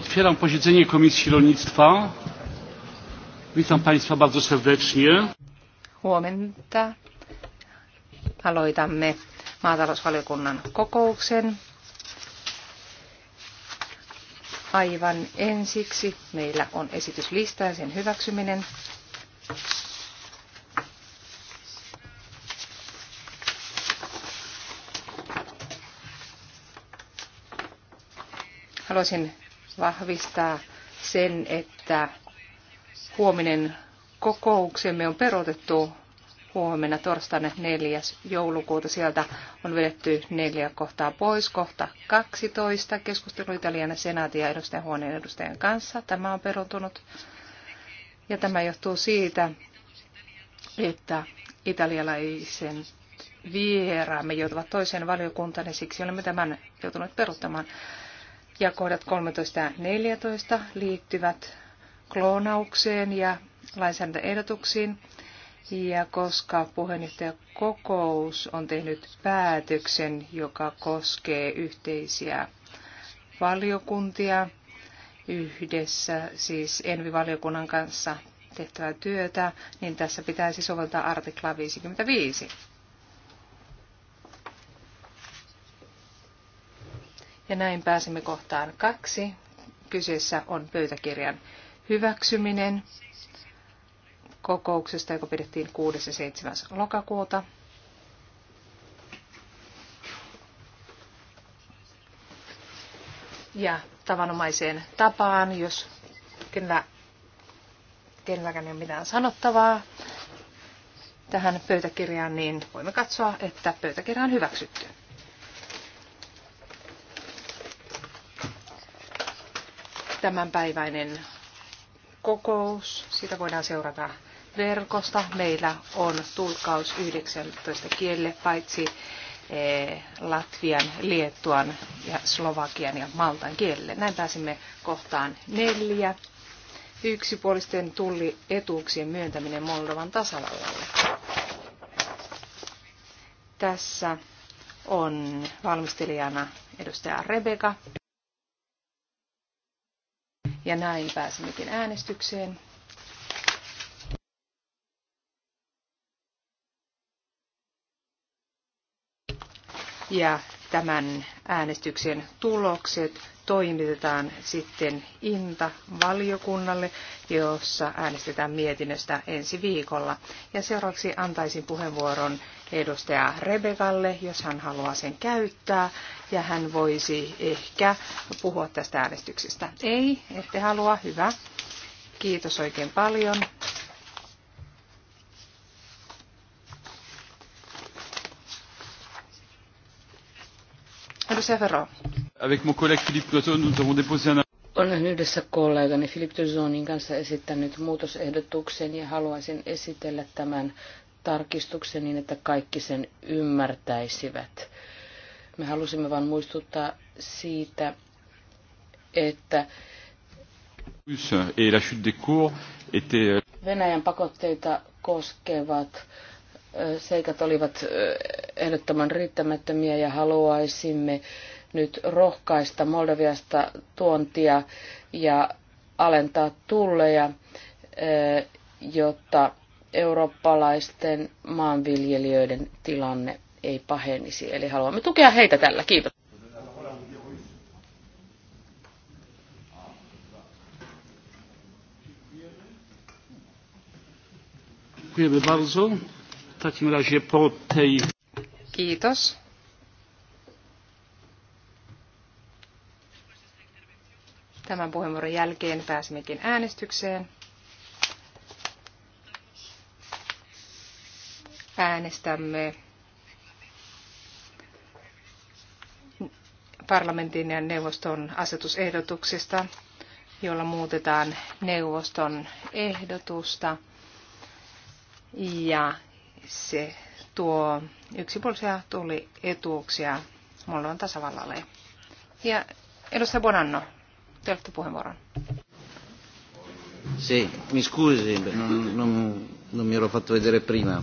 otwieram posiedzenie komisji rolnictwa. witam państwa bardzo serdecznie. huomenta aloitamme maatalousvaliokunnan kokouksen. Aivan ensiksi meillä on esityslista ja sen hyväksyminen. haluaisin vahvistaa sen, että huominen kokouksemme on perotettu huomenna torstaina 4. joulukuuta. Sieltä on vedetty neljä kohtaa pois. Kohta 12. Keskustelu Italian senaatin ja huoneen edustajan kanssa. Tämä on peruntunut. Ja tämä johtuu siitä, että italialaisen vieraamme joutuvat toiseen valiokuntaan ja siksi olemme tämän joutuneet peruuttamaan ja kohdat 13 ja 14 liittyvät kloonaukseen ja lainsäädäntöehdotuksiin. Ja koska puheenjohtajakokous on tehnyt päätöksen, joka koskee yhteisiä valiokuntia yhdessä, siis Envi-valiokunnan kanssa tehtävää työtä, niin tässä pitäisi soveltaa artiklaa 55. Ja näin pääsemme kohtaan kaksi. Kyseessä on pöytäkirjan hyväksyminen kokouksesta, joka pidettiin 6. ja 7. lokakuuta. Ja tavanomaiseen tapaan, jos kenellä, kenelläkään ei ole mitään sanottavaa tähän pöytäkirjaan, niin voimme katsoa, että pöytäkirja on hyväksytty. tämänpäiväinen kokous. Sitä voidaan seurata verkosta. Meillä on tulkaus 19 kielelle, paitsi eh, Latvian, Liettuan ja Slovakian ja Maltan kielelle. Näin pääsimme kohtaan neljä. Yksipuolisten etuuksien myöntäminen Moldovan tasavallalle. Tässä on valmistelijana edustaja Rebeka. Ja näin pääsemmekin äänestykseen. Ja tämän äänestyksen tulokset toimitetaan sitten INTA-valiokunnalle, jossa äänestetään mietinnöstä ensi viikolla. Ja seuraavaksi antaisin puheenvuoron edustaja Rebekalle, jos hän haluaa sen käyttää, ja hän voisi ehkä puhua tästä äänestyksestä. Ei, ette halua, hyvä. Kiitos oikein paljon. Edustaja Ferro. Avec mon collègue Philippe Breton, nous avons déposé un olen yhdessä kollegani Filip Tuzonin kanssa esittänyt muutosehdotuksen ja haluaisin esitellä tämän tarkistuksen niin, että kaikki sen ymmärtäisivät. Me halusimme vain muistuttaa siitä, että euh, Venäjän pakotteita koskevat äh, seikat olivat äh, ehdottoman riittämättömiä ja haluaisimme nyt rohkaista Moldaviasta tuontia ja alentaa tulleja, äh, jotta eurooppalaisten maanviljelijöiden tilanne ei pahenisi. Eli haluamme tukea heitä tällä. Kiitos. Kiitos. Tämän puheenvuoron jälkeen pääsimmekin äänestykseen. äänestämme parlamentin ja neuvoston asetusehdotuksista, jolla muutetaan neuvoston ehdotusta ja se tuo yksipuolisia tuli etuuksia Moldovan tasavallalle. Ja edustaja Bonanno, te olette puheenvuoron. Sì, mi scusi, non, non, non mi ero fatto vedere prima.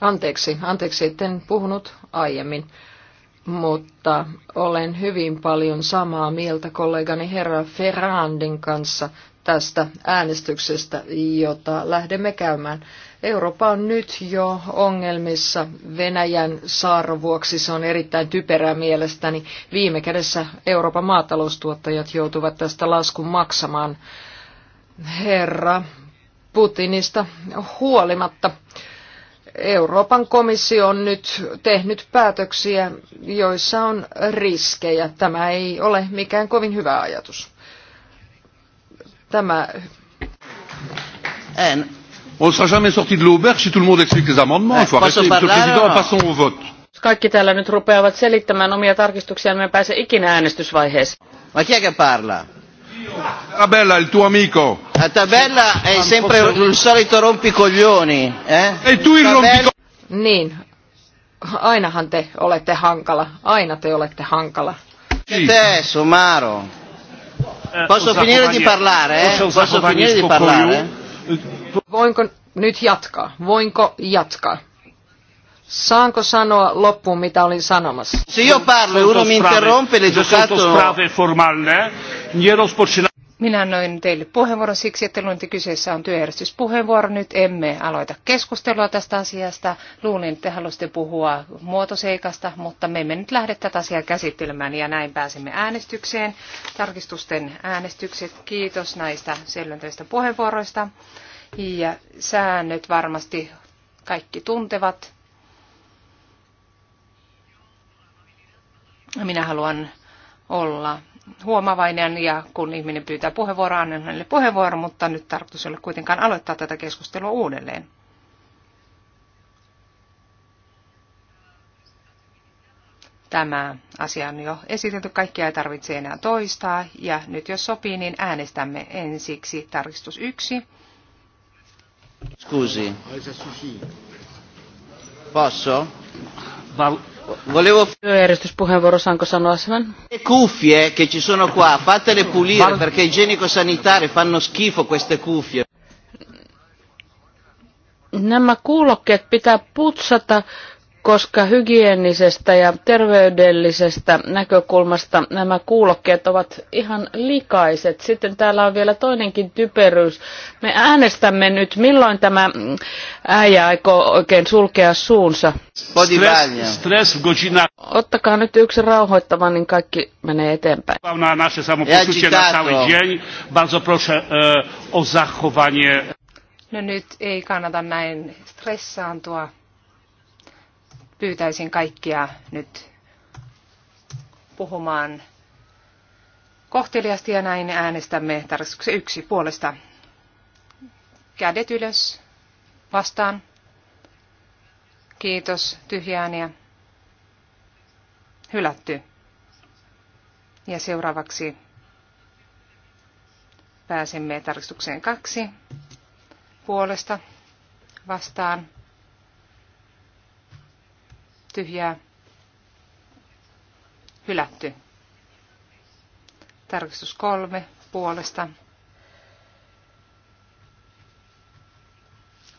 Anteeksi, anteeksi, etten puhunut aiemmin, mutta olen hyvin paljon samaa mieltä kollegani herra Ferrandin kanssa tästä äänestyksestä, jota lähdemme käymään. Eurooppa on nyt jo ongelmissa Venäjän vuoksi. Se on erittäin typerää mielestäni. Viime kädessä Euroopan maataloustuottajat joutuvat tästä laskun maksamaan. Herra Putinista huolimatta Euroopan komissio on nyt tehnyt päätöksiä, joissa on riskejä. Tämä ei ole mikään kovin hyvä ajatus. Tämä... En. On sera jamais sorti de l'auberge si tout le monde explique les amendements. Il faut arrêter, Monsieur le Président, passons au vote. Kaikki täällä nyt rupeavat selittämään omia tarkistuksiaan, niin me pääse ikinä äänestysvaiheeseen. Ma chi è che parla? Tabella, ah, il tuo amico. La tabella è sempre il solito rompicoglioni. Eh? E tu il rompicoglioni. Niin. Ainahan te olette hankala. Aina te olette hankala. Sì. Te, Sumaro. Eh, Posso eh, finire di parlare? Eh? Posso finire di parlare? Voinko nyt jatkaa? Voinko jatkaa? Saanko sanoa loppuun, mitä olin sanomassa? Se jo parlo, e uno mi interrompe, le giocato... E eh? Minä annoin teille puheenvuoron siksi, että luulin, että kyseessä on työjärjestyspuheenvuoro. Nyt emme aloita keskustelua tästä asiasta. Luulin, että haluaisitte puhua muotoseikasta, mutta me emme nyt lähde tätä asiaa käsittelemään ja näin pääsemme äänestykseen. Tarkistusten äänestykset. Kiitos näistä selventävistä puheenvuoroista. Ja säännöt varmasti kaikki tuntevat. Minä haluan olla huomavainen ja kun ihminen pyytää puheenvuoroa, annan hänelle puheenvuoro, mutta nyt tarkoitus ei ole kuitenkaan aloittaa tätä keskustelua uudelleen. Tämä asia on jo esitelty, kaikkia ei tarvitse enää toistaa ja nyt jos sopii, niin äänestämme ensiksi tarkistus 1. Scusi. Posso? Val- Volevo... Työjärjestyspuheenvuoro, saanko sanoa sen? Le cuffie che ci sono qua, fatele pulire, Val... perché igienico fanno schifo queste cuffie. Nämä kuulokkeet pitää putsata, koska hygienisestä ja terveydellisestä näkökulmasta nämä kuulokkeet ovat ihan likaiset. Sitten täällä on vielä toinenkin typeryys. Me äänestämme nyt, milloin tämä äijä aikoo oikein sulkea suunsa. Stress, stress Ottakaa nyt yksi rauhoittava, niin kaikki menee eteenpäin. E, no nyt ei kannata näin stressaantua pyytäisin kaikkia nyt puhumaan kohteliasti ja näin äänestämme tarkastuksen yksi puolesta. Kädet ylös vastaan. Kiitos ja Hylätty. Ja seuraavaksi pääsemme tarkistukseen kaksi puolesta vastaan tyhjää, hylätty. Tarkistus kolme puolesta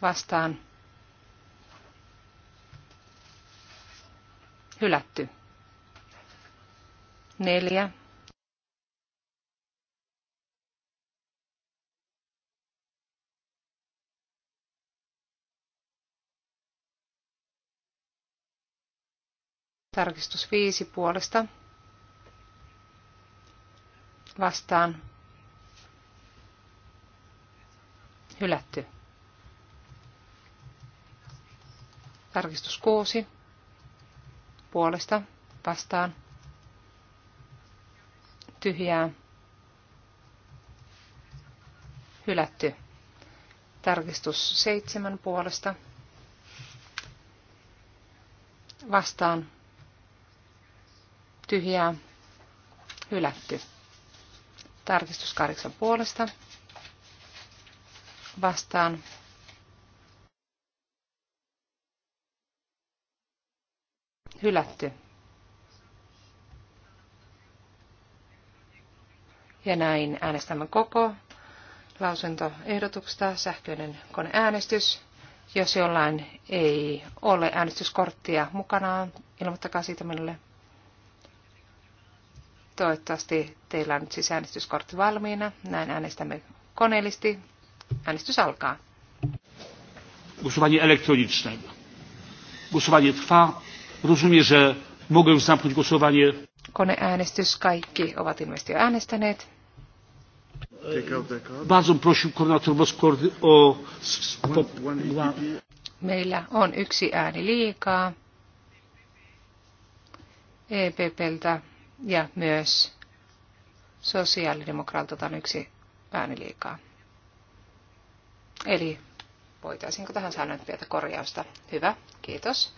vastaan hylätty. Neljä Tarkistus 5 puolesta vastaan hylätty. Tarkistus 6 puolesta vastaan tyhjää hylätty. Tarkistus 7 puolesta vastaan tyhjää, hylätty. Tarkistus kahdeksan puolesta. Vastaan. Hylätty. Ja näin äänestämme koko lausuntoehdotuksesta sähköinen koneäänestys. Jos jollain ei ole äänestyskorttia mukanaan, ilmoittakaa siitä minulle. Toivottavasti teillä on nyt siis äänestyskortti valmiina. Näin äänestämme koneellisesti. Äänestys alkaa. Głosowanie elektroniczne. Głosowanie trwa. Rozumiem, że mogę zamknąć głosowanie. Koneäänestys. Kaikki ovat ilmeisesti jo äänestäneet. Bardzo prosił koordynator Moskordy o... Meillä on yksi ääni liikaa. EPPltä ja myös sosiaalidemokraatit on yksi ääni liikaa. Eli voitaisiinko tähän saada nyt pientä korjausta? Hyvä, kiitos.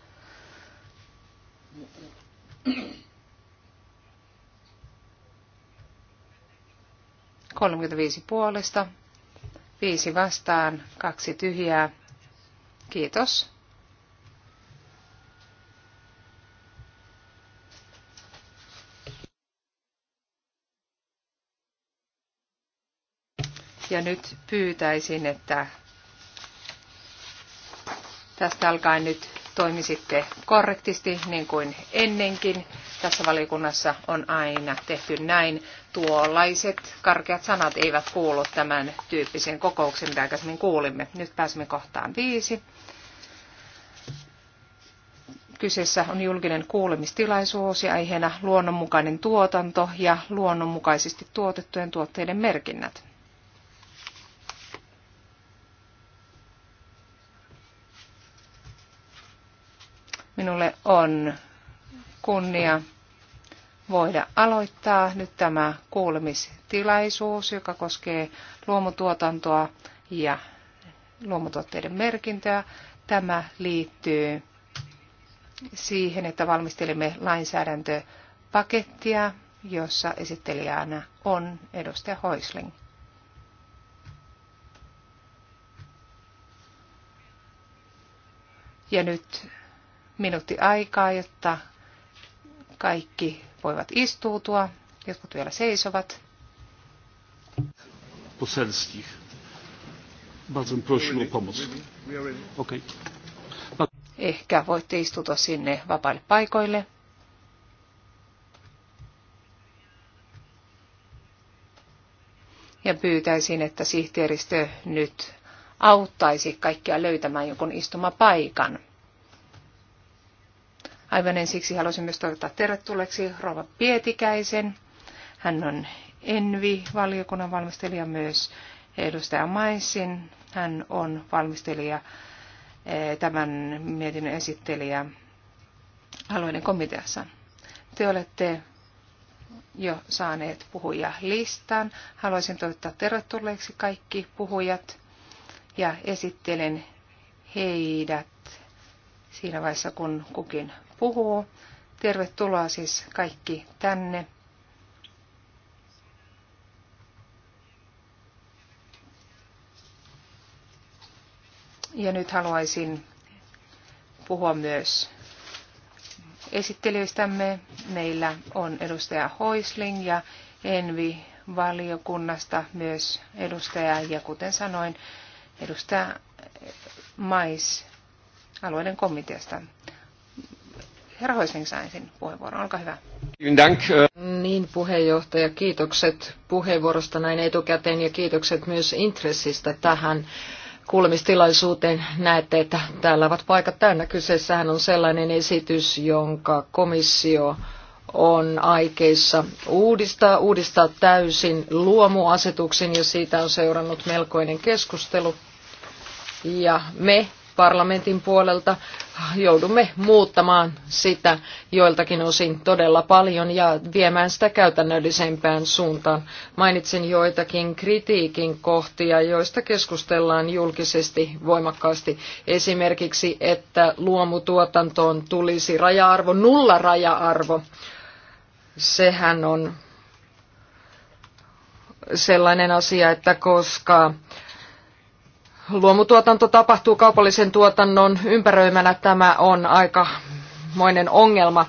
Kolmekymmentäviisi puolesta, viisi vastaan, kaksi tyhjää. Kiitos. Ja nyt pyytäisin, että tästä alkaen nyt toimisitte korrektisti niin kuin ennenkin. Tässä valiokunnassa on aina tehty näin. Tuollaiset karkeat sanat eivät kuulu tämän tyyppisen kokouksen, mitä aikaisemmin kuulimme. Nyt pääsemme kohtaan viisi. Kyseessä on julkinen kuulemistilaisuus ja aiheena luonnonmukainen tuotanto ja luonnonmukaisesti tuotettujen tuotteiden merkinnät. Minulle on kunnia voida aloittaa nyt tämä kuulemistilaisuus, joka koskee luomutuotantoa ja luomutuotteiden merkintää. Tämä liittyy siihen, että valmistelimme lainsäädäntöpakettia, jossa esittelijänä on edustaja Hoisling. Ja nyt minuutti aikaa, jotta kaikki voivat istuutua. Jotkut vielä seisovat. Poselskich. Bardzo prosił o pomoc. Okay. Ehkä voitte istutua sinne vapaille paikoille. Ja pyytäisin, että sihteeristö nyt auttaisi kaikkia löytämään jonkun istumapaikan. Aivan ensiksi haluaisin myös toivottaa tervetulleeksi Rova Pietikäisen. Hän on Envi-valiokunnan valmistelija myös edustaja Maisin. Hän on valmistelija, eh, tämän mietinnön esittelijä alueiden komiteassa. Te olette jo saaneet listaan. Haluaisin toivottaa tervetulleeksi kaikki puhujat ja esittelen heidät siinä vaiheessa, kun kukin puhuu. Tervetuloa siis kaikki tänne. Ja nyt haluaisin puhua myös esittelyistämme. Meillä on edustaja Hoisling ja Envi valiokunnasta myös edustaja ja kuten sanoin, edustaja Mais alueiden komiteasta. Herra saa olkaa hyvä. Äh, niin puheenjohtaja, kiitokset puheenvuorosta näin etukäteen ja kiitokset myös intressistä tähän kuulemistilaisuuteen näette, että täällä ovat paikat täynnä. Kyseessähän on sellainen esitys, jonka komissio on aikeissa uudistaa, uudistaa täysin luomuasetuksen ja siitä on seurannut melkoinen keskustelu. Ja me parlamentin puolelta joudumme muuttamaan sitä joiltakin osin todella paljon ja viemään sitä käytännöllisempään suuntaan. Mainitsin joitakin kritiikin kohtia, joista keskustellaan julkisesti voimakkaasti. Esimerkiksi, että luomutuotantoon tulisi raja-arvo, nulla raja-arvo. Sehän on sellainen asia, että koska luomutuotanto tapahtuu kaupallisen tuotannon ympäröimänä, tämä on aika moinen ongelma.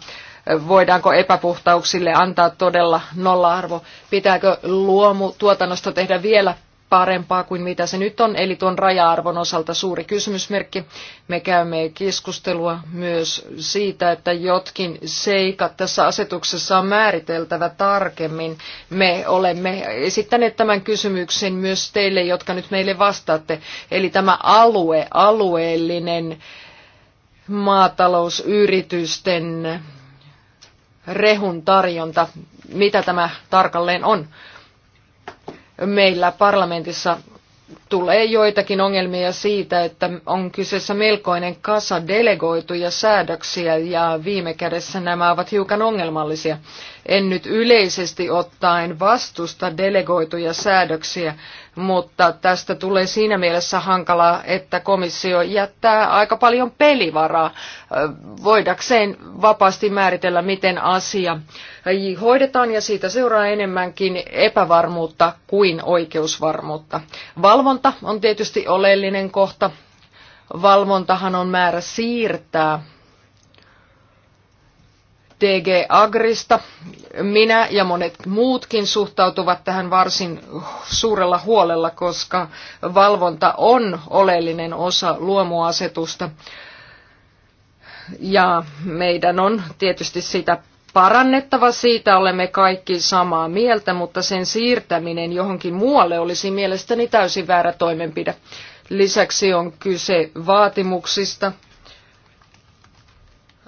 Voidaanko epäpuhtauksille antaa todella nolla-arvo? Pitääkö luomutuotannosta tehdä vielä parempaa kuin mitä se nyt on, eli tuon raja-arvon osalta suuri kysymysmerkki. Me käymme keskustelua myös siitä, että jotkin seikat tässä asetuksessa on määriteltävä tarkemmin. Me olemme esittäneet tämän kysymyksen myös teille, jotka nyt meille vastaatte, eli tämä alue, alueellinen maatalousyritysten rehun tarjonta, mitä tämä tarkalleen on meillä parlamentissa tulee joitakin ongelmia siitä, että on kyseessä melkoinen kasa delegoituja säädöksiä ja viime kädessä nämä ovat hiukan ongelmallisia. En nyt yleisesti ottaen vastusta delegoituja säädöksiä, mutta tästä tulee siinä mielessä hankalaa, että komissio jättää aika paljon pelivaraa voidakseen vapaasti määritellä, miten asia hoidetaan ja siitä seuraa enemmänkin epävarmuutta kuin oikeusvarmuutta. Valvonta on tietysti oleellinen kohta. Valvontahan on määrä siirtää DG Agrista. Minä ja monet muutkin suhtautuvat tähän varsin suurella huolella, koska valvonta on oleellinen osa luomuasetusta. Ja meidän on tietysti sitä parannettava, siitä olemme kaikki samaa mieltä, mutta sen siirtäminen johonkin muualle olisi mielestäni täysin väärä toimenpide. Lisäksi on kyse vaatimuksista,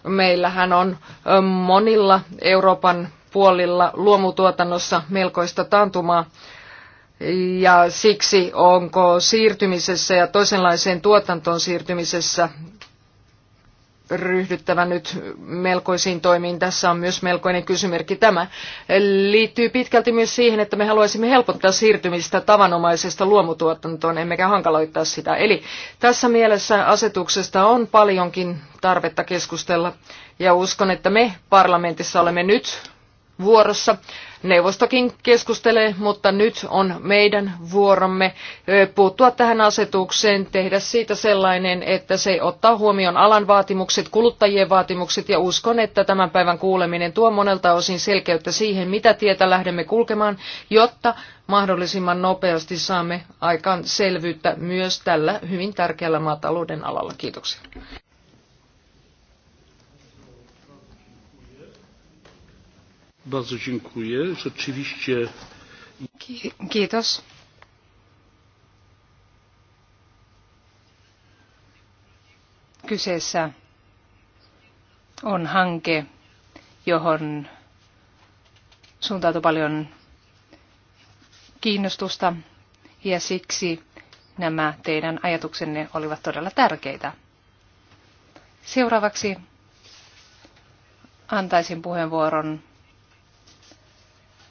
Meillähän on monilla Euroopan puolilla luomutuotannossa melkoista taantumaa, Ja siksi onko siirtymisessä ja toisenlaiseen tuotantoon siirtymisessä ryhdyttävä nyt melkoisiin toimiin. Tässä on myös melkoinen kysymerkki tämä. Liittyy pitkälti myös siihen, että me haluaisimme helpottaa siirtymistä tavanomaisesta luomutuotantoon, emmekä hankaloittaa sitä. Eli tässä mielessä asetuksesta on paljonkin tarvetta keskustella ja uskon, että me parlamentissa olemme nyt vuorossa Neuvostokin keskustelee, mutta nyt on meidän vuoromme puuttua tähän asetukseen, tehdä siitä sellainen, että se ottaa huomioon alan vaatimukset, kuluttajien vaatimukset ja uskon, että tämän päivän kuuleminen tuo monelta osin selkeyttä siihen, mitä tietä lähdemme kulkemaan, jotta mahdollisimman nopeasti saamme aikaan selvyyttä myös tällä hyvin tärkeällä maatalouden alalla. Kiitoksia. Bardzo dziękuję. Rzeczywiście. Kiitos. Kyseessä on hanke, johon suuntautuu paljon kiinnostusta ja siksi nämä teidän ajatuksenne olivat todella tärkeitä. Seuraavaksi antaisin puheenvuoron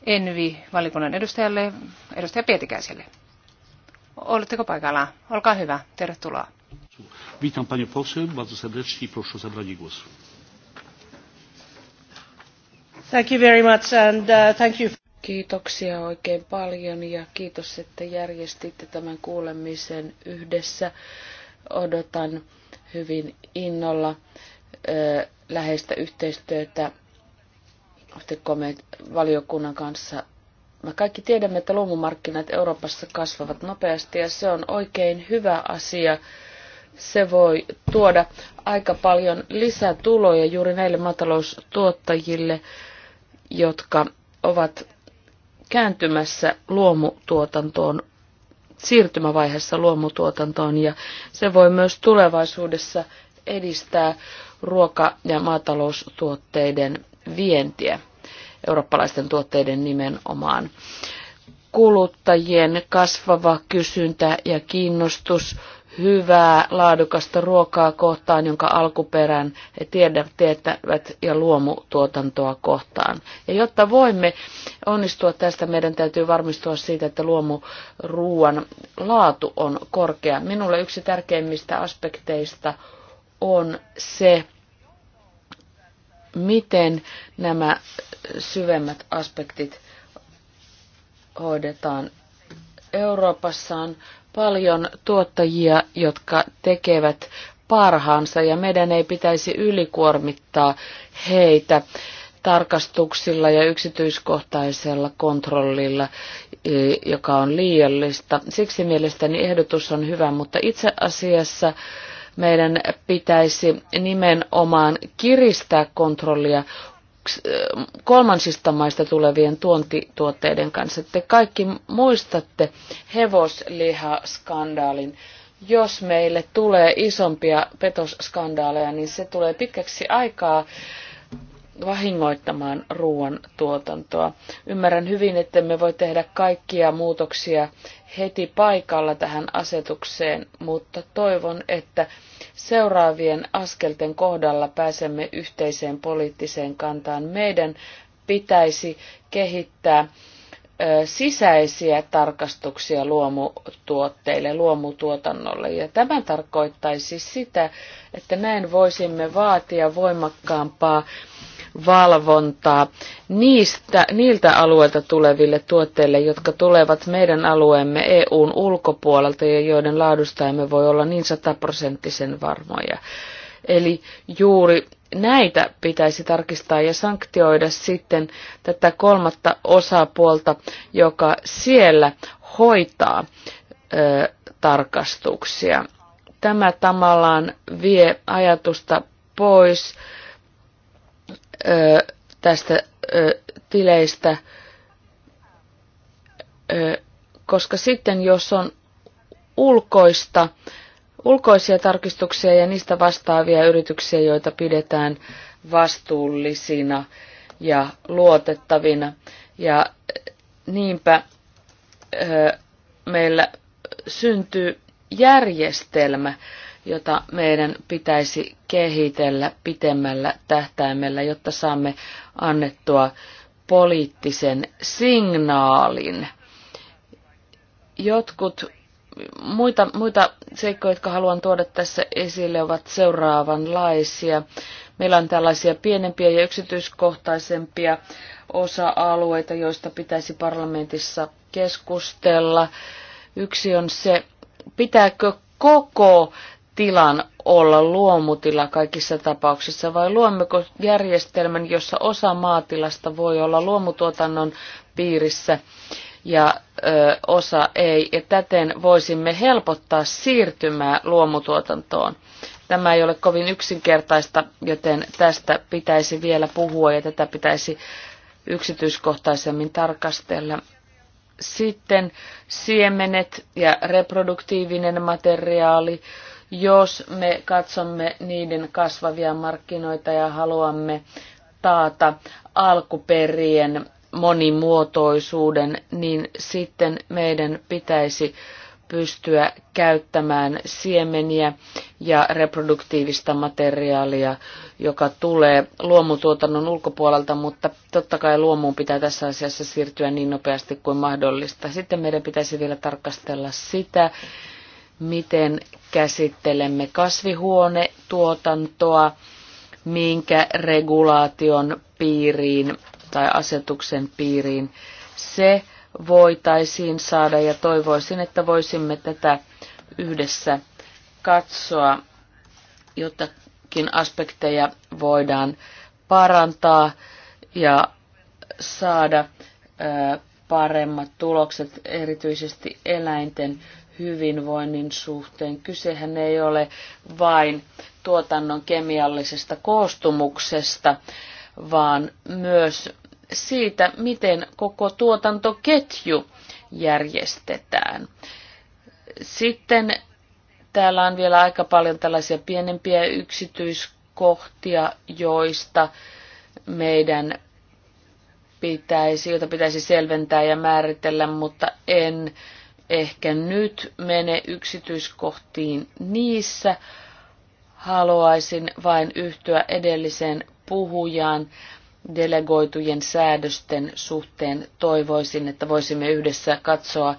Envi-valikunnan edustajalle, edustaja Pietikäiselle. Oletteko paikalla? Olkaa hyvä. Tervetuloa. Witam panie poseł bardzo serdecznie i proszę o zabranie głosu. Thank you very much and uh, thank you. Kiitoksia oikein paljon ja kiitos, että järjestitte tämän kuulemisen yhdessä. Odotan hyvin innolla läheistä yhteistyötä valiokunnan kanssa. Me kaikki tiedämme, että luomumarkkinat Euroopassa kasvavat nopeasti ja se on oikein hyvä asia. Se voi tuoda aika paljon lisätuloja juuri näille maataloustuottajille, jotka ovat kääntymässä luomutuotantoon, siirtymävaiheessa luomutuotantoon ja se voi myös tulevaisuudessa edistää ruoka- ja maataloustuotteiden vientiä eurooppalaisten tuotteiden nimenomaan. Kuluttajien kasvava kysyntä ja kiinnostus hyvää, laadukasta ruokaa kohtaan, jonka alkuperän he tiedät, tietävät ja luomutuotantoa kohtaan. Ja jotta voimme onnistua tästä, meidän täytyy varmistua siitä, että luomuruuan laatu on korkea. Minulle yksi tärkeimmistä aspekteista on se, miten nämä syvemmät aspektit hoidetaan. Euroopassa on paljon tuottajia, jotka tekevät parhaansa ja meidän ei pitäisi ylikuormittaa heitä tarkastuksilla ja yksityiskohtaisella kontrollilla, e, joka on liiallista. Siksi mielestäni ehdotus on hyvä, mutta itse asiassa meidän pitäisi nimenomaan kiristää kontrollia kolmansista maista tulevien tuontituotteiden kanssa. Te kaikki muistatte hevoslihaskandaalin. Jos meille tulee isompia petosskandaaleja, niin se tulee pitkäksi aikaa vahingoittamaan ruoan tuotantoa. Ymmärrän hyvin, että me voi tehdä kaikkia muutoksia heti paikalla tähän asetukseen, mutta toivon, että seuraavien askelten kohdalla pääsemme yhteiseen poliittiseen kantaan. Meidän pitäisi kehittää sisäisiä tarkastuksia luomutuotteille, luomutuotannolle. Ja tämä tarkoittaisi sitä, että näin voisimme vaatia voimakkaampaa valvontaa niistä, niiltä alueilta tuleville tuotteille, jotka tulevat meidän alueemme EUn ulkopuolelta ja joiden laadusta emme voi olla niin sataprosenttisen varmoja. Eli juuri näitä pitäisi tarkistaa ja sanktioida sitten tätä kolmatta osapuolta, joka siellä hoitaa ö, tarkastuksia. Tämä tavallaan vie ajatusta pois ö, tästä ö, tileistä, ö, koska sitten jos on ulkoista, ulkoisia tarkistuksia ja niistä vastaavia yrityksiä, joita pidetään vastuullisina ja luotettavina. Ja niinpä ö, meillä syntyy järjestelmä, jota meidän pitäisi kehitellä pitemmällä tähtäimellä, jotta saamme annettua poliittisen signaalin. Jotkut muita, muita seikkoja, jotka haluan tuoda tässä esille, ovat seuraavanlaisia. Meillä on tällaisia pienempiä ja yksityiskohtaisempia osa-alueita, joista pitäisi parlamentissa keskustella. Yksi on se, pitääkö koko tilan olla luomutila kaikissa tapauksissa vai luommeko järjestelmän, jossa osa maatilasta voi olla luomutuotannon piirissä ja ö, osa ei, ja täten voisimme helpottaa siirtymää luomutuotantoon. Tämä ei ole kovin yksinkertaista, joten tästä pitäisi vielä puhua ja tätä pitäisi yksityiskohtaisemmin tarkastella. Sitten siemenet ja reproduktiivinen materiaali. Ö, jos me katsomme niiden kasvavia markkinoita ja haluamme taata alkuperien monimuotoisuuden, niin sitten meidän pitäisi pystyä käyttämään siemeniä ja reproduktiivista materiaalia, joka tulee luomutuotannon ulkopuolelta, mutta totta kai luomuun pitää tässä asiassa siirtyä niin nopeasti kuin mahdollista. Sitten meidän pitäisi vielä tarkastella sitä, miten käsittelemme kasvihuonetuotantoa, minkä regulaation piiriin tai asetuksen piiriin se voitaisiin saada ja toivoisin, että voisimme tätä yhdessä katsoa, jotakin aspekteja voidaan parantaa ja saada paremmat tulokset erityisesti eläinten hyvinvoinnin suhteen. Kysehän ei ole vain tuotannon kemiallisesta koostumuksesta, vaan myös siitä, miten koko tuotantoketju järjestetään. Sitten täällä on vielä aika paljon tällaisia pienempiä yksityiskohtia, joista meidän pitäisi, joita pitäisi selventää ja määritellä, mutta en ehkä nyt mene yksityiskohtiin niissä. Haluaisin vain yhtyä edelliseen puhujaan delegoitujen säädösten suhteen. Toivoisin, että voisimme yhdessä katsoa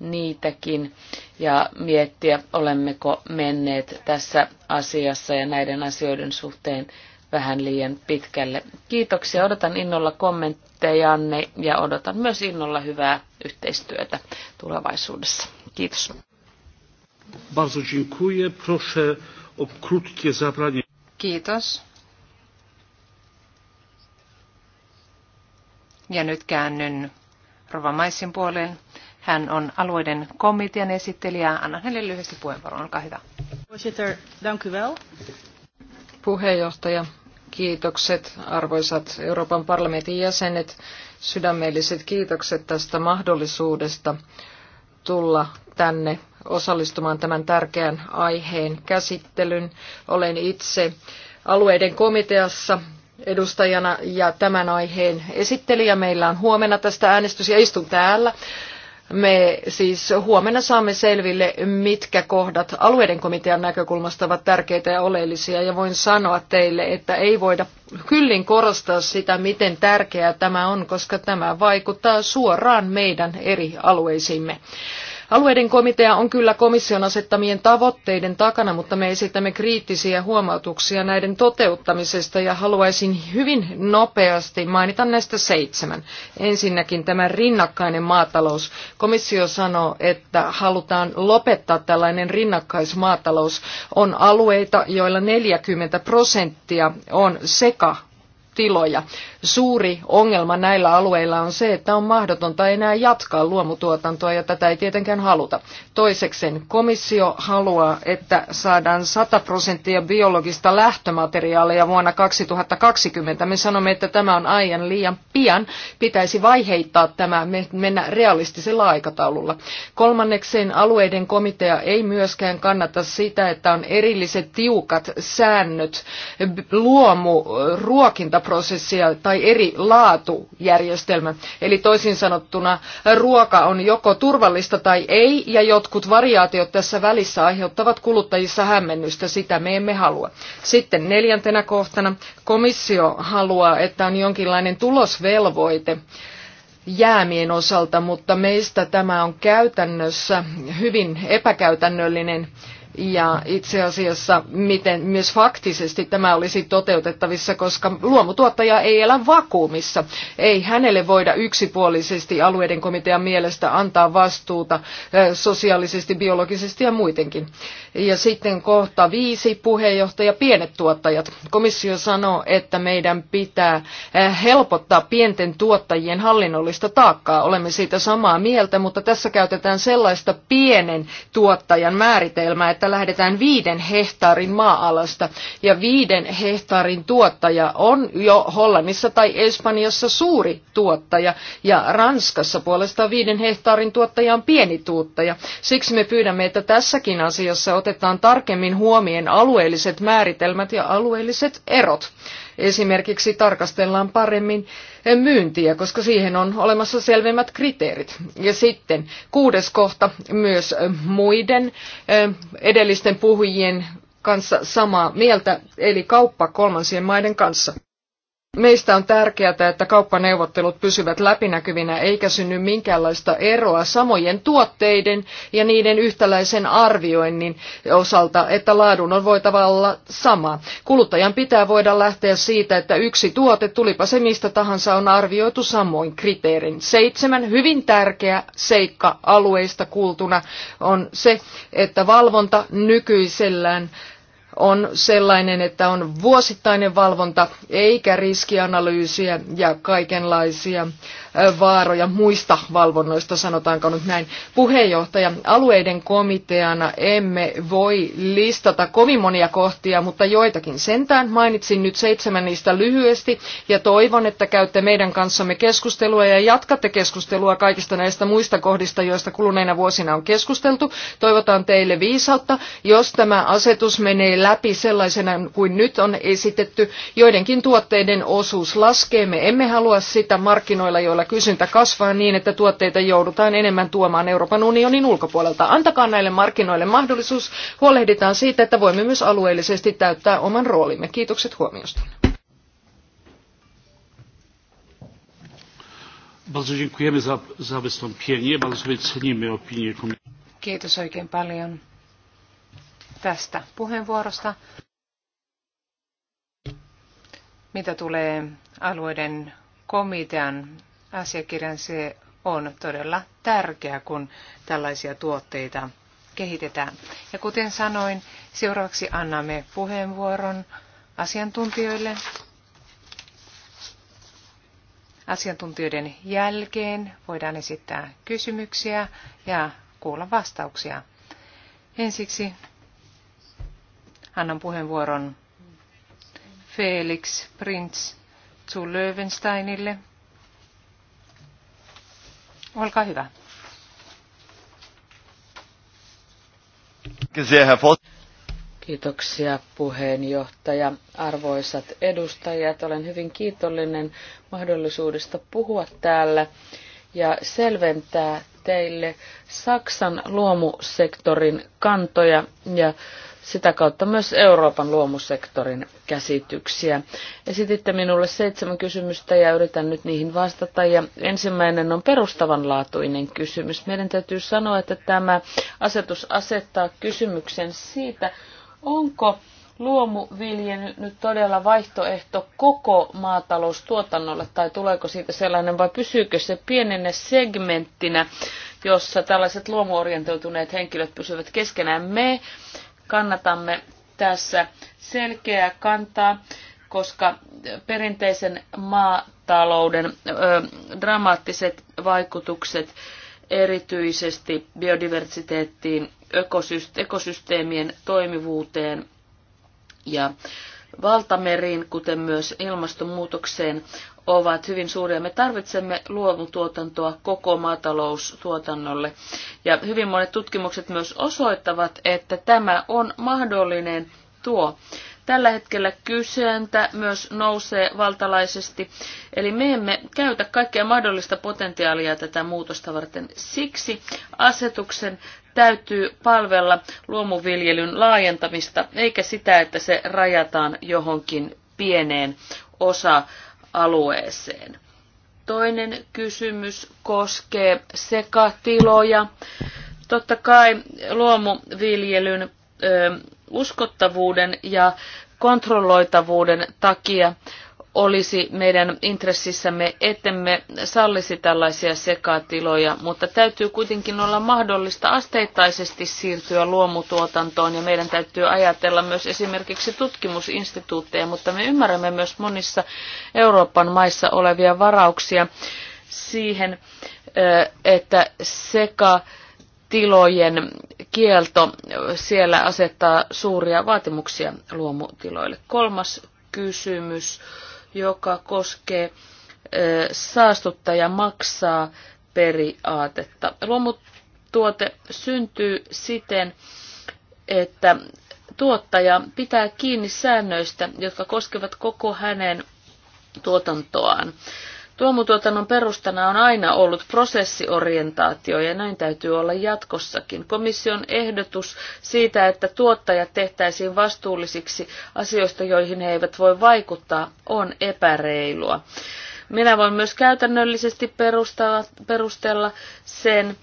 niitäkin ja miettiä, olemmeko menneet tässä asiassa ja näiden asioiden suhteen vähän liian pitkälle. Kiitoksia, odotan innolla kommenttejanne ja odotan myös innolla hyvää yhteistyötä tulevaisuudessa. Kiitos. Bardzo dziękuję. Proszę o krótkie zabranie. Kiitos. Ja nyt käännyn Rovamaisin puoleen. Hän on alueiden komitean esittelijä. Annan hänelle lyhyesti puheenvuoron. Olkaa hyvä. Voorzitter, dank u wel puheenjohtaja. Kiitokset arvoisat Euroopan parlamentin jäsenet. Sydämelliset kiitokset tästä mahdollisuudesta tulla tänne osallistumaan tämän tärkeän aiheen käsittelyn. Olen itse alueiden komiteassa edustajana ja tämän aiheen esittelijä. Meillä on huomenna tästä äänestys ja istun täällä. Me siis huomenna saamme selville, mitkä kohdat alueiden komitean näkökulmasta ovat tärkeitä ja oleellisia. Ja voin sanoa teille, että ei voida kyllin korostaa sitä, miten tärkeää tämä on, koska tämä vaikuttaa suoraan meidän eri alueisiimme. Alueiden komitea on kyllä komission asettamien tavoitteiden takana, mutta me esitämme kriittisiä huomautuksia näiden toteuttamisesta ja haluaisin hyvin nopeasti mainita näistä seitsemän. Ensinnäkin tämä rinnakkainen maatalous. Komissio sanoo, että halutaan lopettaa tällainen rinnakkaismaatalous. On alueita, joilla 40 prosenttia on sekatiloja. tiloja. Suuri ongelma näillä alueilla on se, että on mahdotonta enää jatkaa luomutuotantoa ja tätä ei tietenkään haluta. Toiseksi komissio haluaa, että saadaan 100 prosenttia biologista lähtömateriaalia vuonna 2020. Me sanomme, että tämä on aivan liian pian. Pitäisi vaiheittaa tämä, mennä realistisella aikataululla. Kolmannekseen alueiden komitea ei myöskään kannata sitä, että on erilliset tiukat säännöt luomu ruokintaprosessia tai eri laatujärjestelmä. Eli toisin sanottuna ruoka on joko turvallista tai ei, ja jotkut variaatiot tässä välissä aiheuttavat kuluttajissa hämmennystä, sitä me emme halua. Sitten neljäntenä kohtana komissio haluaa, että on jonkinlainen tulosvelvoite jäämien osalta, mutta meistä tämä on käytännössä hyvin epäkäytännöllinen ja itse asiassa miten myös faktisesti tämä olisi toteutettavissa, koska luomutuottaja ei elä vakuumissa. Ei hänelle voida yksipuolisesti alueiden komitean mielestä antaa vastuuta sosiaalisesti, biologisesti ja muutenkin. Ja sitten kohta viisi puheenjohtaja pienet tuottajat. Komissio sanoo, että meidän pitää helpottaa pienten tuottajien hallinnollista taakkaa. Olemme siitä samaa mieltä, mutta tässä käytetään sellaista pienen tuottajan määritelmää, että että lähdetään viiden hehtaarin maa-alasta. Ja viiden hehtaarin tuottaja on jo Hollannissa tai Espanjassa suuri tuottaja. Ja Ranskassa puolestaan viiden hehtaarin tuottaja on pieni tuottaja. Siksi me pyydämme, että tässäkin asiassa otetaan tarkemmin huomioon alueelliset määritelmät ja alueelliset erot. Esimerkiksi tarkastellaan paremmin myyntiä, koska siihen on olemassa selvemmät kriteerit. Ja sitten kuudes kohta myös muiden edellisten puhujien kanssa samaa mieltä, eli kauppa kolmansien maiden kanssa. Meistä on tärkeää, että kauppaneuvottelut pysyvät läpinäkyvinä eikä synny minkäänlaista eroa samojen tuotteiden ja niiden yhtäläisen arvioinnin osalta, että laadun on voitava olla sama. Kuluttajan pitää voida lähteä siitä, että yksi tuote, tulipa se mistä tahansa, on arvioitu samoin kriteerin. Seitsemän hyvin tärkeä seikka alueista kuultuna on se, että valvonta nykyisellään on sellainen, että on vuosittainen valvonta eikä riskianalyysiä ja kaikenlaisia vaaroja muista valvonnoista, sanotaanko nyt näin. Puheenjohtaja, alueiden komiteana emme voi listata kovin monia kohtia, mutta joitakin sentään. Mainitsin nyt seitsemän niistä lyhyesti ja toivon, että käytte meidän kanssamme keskustelua ja jatkatte keskustelua kaikista näistä muista kohdista, joista kuluneina vuosina on keskusteltu. Toivotan teille viisautta, jos tämä asetus menee läpi sellaisena kuin nyt on esitetty. Joidenkin tuotteiden osuus laskee, me emme halua sitä markkinoilla, joilla markkinoilla kysyntä kasvaa niin, että tuotteita joudutaan enemmän tuomaan Euroopan unionin ulkopuolelta. Antakaa näille markkinoille mahdollisuus. Huolehditaan siitä, että voimme myös alueellisesti täyttää oman roolimme. Kiitokset huomiosta. Bardzo dziękujemy za, za wystąpienie. Bardzo sobie Kiitos oikein paljon tästä puheenvuorosta. Mitä tulee alueiden komitean asiakirjan. Se on todella tärkeä, kun tällaisia tuotteita kehitetään. Ja kuten sanoin, seuraavaksi annamme puheenvuoron asiantuntijoille. Asiantuntijoiden jälkeen voidaan esittää kysymyksiä ja kuulla vastauksia. Ensiksi annan puheenvuoron Felix Prince zu Löwensteinille – Olkaa hyvä. Kiitoksia puheenjohtaja. Arvoisat edustajat, olen hyvin kiitollinen mahdollisuudesta puhua täällä ja selventää teille Saksan luomusektorin kantoja ja sitä kautta myös Euroopan luomusektorin käsityksiä. Esititte minulle seitsemän kysymystä ja yritän nyt niihin vastata. Ja ensimmäinen on perustavanlaatuinen kysymys. Meidän täytyy sanoa, että tämä asetus asettaa kysymyksen siitä, onko luomuviljely nyt todella vaihtoehto koko maataloustuotannolle tai tuleeko siitä sellainen vai pysyykö se pienenä segmenttinä, jossa tällaiset luomuorientoituneet henkilöt pysyvät keskenään. Me kannatamme tässä selkeää kantaa, koska perinteisen maatalouden ö, dramaattiset vaikutukset erityisesti biodiversiteettiin, ekosysteemien toimivuuteen ja valtameriin, kuten myös ilmastonmuutokseen, ovat hyvin suuria. Me tarvitsemme luovutuotantoa koko maataloustuotannolle. Ja hyvin monet tutkimukset myös osoittavat, että tämä on mahdollinen tuo. Tällä hetkellä kysyntä myös nousee valtalaisesti, eli me emme käytä kaikkea mahdollista potentiaalia tätä muutosta varten. Siksi asetuksen täytyy palvella luomuviljelyn laajentamista, eikä sitä, että se rajataan johonkin pieneen osa alueeseen. Toinen kysymys koskee sekatiloja. Totta kai luomuviljelyn ö, uskottavuuden ja kontrolloitavuuden takia olisi meidän intressissämme, ettemme sallisi tällaisia sekatiloja, mutta täytyy kuitenkin olla mahdollista asteittaisesti siirtyä luomutuotantoon ja meidän täytyy ajatella myös esimerkiksi tutkimusinstituutteja, mutta me ymmärrämme myös monissa Euroopan maissa olevia varauksia siihen, että seka tilojen kielto siellä asettaa suuria vaatimuksia luomutiloille. Kolmas kysymys joka koskee saastuttaja maksaa periaatetta. Luomutuote syntyy siten, että tuottaja pitää kiinni säännöistä, jotka koskevat koko hänen tuotantoaan. Tuomutuotannon perustana on aina ollut prosessiorientaatio ja näin täytyy olla jatkossakin. Komission ehdotus siitä, että tuottajat tehtäisiin vastuullisiksi asioista, joihin he eivät voi vaikuttaa, on epäreilua. Minä voin myös käytännöllisesti perustella sen,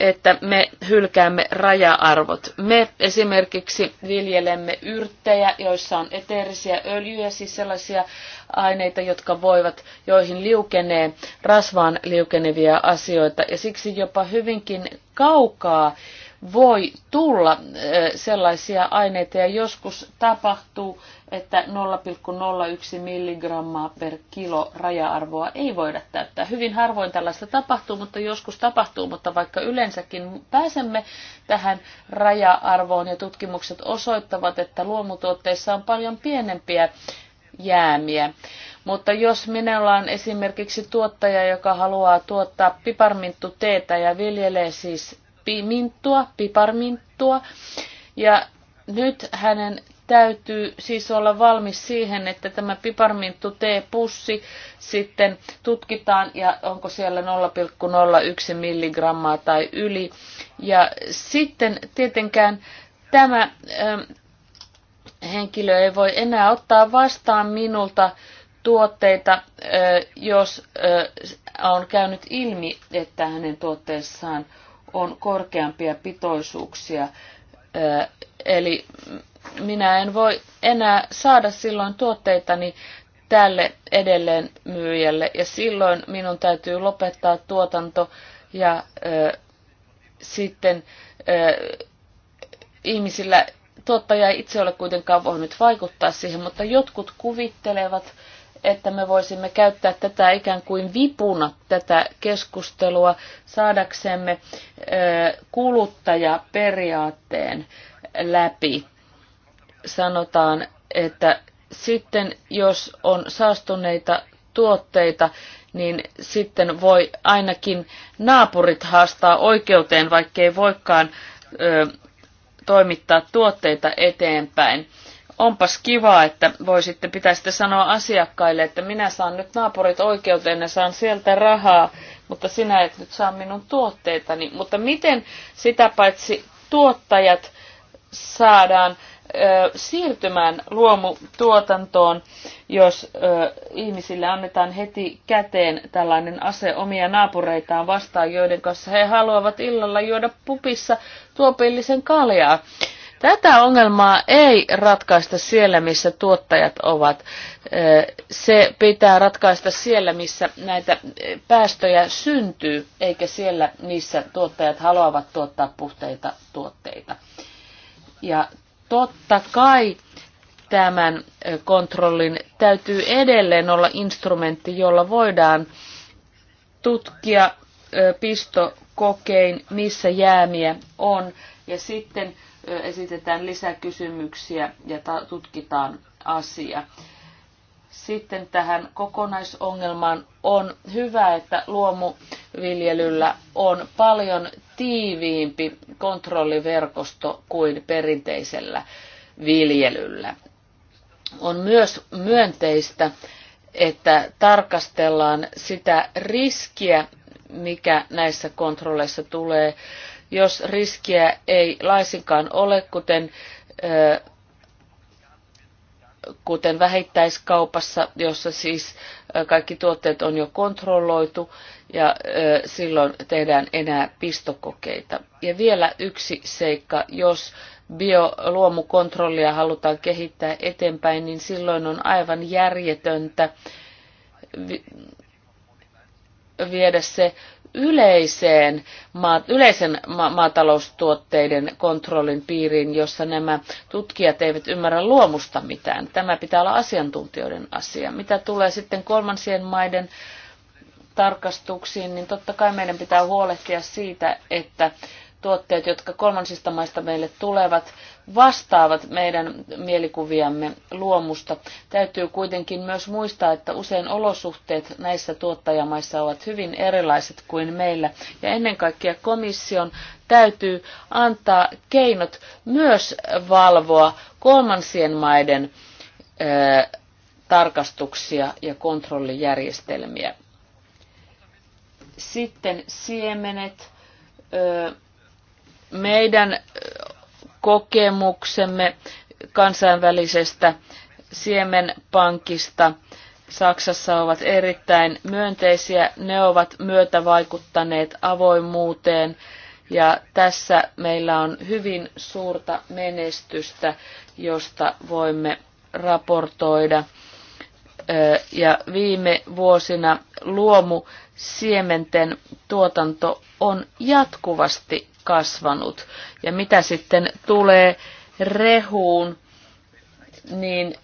että me hylkäämme raja-arvot. Me esimerkiksi viljelemme yrttejä, joissa on eteerisiä öljyjä, siis sellaisia aineita, jotka voivat, joihin liukenee rasvaan liukenevia asioita. Ja siksi jopa hyvinkin kaukaa voi tulla äh, sellaisia aineita ja joskus tapahtuu, että 0,01 milligrammaa per kilo raja-arvoa ei voida täyttää. Hyvin harvoin tällaista tapahtuu, mutta joskus tapahtuu, mutta vaikka yleensäkin pääsemme tähän raja-arvoon ja tutkimukset osoittavat, että luomutuotteissa on paljon pienempiä jäämiä. Mutta jos minulla on esimerkiksi tuottaja, joka haluaa tuottaa piparminttuteetä ja viljelee siis minttua, piparminttua. Ja nyt hänen täytyy siis olla valmis siihen, että tämä piparminttu pussi, sitten tutkitaan ja onko siellä 0,01 milligrammaa tai yli. Ja sitten tietenkään tämä ö, ähm, henkilö ei voi enää ottaa vastaan minulta tuotteita, ö, äh, jos ö, äh, on käynyt ilmi, että hänen tuotteessaan on korkeampia pitoisuuksia. Eli minä en voi enää saada silloin tuotteitani tälle edelleen myyjälle ja silloin minun täytyy lopettaa tuotanto ja äh, sitten äh, ihmisillä, tuottaja ei itse ole kuitenkaan voinut vaikuttaa siihen, mutta jotkut kuvittelevat, että me voisimme käyttää tätä ikään kuin vipuna tätä keskustelua saadaksemme kuluttajaperiaatteen läpi. Sanotaan, että sitten jos on saastuneita tuotteita, niin sitten voi ainakin naapurit haastaa oikeuteen, vaikkei voikaan ö, toimittaa tuotteita eteenpäin onpas kiva, että voisitte sitten sanoa asiakkaille, että minä saan nyt naapurit oikeuteen ja saan sieltä rahaa, mutta sinä et nyt saa minun tuotteitani. Mutta miten sitä paitsi tuottajat saadaan ö, siirtymään luomutuotantoon, jos ö, ihmisille annetaan heti käteen tällainen ase omia naapureitaan vastaan, joiden kanssa he haluavat illalla juoda pupissa tuopillisen kaljaa. Tätä ongelmaa ei ratkaista siellä, missä tuottajat ovat. Se pitää ratkaista siellä, missä näitä päästöjä syntyy, eikä siellä, missä tuottajat haluavat tuottaa puhteita tuotteita. Ja totta kai tämän kontrollin täytyy edelleen olla instrumentti, jolla voidaan tutkia pistokokein, missä jäämiä on, ja sitten esitetään lisäkysymyksiä ja tutkitaan asia. Sitten tähän kokonaisongelmaan on hyvä, että luomuviljelyllä on paljon tiiviimpi kontrolliverkosto kuin perinteisellä viljelyllä. On myös myönteistä, että tarkastellaan sitä riskiä, mikä näissä kontrolleissa tulee jos riskiä ei laisinkaan ole, kuten, kuten vähittäiskaupassa, jossa siis kaikki tuotteet on jo kontrolloitu ja silloin tehdään enää pistokokeita. Ja vielä yksi seikka, jos bioluomukontrollia halutaan kehittää eteenpäin, niin silloin on aivan järjetöntä viedä se yleiseen maa, yleisen ma, maataloustuotteiden kontrollin piiriin, jossa nämä tutkijat eivät ymmärrä luomusta mitään. Tämä pitää olla asiantuntijoiden asia. Mitä tulee sitten kolmansien maiden tarkastuksiin, niin totta kai meidän pitää huolehtia siitä, että tuotteet, jotka kolmansista maista meille tulevat, vastaavat meidän mielikuviamme luomusta. Täytyy kuitenkin myös muistaa, että usein olosuhteet näissä tuottajamaissa ovat hyvin erilaiset kuin meillä. Ja ennen kaikkea komission täytyy antaa keinot myös valvoa kolmansien maiden ö, tarkastuksia ja kontrollijärjestelmiä. Sitten siemenet. Ö, meidän kokemuksemme kansainvälisestä siemenpankista Saksassa ovat erittäin myönteisiä. Ne ovat myötävaikuttaneet avoimuuteen ja tässä meillä on hyvin suurta menestystä, josta voimme raportoida ja viime vuosina luomu siementen tuotanto on jatkuvasti kasvanut. Ja mitä sitten tulee rehuun, niin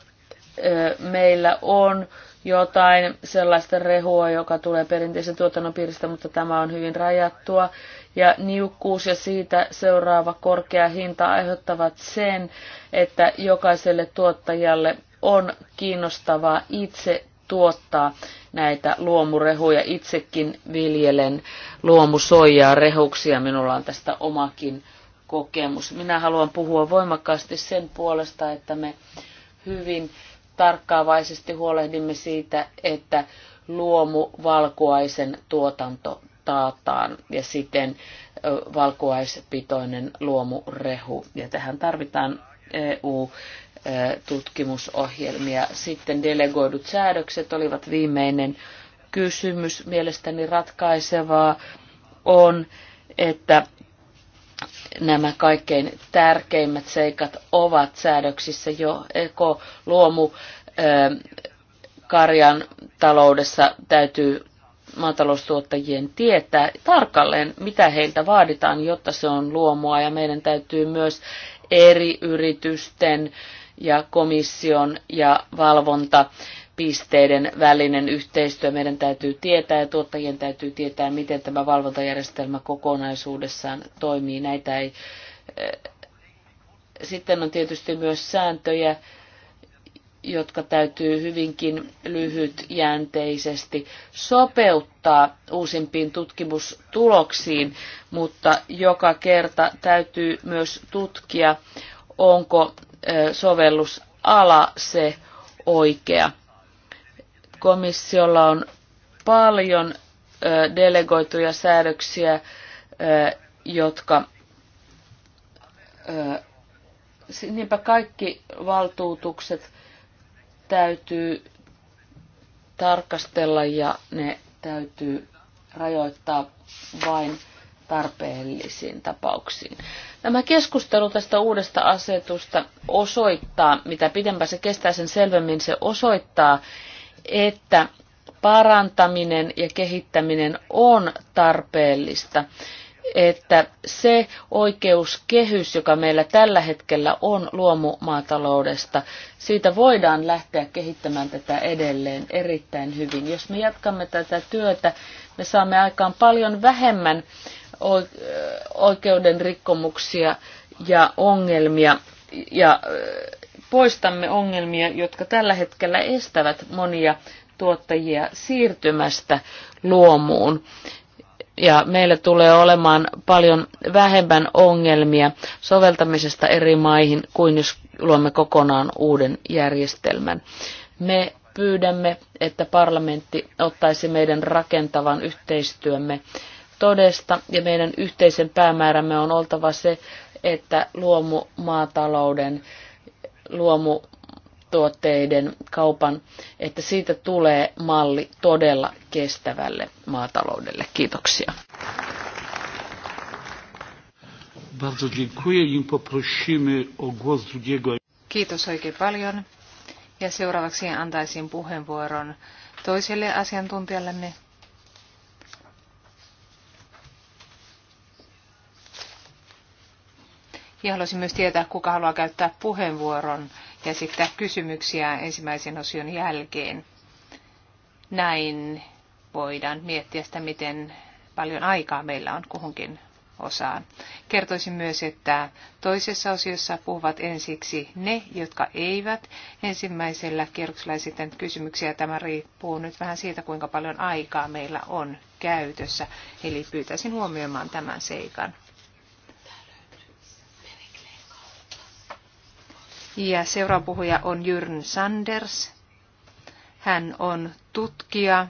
meillä on jotain sellaista rehua, joka tulee perinteisen tuotannon piiristä, mutta tämä on hyvin rajattua. Ja niukkuus ja siitä seuraava korkea hinta aiheuttavat sen, että jokaiselle tuottajalle on kiinnostavaa itse tuottaa näitä luomurehuja. Itsekin viljelen luomusoijaa rehuksia. Minulla on tästä omakin kokemus. Minä haluan puhua voimakkaasti sen puolesta, että me hyvin tarkkaavaisesti huolehdimme siitä, että luomu valkuaisen tuotanto taataan ja siten valkuaispitoinen luomurehu. Ja tähän tarvitaan EU tutkimusohjelmia. Sitten delegoidut säädökset olivat viimeinen kysymys. Mielestäni ratkaisevaa on, että nämä kaikkein tärkeimmät seikat ovat säädöksissä jo ekoluomu karjan taloudessa täytyy maataloustuottajien tietää tarkalleen, mitä heiltä vaaditaan, jotta se on luomua. Ja meidän täytyy myös eri yritysten äh, ja komission ja valvonta pisteiden välinen yhteistyö. Meidän täytyy tietää ja tuottajien täytyy tietää, miten tämä valvontajärjestelmä kokonaisuudessaan toimii. Näitä ei... Eh, sitten on tietysti myös sääntöjä, jotka täytyy hyvinkin lyhytjänteisesti sopeuttaa uusimpiin tutkimustuloksiin, mutta joka kerta täytyy myös tutkia onko sovellusala se oikea. Komissiolla on paljon delegoituja säädöksiä, jotka niinpä kaikki valtuutukset täytyy tarkastella ja ne täytyy rajoittaa vain tarpeellisiin tapauksiin. Tämä keskustelu tästä uudesta asetusta osoittaa, mitä pidempään se kestää sen selvemmin, se osoittaa, että parantaminen ja kehittäminen on tarpeellista. Että se oikeuskehys, joka meillä tällä hetkellä on luomumaataloudesta, siitä voidaan lähteä kehittämään tätä edelleen erittäin hyvin. Jos me jatkamme tätä työtä, me saamme aikaan paljon vähemmän oikeuden rikkomuksia ja ongelmia ja poistamme ongelmia, jotka tällä hetkellä estävät monia tuottajia siirtymästä luomuun. Ja meillä tulee olemaan paljon vähemmän ongelmia soveltamisesta eri maihin kuin jos luomme kokonaan uuden järjestelmän. Me pyydämme, että parlamentti ottaisi meidän rakentavan yhteistyömme todesta ja meidän yhteisen päämäärämme on oltava se, että luomumaatalouden, luomutuotteiden kaupan, että siitä tulee malli todella kestävälle maataloudelle. Kiitoksia. Kiitos oikein paljon. Ja seuraavaksi antaisin puheenvuoron toiselle asiantuntijallemme, Ja haluaisin myös tietää, kuka haluaa käyttää puheenvuoron ja esittää kysymyksiä ensimmäisen osion jälkeen. Näin voidaan miettiä sitä, miten paljon aikaa meillä on kuhunkin osaan. Kertoisin myös, että toisessa osiossa puhuvat ensiksi ne, jotka eivät. Ensimmäisellä kierroksella sitten kysymyksiä. Tämä riippuu nyt vähän siitä, kuinka paljon aikaa meillä on käytössä. Eli pyytäisin huomioimaan tämän seikan. Ja seuraava puhuja on Jyrn Sanders. Hän on tutkija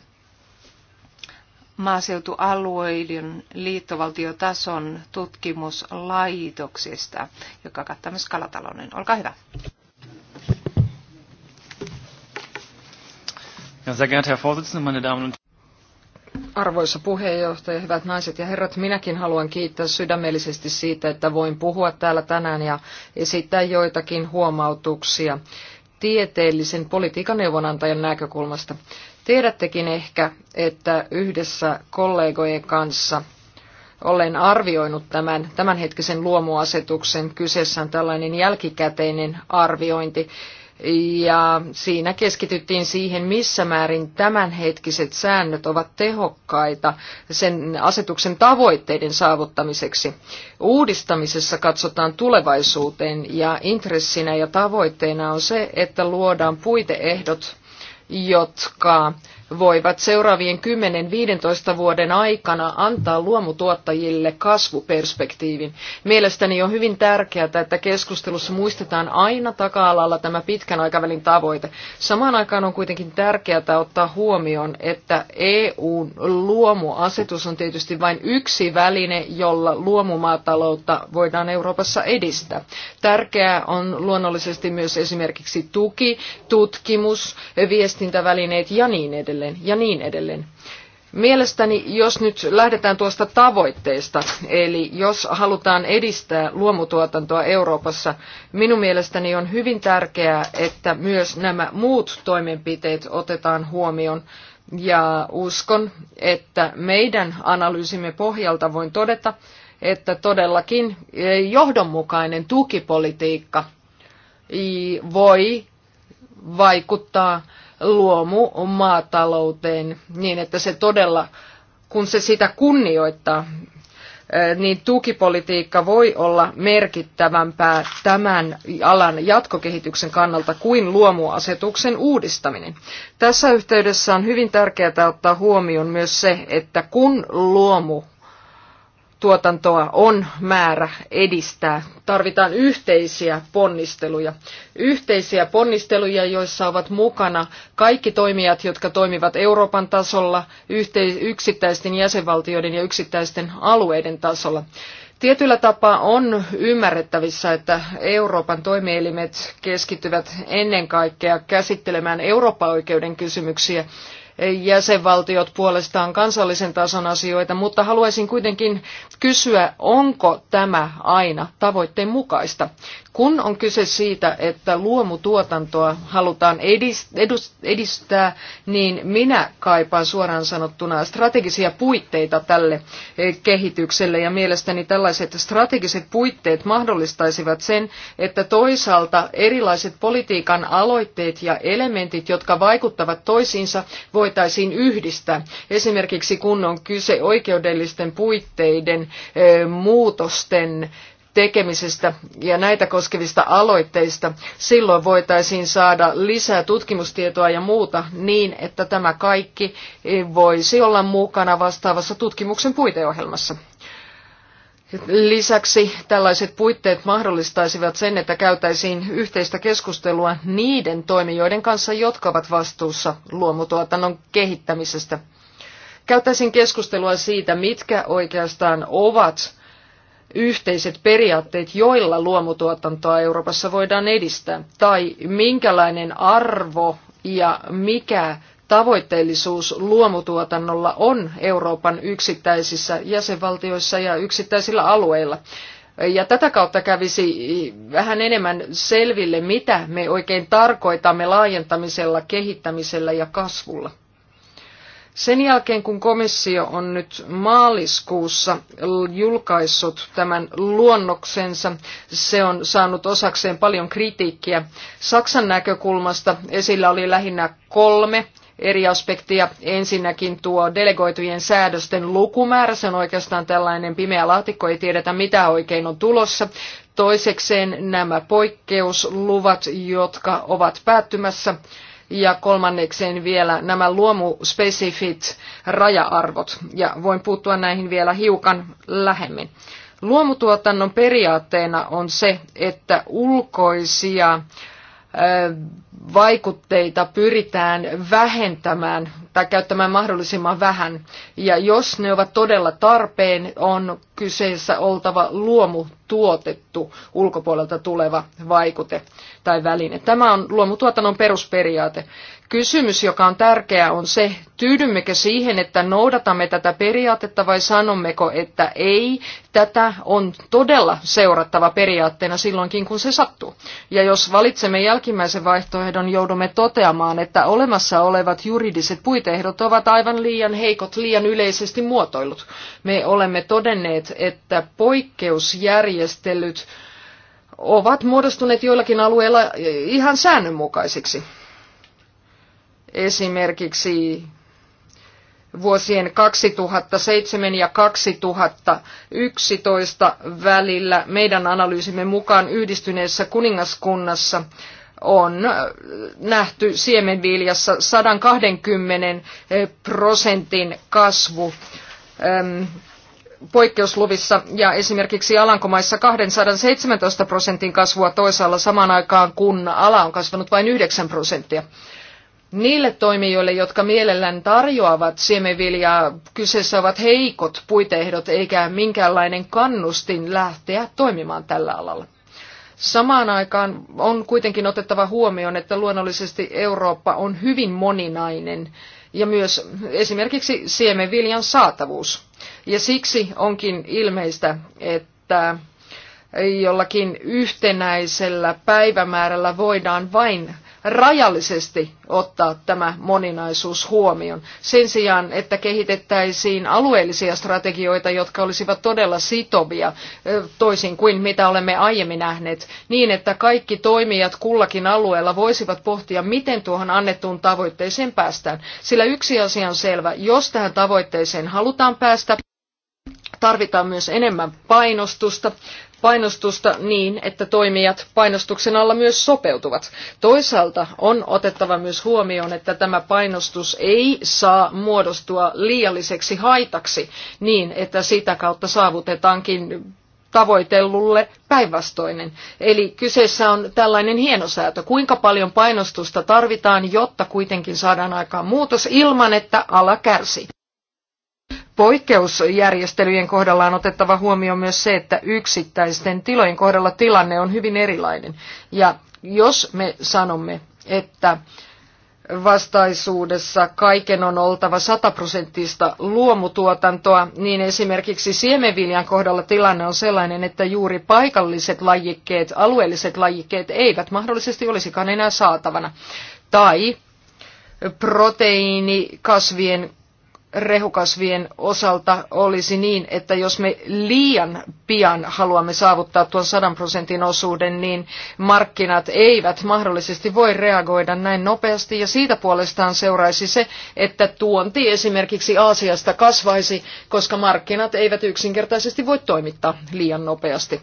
maaseutualueiden liittovaltiotason tutkimuslaitoksesta, joka kattaa myös kalatalouden. Olkaa hyvä. Ja, sehr geehrter Herr Vorsitzender, meine Damen und Arvoisa puheenjohtaja, hyvät naiset ja herrat, minäkin haluan kiittää sydämellisesti siitä, että voin puhua täällä tänään ja esittää joitakin huomautuksia tieteellisen politiikan neuvonantajan näkökulmasta. Tiedättekin ehkä, että yhdessä kollegojen kanssa olen arvioinut tämän tämänhetkisen luomuasetuksen. Kyseessä on tällainen jälkikäteinen arviointi ja siinä keskityttiin siihen, missä määrin tämänhetkiset säännöt ovat tehokkaita sen asetuksen tavoitteiden saavuttamiseksi. Uudistamisessa katsotaan tulevaisuuteen ja intressinä ja tavoitteena on se, että luodaan puiteehdot, jotka voivat seuraavien 10-15 vuoden aikana antaa luomutuottajille kasvuperspektiivin. Mielestäni on hyvin tärkeää, että keskustelussa muistetaan aina taka-alalla tämä pitkän aikavälin tavoite. Samaan aikaan on kuitenkin tärkeää ottaa huomioon, että EU-luomuasetus on tietysti vain yksi väline, jolla luomumaataloutta voidaan Euroopassa edistää. Tärkeää on luonnollisesti myös esimerkiksi tuki, tutkimus, viestintävälineet ja niin edelleen edelleen ja niin edelleen. Mielestäni, jos nyt lähdetään tuosta tavoitteesta, eli jos halutaan edistää luomutuotantoa Euroopassa, minun mielestäni on hyvin tärkeää, että myös nämä muut toimenpiteet otetaan huomioon. Ja uskon, että meidän analyysimme pohjalta voin todeta, että todellakin e, johdonmukainen tukipolitiikka voi vaikuttaa luomumaatalouteen niin, että se todella, kun se sitä kunnioittaa, niin tukipolitiikka voi olla merkittävämpää tämän alan jatkokehityksen kannalta kuin luomuasetuksen uudistaminen. Tässä yhteydessä on hyvin tärkeää ottaa huomioon myös se, että kun luomu tuotantoa on määrä edistää. Tarvitaan yhteisiä ponnisteluja. Yhteisiä ponnisteluja, joissa ovat mukana kaikki toimijat, jotka toimivat Euroopan tasolla, yksittäisten jäsenvaltioiden ja yksittäisten alueiden tasolla. Tietyllä tapaa on ymmärrettävissä, että Euroopan toimielimet keskittyvät ennen kaikkea käsittelemään Eurooppa-oikeuden kysymyksiä jäsenvaltiot puolestaan kansallisen tason asioita, mutta haluaisin kuitenkin kysyä, onko tämä aina tavoitteen mukaista. Kun on kyse siitä, että luomutuotantoa halutaan edistää, niin minä kaipaan suoraan sanottuna strategisia puitteita tälle eh, kehitykselle ja mielestäni tällaiset strategiset puitteet mahdollistaisivat sen, että toisaalta erilaiset politiikan aloitteet ja elementit, jotka vaikuttavat toisiinsa, voi voitaisiin yhdistää. Esimerkiksi kun on kyse oikeudellisten puitteiden muutosten tekemisestä ja näitä koskevista aloitteista. Silloin voitaisiin saada lisää tutkimustietoa ja muuta niin, että tämä kaikki voisi olla mukana vastaavassa tutkimuksen puiteohjelmassa. Lisäksi tällaiset puitteet mahdollistaisivat sen, että käytäisiin yhteistä keskustelua niiden toimijoiden kanssa, jotka ovat vastuussa luomutuotannon kehittämisestä. Käytäisiin keskustelua siitä, mitkä oikeastaan ovat yhteiset periaatteet, joilla luomutuotantoa Euroopassa voidaan edistää, tai minkälainen arvo ja mikä tavoitteellisuus luomutuotannolla on Euroopan yksittäisissä jäsenvaltioissa ja yksittäisillä alueilla. Ja tätä kautta kävisi vähän enemmän selville, mitä me oikein tarkoitamme laajentamisella, kehittämisellä ja kasvulla. Sen jälkeen, kun komissio on nyt maaliskuussa julkaissut tämän luonnoksensa, se on saanut osakseen paljon kritiikkiä. Saksan näkökulmasta esillä oli lähinnä kolme eri aspektia. Ensinnäkin tuo delegoitujen säädösten lukumäärä, se on oikeastaan tällainen pimeä laatikko, ei tiedetä mitä oikein on tulossa. Toisekseen nämä poikkeusluvat, jotka ovat päättymässä. Ja kolmannekseen vielä nämä luomuspesifit raja-arvot. Ja voin puuttua näihin vielä hiukan lähemmin. Luomutuotannon periaatteena on se, että ulkoisia vaikutteita pyritään vähentämään tai käyttämään mahdollisimman vähän. Ja jos ne ovat todella tarpeen, on kyseessä oltava luomu tuotettu ulkopuolelta tuleva vaikute tai väline. Tämä on luomutuotannon perusperiaate. Kysymys, joka on tärkeä, on se, tyydymmekö siihen, että noudatamme tätä periaatetta vai sanommeko, että ei, tätä on todella seurattava periaatteena silloinkin, kun se sattuu. Ja jos valitsemme jälkimmäisen vaihtoehdon, joudumme toteamaan, että olemassa olevat juridiset puitehdot ovat aivan liian heikot, liian yleisesti muotoilut. Me olemme todenneet, että poikkeusjärjestelyt ovat muodostuneet joillakin alueilla ihan säännönmukaisiksi esimerkiksi vuosien 2007 ja 2011 välillä meidän analyysimme mukaan yhdistyneessä kuningaskunnassa on nähty siemenviljassa 120 prosentin kasvu ähm, poikkeusluvissa ja esimerkiksi Alankomaissa 217 prosentin kasvua toisaalla samaan aikaan, kun ala on kasvanut vain 9 prosenttia. Niille toimijoille, jotka mielellään tarjoavat siemenviljaa, kyseessä ovat heikot puiteehdot eikä minkäänlainen kannustin lähteä toimimaan tällä alalla. Samaan aikaan on kuitenkin otettava huomioon, että luonnollisesti Eurooppa on hyvin moninainen ja myös esimerkiksi siemenviljan saatavuus. Ja siksi onkin ilmeistä, että jollakin yhtenäisellä päivämäärällä voidaan vain rajallisesti ottaa tämä moninaisuus huomioon. Sen sijaan, että kehitettäisiin alueellisia strategioita, jotka olisivat todella sitovia, toisin kuin mitä olemme aiemmin nähneet, niin että kaikki toimijat kullakin alueella voisivat pohtia, miten tuohon annettuun tavoitteeseen päästään. Sillä yksi asia on selvä, jos tähän tavoitteeseen halutaan päästä, tarvitaan myös enemmän painostusta, painostusta niin, että toimijat painostuksen alla myös sopeutuvat. Toisaalta on otettava myös huomioon, että tämä painostus ei saa muodostua liialliseksi haitaksi niin, että sitä kautta saavutetaankin tavoitellulle päinvastoinen. Eli kyseessä on tällainen hienosäätö, kuinka paljon painostusta tarvitaan, jotta kuitenkin saadaan aikaan muutos ilman, että ala kärsii. Poikkeusjärjestelyjen kohdalla on otettava huomioon myös se, että yksittäisten tilojen kohdalla tilanne on hyvin erilainen. Ja jos me sanomme, että vastaisuudessa kaiken on oltava sataprosenttista luomutuotantoa, niin esimerkiksi siemenviljan kohdalla tilanne on sellainen, että juuri paikalliset lajikkeet, alueelliset lajikkeet eivät mahdollisesti olisikaan enää saatavana. Tai proteiinikasvien rehukasvien osalta olisi niin, että jos me liian pian haluamme saavuttaa tuon 100 prosentin osuuden, niin markkinat eivät mahdollisesti voi reagoida näin nopeasti ja siitä puolestaan seuraisi se, että tuonti esimerkiksi Aasiasta kasvaisi, koska markkinat eivät yksinkertaisesti voi toimittaa liian nopeasti.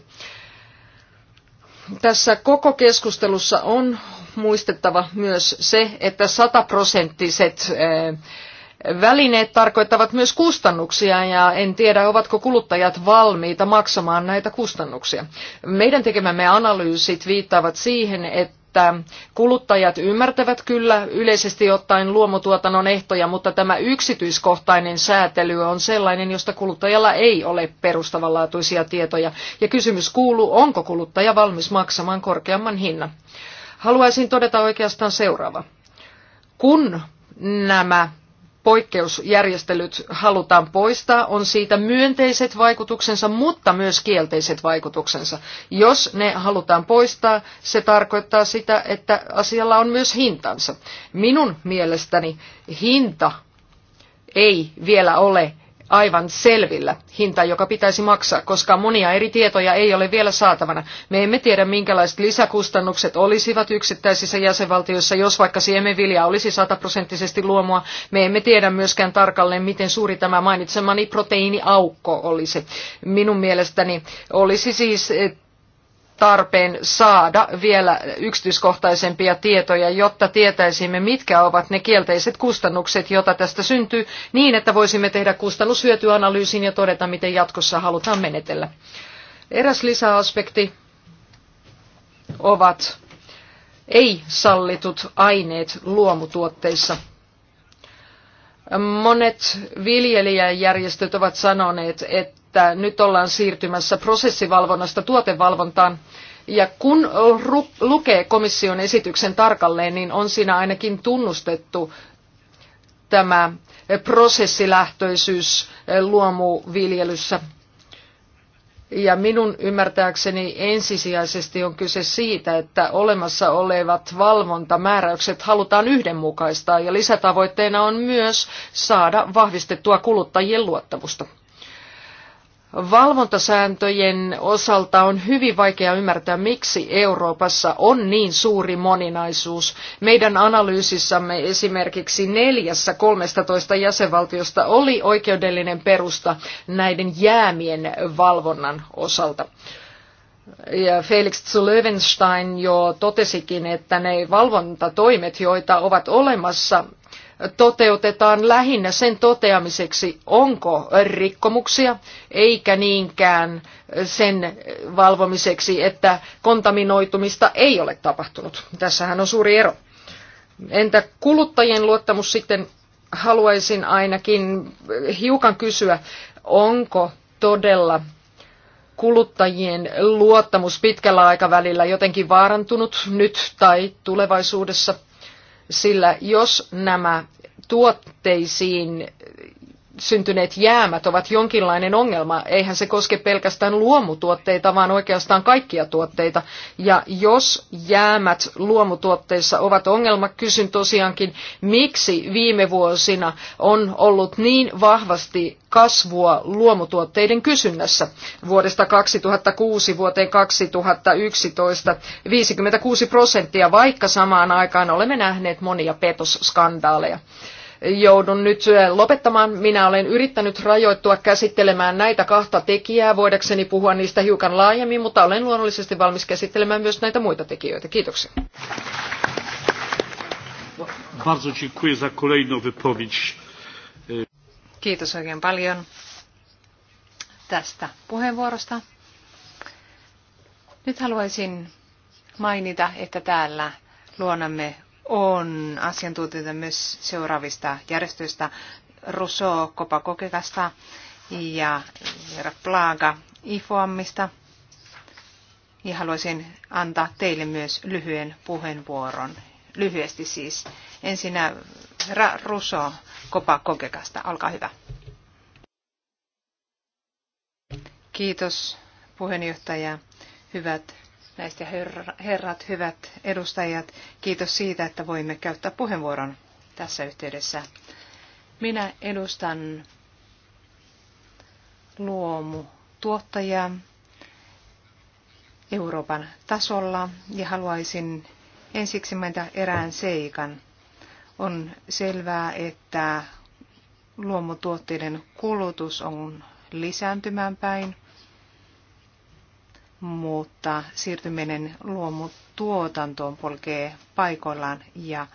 Tässä koko keskustelussa on muistettava myös se, että sataprosenttiset prosenttiset eh, Välineet tarkoittavat myös kustannuksia ja en tiedä, ovatko kuluttajat valmiita maksamaan näitä kustannuksia. Meidän tekemämme analyysit viittaavat siihen, että että kuluttajat ymmärtävät kyllä yleisesti ottaen luomutuotannon ehtoja, mutta tämä yksityiskohtainen säätely on sellainen, josta kuluttajalla ei ole perustavanlaatuisia tietoja. Ja kysymys kuuluu, onko kuluttaja valmis maksamaan korkeamman hinnan. Haluaisin todeta oikeastaan seuraava. Kun nämä poikkeusjärjestelyt halutaan poistaa, on siitä myönteiset vaikutuksensa, mutta myös kielteiset vaikutuksensa. Jos ne halutaan poistaa, se tarkoittaa sitä, että asialla on myös hintansa. Minun mielestäni hinta ei vielä ole aivan selvillä hinta, joka pitäisi maksaa, koska monia eri tietoja ei ole vielä saatavana. Me emme tiedä, minkälaiset lisäkustannukset olisivat yksittäisissä jäsenvaltioissa, jos vaikka siemenvilja olisi sataprosenttisesti luomua. Me emme tiedä myöskään tarkalleen, miten suuri tämä mainitsemani proteiiniaukko olisi. Minun mielestäni olisi siis tarpeen saada vielä yksityiskohtaisempia tietoja, jotta tietäisimme, mitkä ovat ne kielteiset kustannukset, joita tästä syntyy, niin että voisimme tehdä kustannushyötyanalyysin ja todeta, miten jatkossa halutaan menetellä. Eräs lisäaspekti ovat ei-sallitut aineet luomutuotteissa. Monet viljelijäjärjestöt ovat sanoneet, että että nyt ollaan siirtymässä prosessivalvonnasta tuotevalvontaan. Ja kun lukee komission esityksen tarkalleen, niin on siinä ainakin tunnustettu tämä prosessilähtöisyys luomuviljelyssä. Ja minun ymmärtääkseni ensisijaisesti on kyse siitä, että olemassa olevat valvontamääräykset halutaan yhdenmukaistaa ja lisätavoitteena on myös saada vahvistettua kuluttajien luottamusta. Valvontasääntöjen osalta on hyvin vaikea ymmärtää, miksi Euroopassa on niin suuri moninaisuus. Meidän analyysissamme esimerkiksi neljässä 13 jäsenvaltiosta oli oikeudellinen perusta näiden jäämien valvonnan osalta. Ja Felix zu Löwenstein jo totesikin, että ne valvontatoimet, joita ovat olemassa, toteutetaan lähinnä sen toteamiseksi, onko rikkomuksia, eikä niinkään sen valvomiseksi, että kontaminoitumista ei ole tapahtunut. Tässähän on suuri ero. Entä kuluttajien luottamus sitten? Haluaisin ainakin hiukan kysyä, onko todella kuluttajien luottamus pitkällä aikavälillä jotenkin vaarantunut nyt tai tulevaisuudessa – sillä jos nämä tuotteisiin syntyneet jäämät ovat jonkinlainen ongelma. Eihän se koske pelkästään luomutuotteita, vaan oikeastaan kaikkia tuotteita. Ja jos jäämät luomutuotteissa ovat ongelma, kysyn tosiaankin, miksi viime vuosina on ollut niin vahvasti kasvua luomutuotteiden kysynnässä. Vuodesta 2006 vuoteen 2011 56 prosenttia, vaikka samaan aikaan olemme nähneet monia petosskandaaleja joudun nyt eh, lopettamaan. Minä olen yrittänyt rajoittua käsittelemään näitä kahta tekijää, voidakseni puhua niistä hiukan laajemmin, mutta olen luonnollisesti valmis käsittelemään myös näitä muita tekijöitä. Kiitoksia. Kiitos oikein paljon tästä puheenvuorosta. Nyt haluaisin mainita, että täällä luonamme on asiantuntijoita myös seuraavista järjestöistä Rousseau Kopakokekasta ja Plaga Ifoammista. Ja haluaisin antaa teille myös lyhyen puheenvuoron. Lyhyesti siis. Ensin äh, Herra Ruso Kopakokekasta. Olkaa hyvä. Kiitos puheenjohtaja. Hyvät naiset ja herrat, hyvät edustajat, kiitos siitä, että voimme käyttää puheenvuoron tässä yhteydessä. Minä edustan luomutuottajia Euroopan tasolla ja haluaisin ensiksi mainita erään seikan. On selvää, että luomutuotteiden kulutus on lisääntymään päin – mutta siirtyminen luomutuotantoon polkee paikoillaan ja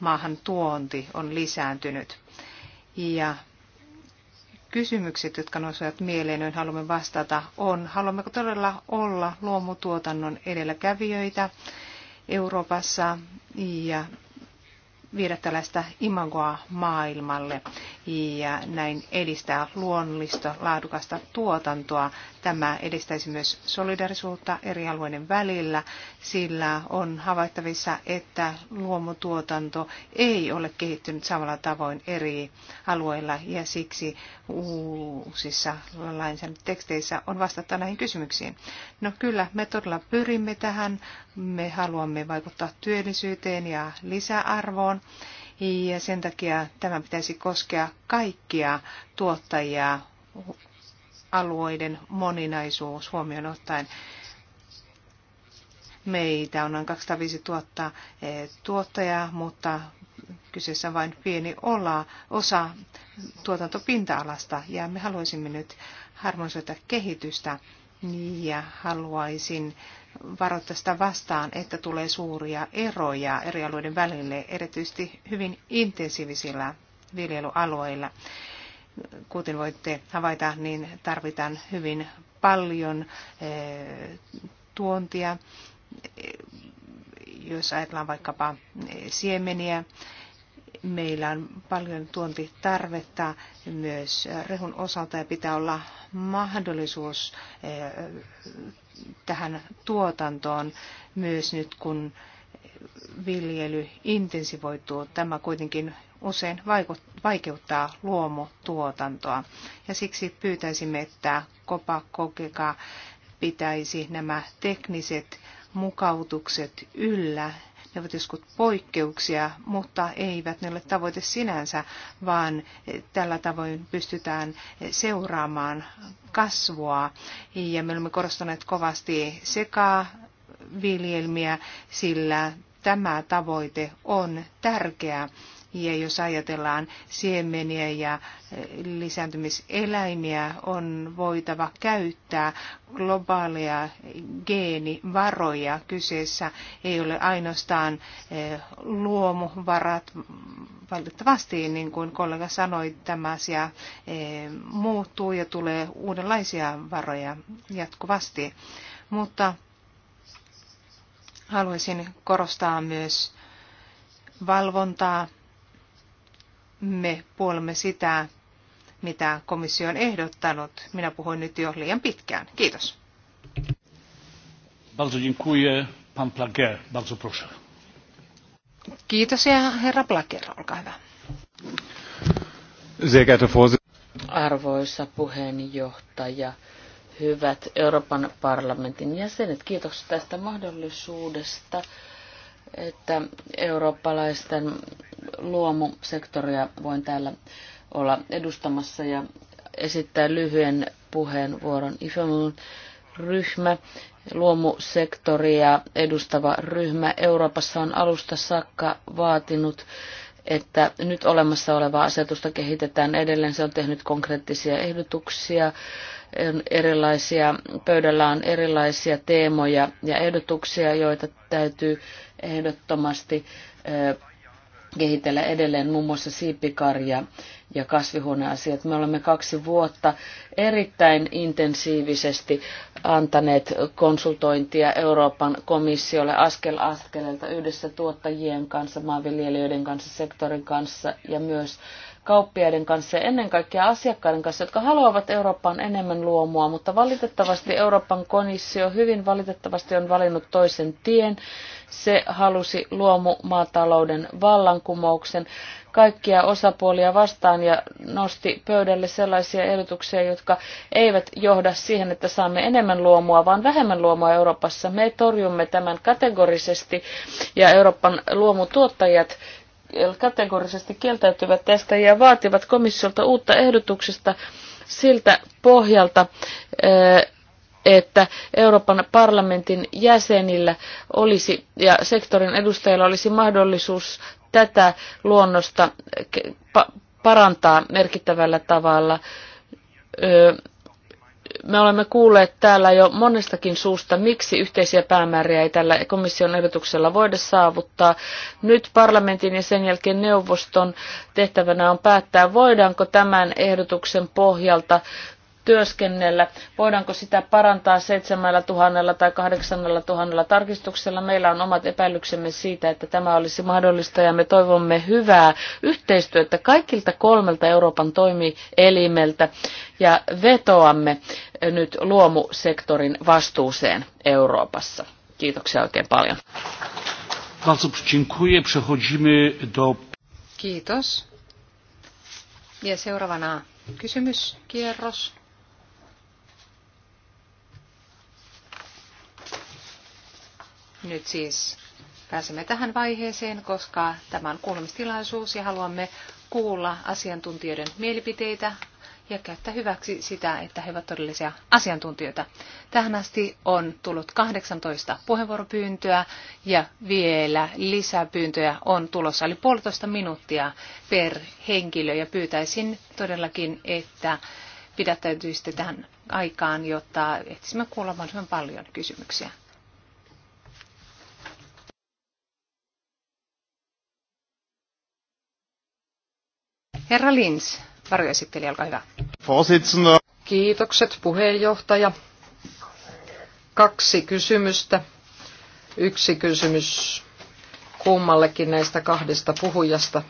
maahan tuonti on lisääntynyt. Ja kysymykset, jotka nousevat mieleen, joihin haluamme vastata, on, haluammeko todella olla luomutuotannon edelläkävijöitä Euroopassa ja viedä tällaista imagoa maailmalle ja näin edistää luonnollista, laadukasta tuotantoa. Tämä edistäisi myös solidarisuutta eri alueiden välillä, sillä on havaittavissa, että luomutuotanto ei ole kehittynyt samalla tavoin eri alueilla ja siksi uusissa lainsäädäntöteksteissä on vastattava näihin kysymyksiin. No kyllä, me todella pyrimme tähän. Me haluamme vaikuttaa työllisyyteen ja lisäarvoon. Ja sen takia tämä pitäisi koskea kaikkia tuottajia alueiden moninaisuus huomioon ottaen. Meitä on noin 205 000 eh, tuottajaa, mutta kyseessä on vain pieni ola, osa tuotantopinta-alasta ja me haluaisimme nyt harmonisoida kehitystä ja haluaisin varoittaa sitä vastaan, että tulee suuria eroja eri alueiden välille, erityisesti hyvin intensiivisillä viljelyalueilla. Kuten voitte havaita, niin tarvitaan hyvin paljon eh, tuontia, eh, jos ajatellaan vaikkapa eh, siemeniä meillä on paljon tuontitarvetta myös rehun osalta ja pitää olla mahdollisuus eh, tähän tuotantoon myös nyt kun viljely intensivoituu. Tämä kuitenkin usein vaikeuttaa luomutuotantoa ja siksi pyytäisimme, että kopa kokeka pitäisi nämä tekniset mukautukset yllä ne ovat joskus poikkeuksia, mutta eivät ne ole tavoite sinänsä, vaan tällä tavoin pystytään seuraamaan kasvua. Ja me olemme korostaneet kovasti sekä viljelmiä, sillä tämä tavoite on tärkeä ja jos ajatellaan siemeniä ja eh, lisääntymiseläimiä, on voitava käyttää globaaleja geenivaroja. Kyseessä ei ole ainoastaan eh, luomuvarat, valitettavasti, niin kuin kollega sanoi, tämä asia eh, muuttuu ja tulee uudenlaisia varoja jatkuvasti. Mutta haluaisin korostaa myös valvontaa me puolemme sitä, mitä komissio on ehdottanut. Minä puhuin nyt jo liian pitkään. Kiitos. Bardzo dziękuję. Pan Plager, bardzo proszę. Kiitos ja herra Plager, olkaa hyvä. Arvoisa puheenjohtaja, hyvät Euroopan parlamentin jäsenet, kiitos tästä mahdollisuudesta että eurooppalaisten luomusektoria voin täällä olla edustamassa ja esittää lyhyen puheenvuoron. IFEMUn ryhmä, luomusektoria edustava ryhmä Euroopassa on alusta saakka vaatinut että nyt olemassa olevaa asetusta kehitetään edelleen. Se on tehnyt konkreettisia ehdotuksia, erilaisia, pöydällä on erilaisia teemoja ja ehdotuksia, joita täytyy ehdottomasti kehitellä edelleen muun muassa siipikarja ja kasvihuoneasiat. Me olemme kaksi vuotta erittäin intensiivisesti antaneet konsultointia Euroopan komissiolle askel askeleelta yhdessä tuottajien kanssa, maanviljelijöiden kanssa, sektorin kanssa ja myös kauppiaiden kanssa ja ennen kaikkea asiakkaiden kanssa, jotka haluavat Eurooppaan enemmän luomua, mutta valitettavasti Euroopan komissio hyvin valitettavasti on valinnut toisen tien. Se halusi luomumaatalouden vallankumouksen kaikkia osapuolia vastaan ja nosti pöydälle sellaisia ehdotuksia, jotka eivät johda siihen, että saamme enemmän luomua, vaan vähemmän luomua Euroopassa. Me torjumme tämän kategorisesti ja Euroopan luomutuottajat kategorisesti kieltäytyvät tästä ja vaativat komissiolta uutta ehdotuksesta siltä pohjalta, eh, että Euroopan parlamentin jäsenillä olisi ja sektorin edustajilla olisi mahdollisuus tätä luonnosta parantaa merkittävällä tavalla. Me olemme kuulleet täällä jo monestakin suusta, miksi yhteisiä päämääriä ei tällä komission ehdotuksella voida saavuttaa. Nyt parlamentin ja sen jälkeen neuvoston tehtävänä on päättää, voidaanko tämän ehdotuksen pohjalta työskennellä. Voidaanko sitä parantaa 7000 tai 8000 tarkistuksella? Meillä on omat epäilyksemme siitä, että tämä olisi mahdollista ja me toivomme hyvää yhteistyötä kaikilta kolmelta Euroopan toimielimeltä ja vetoamme nyt luomusektorin vastuuseen Euroopassa. Kiitoksia oikein paljon. Kiitos. Ja seuraavana kysymyskierros. Nyt siis pääsemme tähän vaiheeseen, koska tämä on kuulemistilaisuus ja haluamme kuulla asiantuntijoiden mielipiteitä ja käyttää hyväksi sitä, että he ovat todellisia asiantuntijoita. Tähän asti on tullut 18 puheenvuoropyyntöä ja vielä lisäpyyntöjä on tulossa, eli puolitoista minuuttia per henkilö ja pyytäisin todellakin, että pidättäytyisitte tähän aikaan, jotta ehtisimme kuulla mahdollisimman paljon kysymyksiä. Herra Lins, varjoesittelijä, olkaa hyvä. Kiitokset puheenjohtaja. Kaksi kysymystä. Yksi kysymys kummallekin näistä kahdesta puhujasta.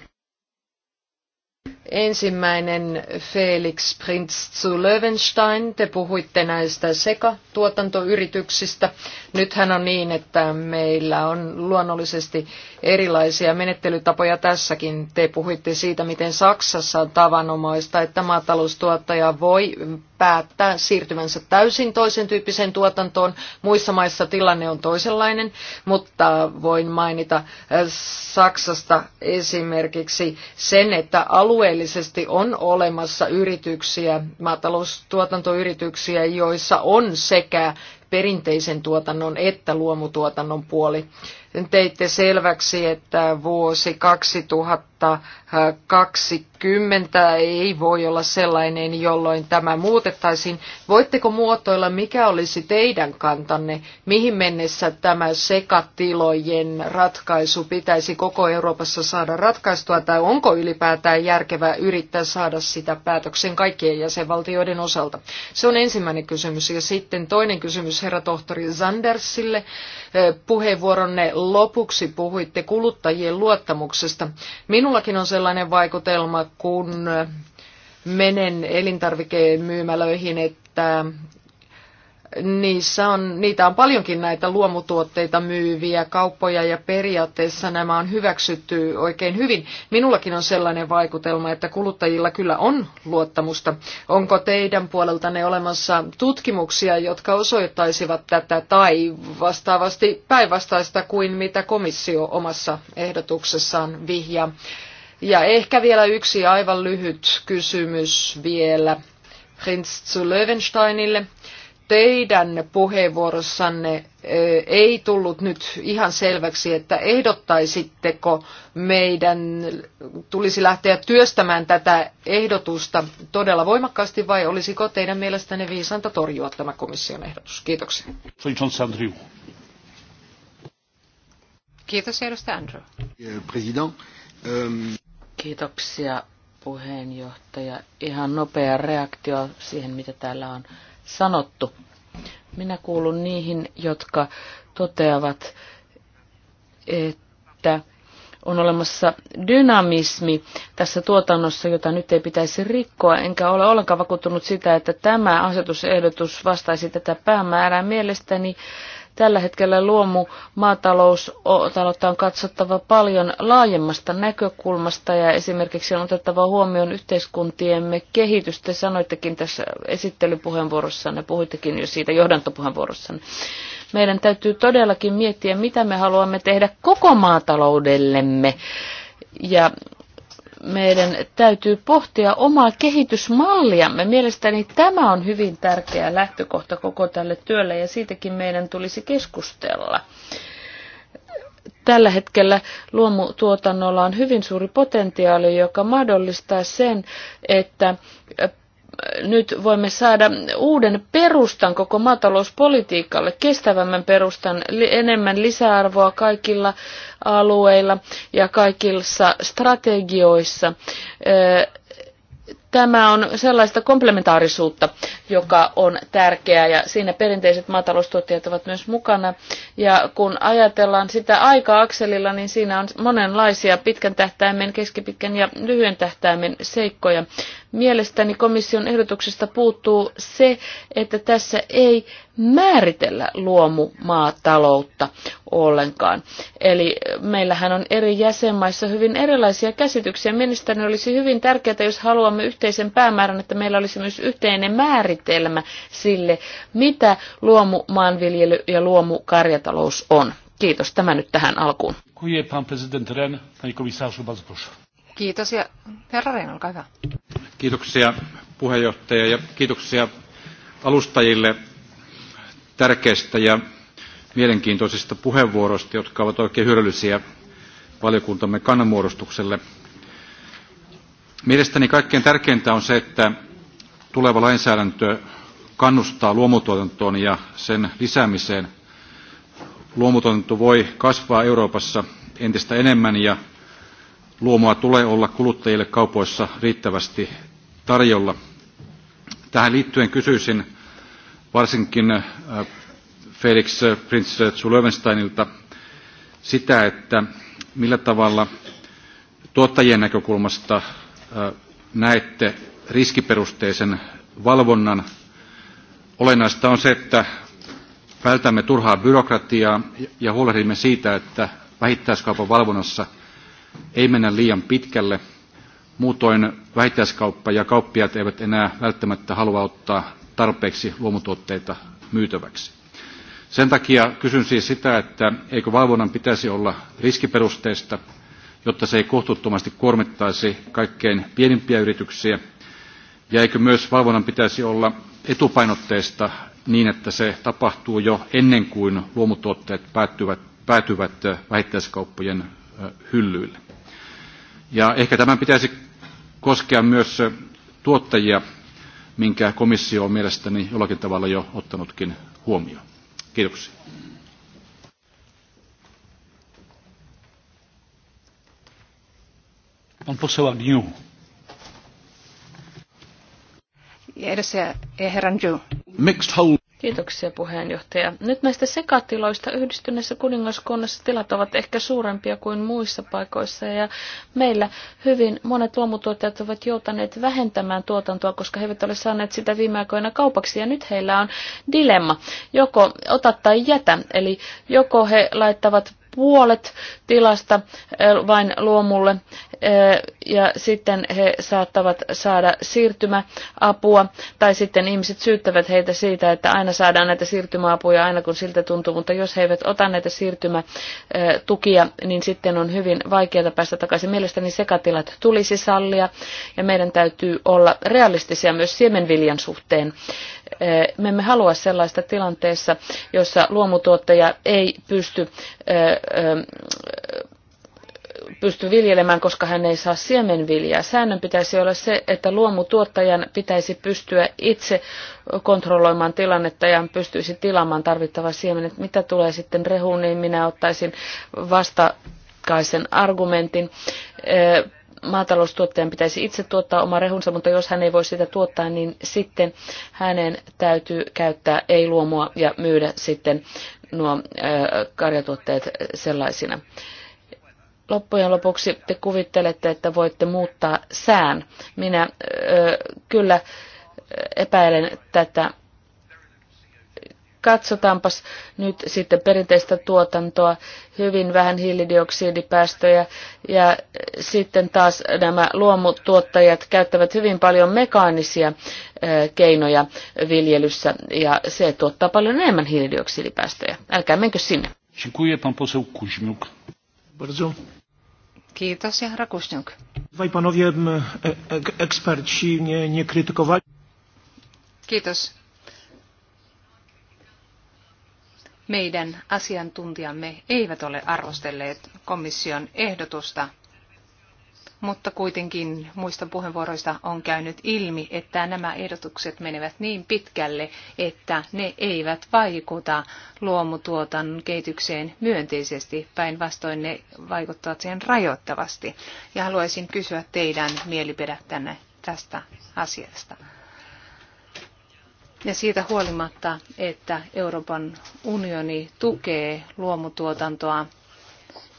Ensimmäinen Felix Prinz zu Löwenstein, te puhuitte näistä sekatuotantoyrityksistä. Nythän on niin, että meillä on luonnollisesti erilaisia menettelytapoja tässäkin. Te puhuitte siitä, miten Saksassa on tavanomaista, että maataloustuottaja voi päättää siirtyvänsä täysin toisen tyyppiseen tuotantoon. Muissa maissa tilanne on toisenlainen, mutta voin mainita äh, Saksasta esimerkiksi sen, että alueellisesti on olemassa yrityksiä, maataloustuotantoyrityksiä, joissa on sekä perinteisen tuotannon että luomutuotannon puoli teitte selväksi, että vuosi 2020 ei voi olla sellainen, jolloin tämä muutettaisiin. Voitteko muotoilla, mikä olisi teidän kantanne, mihin mennessä tämä sekatilojen ratkaisu pitäisi koko Euroopassa saada ratkaistua, tai onko ylipäätään järkevää yrittää saada sitä päätöksen kaikkien jäsenvaltioiden osalta? Se on ensimmäinen kysymys. Ja sitten toinen kysymys herra tohtori Zandersille. Puheenvuoronne lopuksi puhuitte kuluttajien luottamuksesta. Minullakin on sellainen vaikutelma, kun menen elintarvikemyymälöihin, myymälöihin, että niissä on, niitä on paljonkin näitä luomutuotteita myyviä kauppoja ja periaatteessa nämä on hyväksytty oikein hyvin. Minullakin on sellainen vaikutelma, että kuluttajilla kyllä on luottamusta. Onko teidän puoleltanne olemassa tutkimuksia, jotka osoittaisivat tätä tai vastaavasti päinvastaista kuin mitä komissio omassa ehdotuksessaan vihjaa? Ja ehkä vielä yksi aivan lyhyt kysymys vielä Prinz zu Löwensteinille teidän puheenvuorossanne ei tullut nyt ihan selväksi, että ehdottaisitteko meidän tulisi lähteä työstämään tätä ehdotusta todella voimakkaasti vai olisiko teidän mielestänne viisanta torjua tämä komission ehdotus? Kiitoksia. Kiitos, edustaja Andrew. President, ähm, Kiitoksia, puheenjohtaja. Ihan nopea reaktio siihen, mitä täällä on sanottu. Minä kuulun niihin, jotka toteavat, että on olemassa dynamismi tässä tuotannossa, jota nyt ei pitäisi rikkoa, enkä ole ollenkaan vakuuttunut sitä, että tämä asetusehdotus vastaisi tätä päämäärää. Mielestäni Tällä hetkellä luomu maatalous on katsottava paljon laajemmasta näkökulmasta ja esimerkiksi on otettava huomioon yhteiskuntiemme kehitys. Te sanoittekin tässä esittelypuheenvuorossanne, puhuittekin jo siitä johdantopuheenvuorossanne. Meidän täytyy todellakin miettiä, mitä me haluamme tehdä koko maataloudellemme ja meidän täytyy pohtia omaa kehitysmalliamme. Mielestäni tämä on hyvin tärkeä lähtökohta koko tälle työlle ja siitäkin meidän tulisi keskustella. Tällä hetkellä luomutuotannolla on hyvin suuri potentiaali, joka mahdollistaa sen, että nyt voimme saada uuden perustan koko maatalouspolitiikalle, kestävämmän perustan, enemmän lisäarvoa kaikilla alueilla ja kaikissa strategioissa. Tämä on sellaista komplementaarisuutta, joka on tärkeää ja siinä perinteiset maataloustuottajat ovat myös mukana. Ja kun ajatellaan sitä aika-akselilla, niin siinä on monenlaisia pitkän tähtäimen, keskipitkän ja lyhyen tähtäimen seikkoja Mielestäni komission ehdotuksesta puuttuu se, että tässä ei määritellä luomumaataloutta ollenkaan. Eli meillähän on eri jäsenmaissa hyvin erilaisia käsityksiä. Mielestäni olisi hyvin tärkeää, jos haluamme yhteisen päämäärän, että meillä olisi myös yhteinen määritelmä sille, mitä luomumaanviljely ja luomukarjatalous on. Kiitos. Tämä nyt tähän alkuun. Kiitos ja herra Rein, olkaa hyvä. Kiitoksia puheenjohtaja ja kiitoksia alustajille tärkeistä ja mielenkiintoisista puheenvuoroista, jotka ovat oikein hyödyllisiä valiokuntamme kannanmuodostukselle. Mielestäni kaikkein tärkeintä on se, että tuleva lainsäädäntö kannustaa luomutuotantoon ja sen lisäämiseen. Luomutuotanto voi kasvaa Euroopassa entistä enemmän ja Luomua tulee olla kuluttajille kaupoissa riittävästi tarjolla. Tähän liittyen kysyisin varsinkin äh, Felix Prince Zulöwensteinilta sitä, että millä tavalla tuottajien näkökulmasta äh, näette riskiperusteisen valvonnan. Olennaista on se, että vältämme turhaa byrokratiaa ja huolehdimme siitä, että vähittäiskaupan valvonnassa – ei mennä liian pitkälle. Muutoin väitäiskauppa ja kauppiaat eivät enää välttämättä halua ottaa tarpeeksi luomutuotteita myytäväksi. Sen takia kysyn siis sitä, että eikö valvonnan pitäisi olla riskiperusteista, jotta se ei kohtuuttomasti kuormittaisi kaikkein pienimpiä yrityksiä, ja eikö myös valvonnan pitäisi olla etupainotteista niin, että se tapahtuu jo ennen kuin luomutuotteet päätyvät, päätyvät vähittäiskauppojen hyllyille. Ja ehkä tämän pitäisi koskea myös tuottajia, minkä komissio on mielestäni jollakin tavalla jo ottanutkin huomioon. Kiitoksia. Pan poseł Agniu. Mixed whole Kiitoksia puheenjohtaja. Nyt näistä sekatiloista yhdistyneessä kuningaskunnassa tilat ovat ehkä suurempia kuin muissa paikoissa ja meillä hyvin monet luomutuottajat ovat joutaneet vähentämään tuotantoa, koska he eivät ole saaneet sitä viime aikoina kaupaksi ja nyt heillä on dilemma. Joko ota tai jätä, eli joko he laittavat puolet tilasta vain luomulle ja sitten he saattavat saada siirtymäapua tai sitten ihmiset syyttävät heitä siitä, että aina saadaan näitä siirtymäapuja aina kun siltä tuntuu, mutta jos he eivät ota näitä siirtymätukia, niin sitten on hyvin vaikeaa päästä takaisin. Mielestäni sekatilat tulisi sallia ja meidän täytyy olla realistisia myös siemenviljan suhteen. Eh, me emme halua sellaista tilanteessa, jossa luomutuottaja ei pysty eh, eh, pysty viljelemään, koska hän ei saa siemenviljaa. Säännön pitäisi olla se, että luomutuottajan pitäisi pystyä itse kontrolloimaan tilannetta ja pystyisi tilaamaan tarvittava siemenet. Mitä tulee sitten rehuun, niin minä ottaisin vastakaisen argumentin maataloustuottajan pitäisi itse tuottaa oma rehunsa, mutta jos hän ei voi sitä tuottaa, niin sitten hänen täytyy käyttää ei-luomua ja myydä sitten nuo äh, karjatuotteet sellaisina. Loppujen lopuksi te kuvittelette, että voitte muuttaa sään. Minä ö, äh, kyllä epäilen tätä katsotaanpas nyt sitten perinteistä tuotantoa, hyvin vähän hiilidioksidipäästöjä ja sitten taas nämä luomutuottajat käyttävät hyvin paljon mekaanisia keinoja viljelyssä ja se tuottaa paljon enemmän hiilidioksidipäästöjä. Älkää menkö sinne. Kiitos, ja Kuźniuk. Vai panowie e, e, eksperci nie, nie krytykowali. Kiitos meidän asiantuntijamme eivät ole arvostelleet komission ehdotusta, mutta kuitenkin muista puheenvuoroista on käynyt ilmi, että nämä ehdotukset menevät niin pitkälle, että ne eivät vaikuta luomutuotannon kehitykseen myönteisesti, päinvastoin ne vaikuttavat siihen rajoittavasti. Ja haluaisin kysyä teidän mielipidettänne tästä asiasta. Ja siitä huolimatta, että Euroopan unioni tukee luomutuotantoa,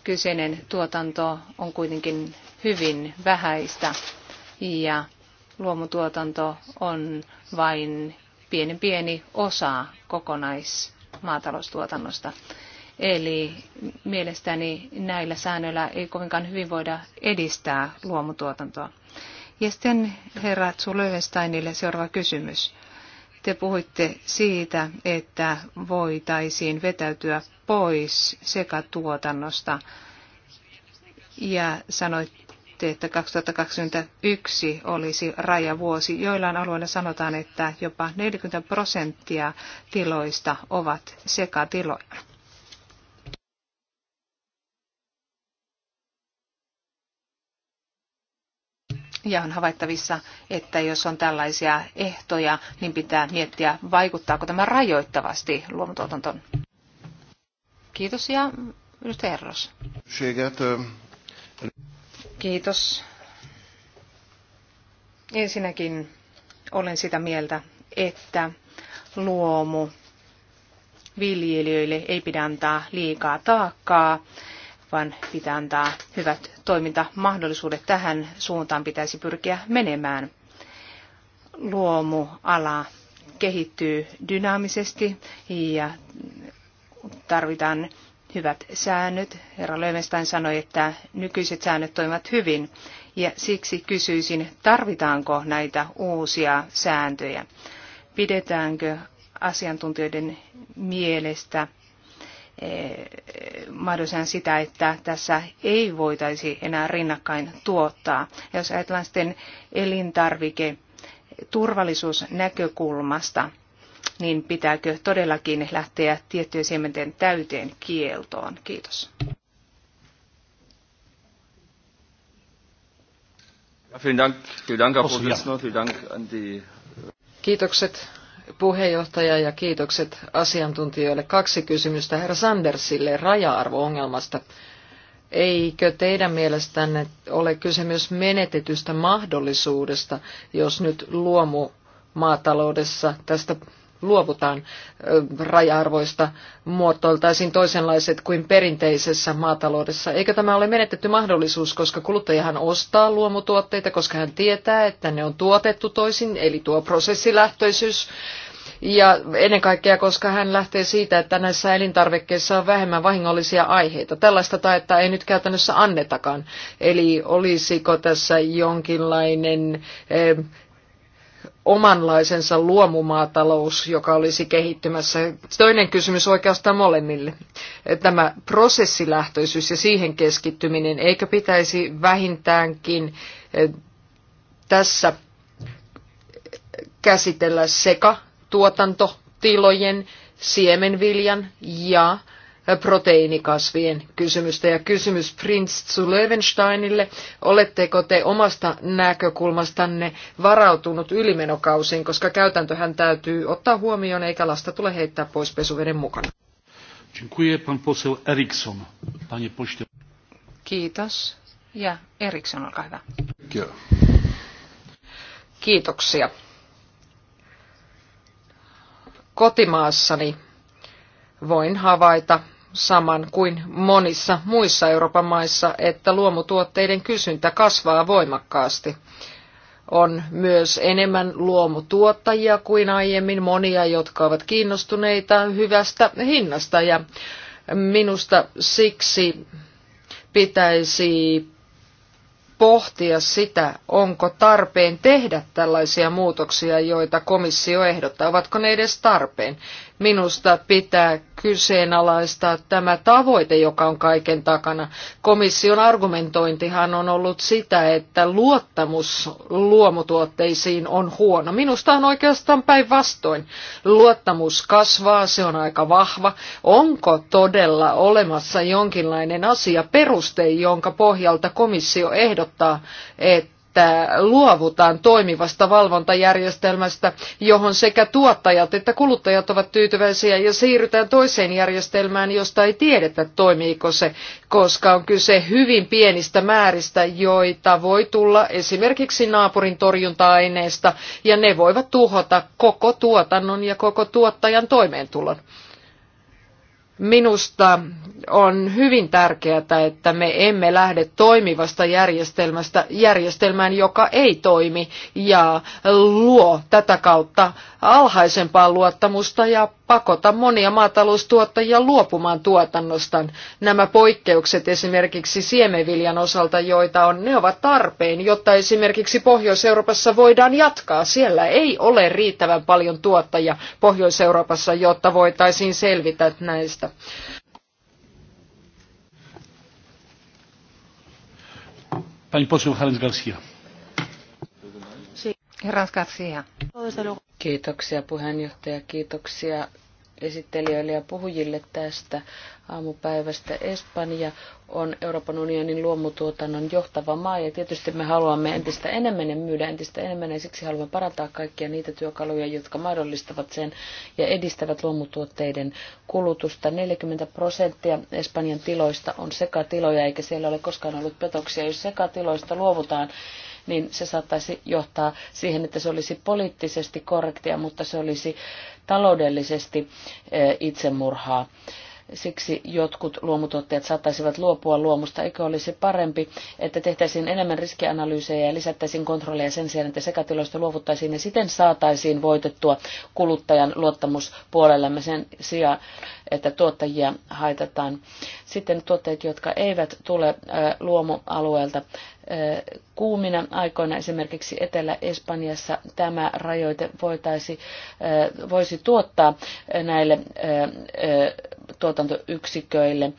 kyseinen tuotanto on kuitenkin hyvin vähäistä ja luomutuotanto on vain pienen pieni osa kokonaismaataloustuotannosta. Eli mielestäni näillä säännöillä ei kovinkaan hyvin voida edistää luomutuotantoa. Ja sitten herra Zulövensteinille seuraava kysymys. Te puhuitte siitä, että voitaisiin vetäytyä pois sekatuotannosta ja sanoitte, että 2021 olisi rajavuosi. Joillain alueilla sanotaan, että jopa 40 prosenttia tiloista ovat sekatiloja. Ja on havaittavissa, että jos on tällaisia ehtoja, niin pitää miettiä, vaikuttaako tämä rajoittavasti luomutuotantoon. Kiitos ja nyt Herros. Kiitos. Ensinnäkin olen sitä mieltä, että luomu viljelijöille ei pidä antaa liikaa taakkaa vaan pitää antaa hyvät toimintamahdollisuudet. Tähän suuntaan pitäisi pyrkiä menemään. Luomuala kehittyy dynaamisesti ja tarvitaan hyvät säännöt. Herra Löymestain sanoi, että nykyiset säännöt toimivat hyvin ja siksi kysyisin, tarvitaanko näitä uusia sääntöjä. Pidetäänkö asiantuntijoiden mielestä Eh, mahdollisena sitä, että tässä ei voitaisi enää rinnakkain tuottaa. Jos ajatellaan sitten elintarvike turvallisuusnäkökulmasta, niin pitääkö todellakin lähteä tiettyjen siementen täyteen kieltoon? Kiitos. Kiitokset puheenjohtaja ja kiitokset asiantuntijoille. Kaksi kysymystä herra Sandersille raja-arvoongelmasta. Eikö teidän mielestänne ole kyse myös menetetystä mahdollisuudesta, jos nyt luomu maataloudessa tästä luovutaan raja-arvoista, muotoiltaisiin toisenlaiset kuin perinteisessä maataloudessa. Eikö tämä ole menetetty mahdollisuus, koska kuluttajahan ostaa luomutuotteita, koska hän tietää, että ne on tuotettu toisin, eli tuo prosessilähtöisyys ja ennen kaikkea, koska hän lähtee siitä, että näissä elintarvikkeissa on vähemmän vahingollisia aiheita. Tällaista taetta ei nyt käytännössä annetakaan. Eli olisiko tässä jonkinlainen omanlaisensa luomumaatalous, joka olisi kehittymässä. Toinen kysymys oikeastaan molemmille. Tämä prosessilähtöisyys ja siihen keskittyminen, eikö pitäisi vähintäänkin eh, tässä käsitellä sekä tuotantotilojen, siemenviljan ja proteiinikasvien kysymystä. Ja kysymys Prince zu Löwensteinille, oletteko te omasta näkökulmastanne varautunut ylimenokausiin, koska käytäntöhän täytyy ottaa huomioon eikä lasta tule heittää pois pesuveden mukana. Dziękuję pan poseł Eriksson, panie pośle. Kiitos. Ja Eriksson, olkaa hyvä. Kiitoksia. Kotimaassani voin havaita saman kuin monissa muissa Euroopan maissa, että luomutuotteiden kysyntä kasvaa voimakkaasti. On myös enemmän luomutuottajia kuin aiemmin, monia, jotka ovat kiinnostuneita hyvästä hinnasta ja minusta siksi pitäisi pohtia sitä, onko tarpeen tehdä tällaisia muutoksia, joita komissio ehdottaa, ovatko ne edes tarpeen. Minusta pitää kyseenalaistaa tämä tavoite, joka on kaiken takana. Komission argumentointihan on ollut sitä, että luottamus luomutuotteisiin on huono. Minusta on oikeastaan päinvastoin. Luottamus kasvaa, se on aika vahva. Onko todella olemassa jonkinlainen asia, peruste, jonka pohjalta komissio ehdottaa, että että luovutaan toimivasta valvontajärjestelmästä, johon sekä tuottajat että kuluttajat ovat tyytyväisiä ja siirrytään toiseen järjestelmään, josta ei tiedetä toimiiko se, koska on kyse hyvin pienistä määristä, joita voi tulla esimerkiksi naapurin torjunta-aineesta ja ne voivat tuhota koko tuotannon ja koko tuottajan toimeentulon. Minusta on hyvin tärkeää, että me emme lähde toimivasta järjestelmästä järjestelmään, joka ei toimi ja luo tätä kautta alhaisempaa luottamusta ja pakota monia maataloustuottajia luopumaan tuotannostaan. Nämä poikkeukset esimerkiksi siemenviljan osalta, joita on, ne ovat tarpeen, jotta esimerkiksi Pohjois-Euroopassa voidaan jatkaa. Siellä ei ole riittävän paljon tuottajia Pohjois-Euroopassa, jotta voitaisiin selvitä näistä. Pani poseł Garcia. Herras Garcia. Kiitoksia puheenjohtaja, kiitoksia esittelijöille ja puhujille tästä aamupäivästä. Espanja on Euroopan unionin luomutuotannon johtava maa ja tietysti me haluamme entistä enemmän ja myydä entistä enemmän ja siksi haluamme parantaa kaikkia niitä työkaluja, jotka mahdollistavat sen ja edistävät luomutuotteiden kulutusta. 40 prosenttia Espanjan tiloista on sekatiloja eikä siellä ole koskaan ollut petoksia. Jos sekatiloista luovutaan, niin se saattaisi johtaa siihen, että se olisi poliittisesti korrektia, mutta se olisi taloudellisesti eh, itsemurhaa. Siksi jotkut luomutuottajat saattaisivat luopua luomusta, eikö olisi parempi, että tehtäisiin enemmän riskianalyysejä ja lisättäisiin kontrolleja sen sijaan, että sekatiloista luovuttaisiin ja siten saataisiin voitettua kuluttajan luottamus puolellemme sen sijaan, että tuottajia haitataan. Sitten tuotteet, jotka eivät tule eh, luomualueelta, kuumina aikoina esimerkiksi Etelä-Espanjassa tämä rajoite voitaisi, voisi tuottaa näille tuotantoyksiköille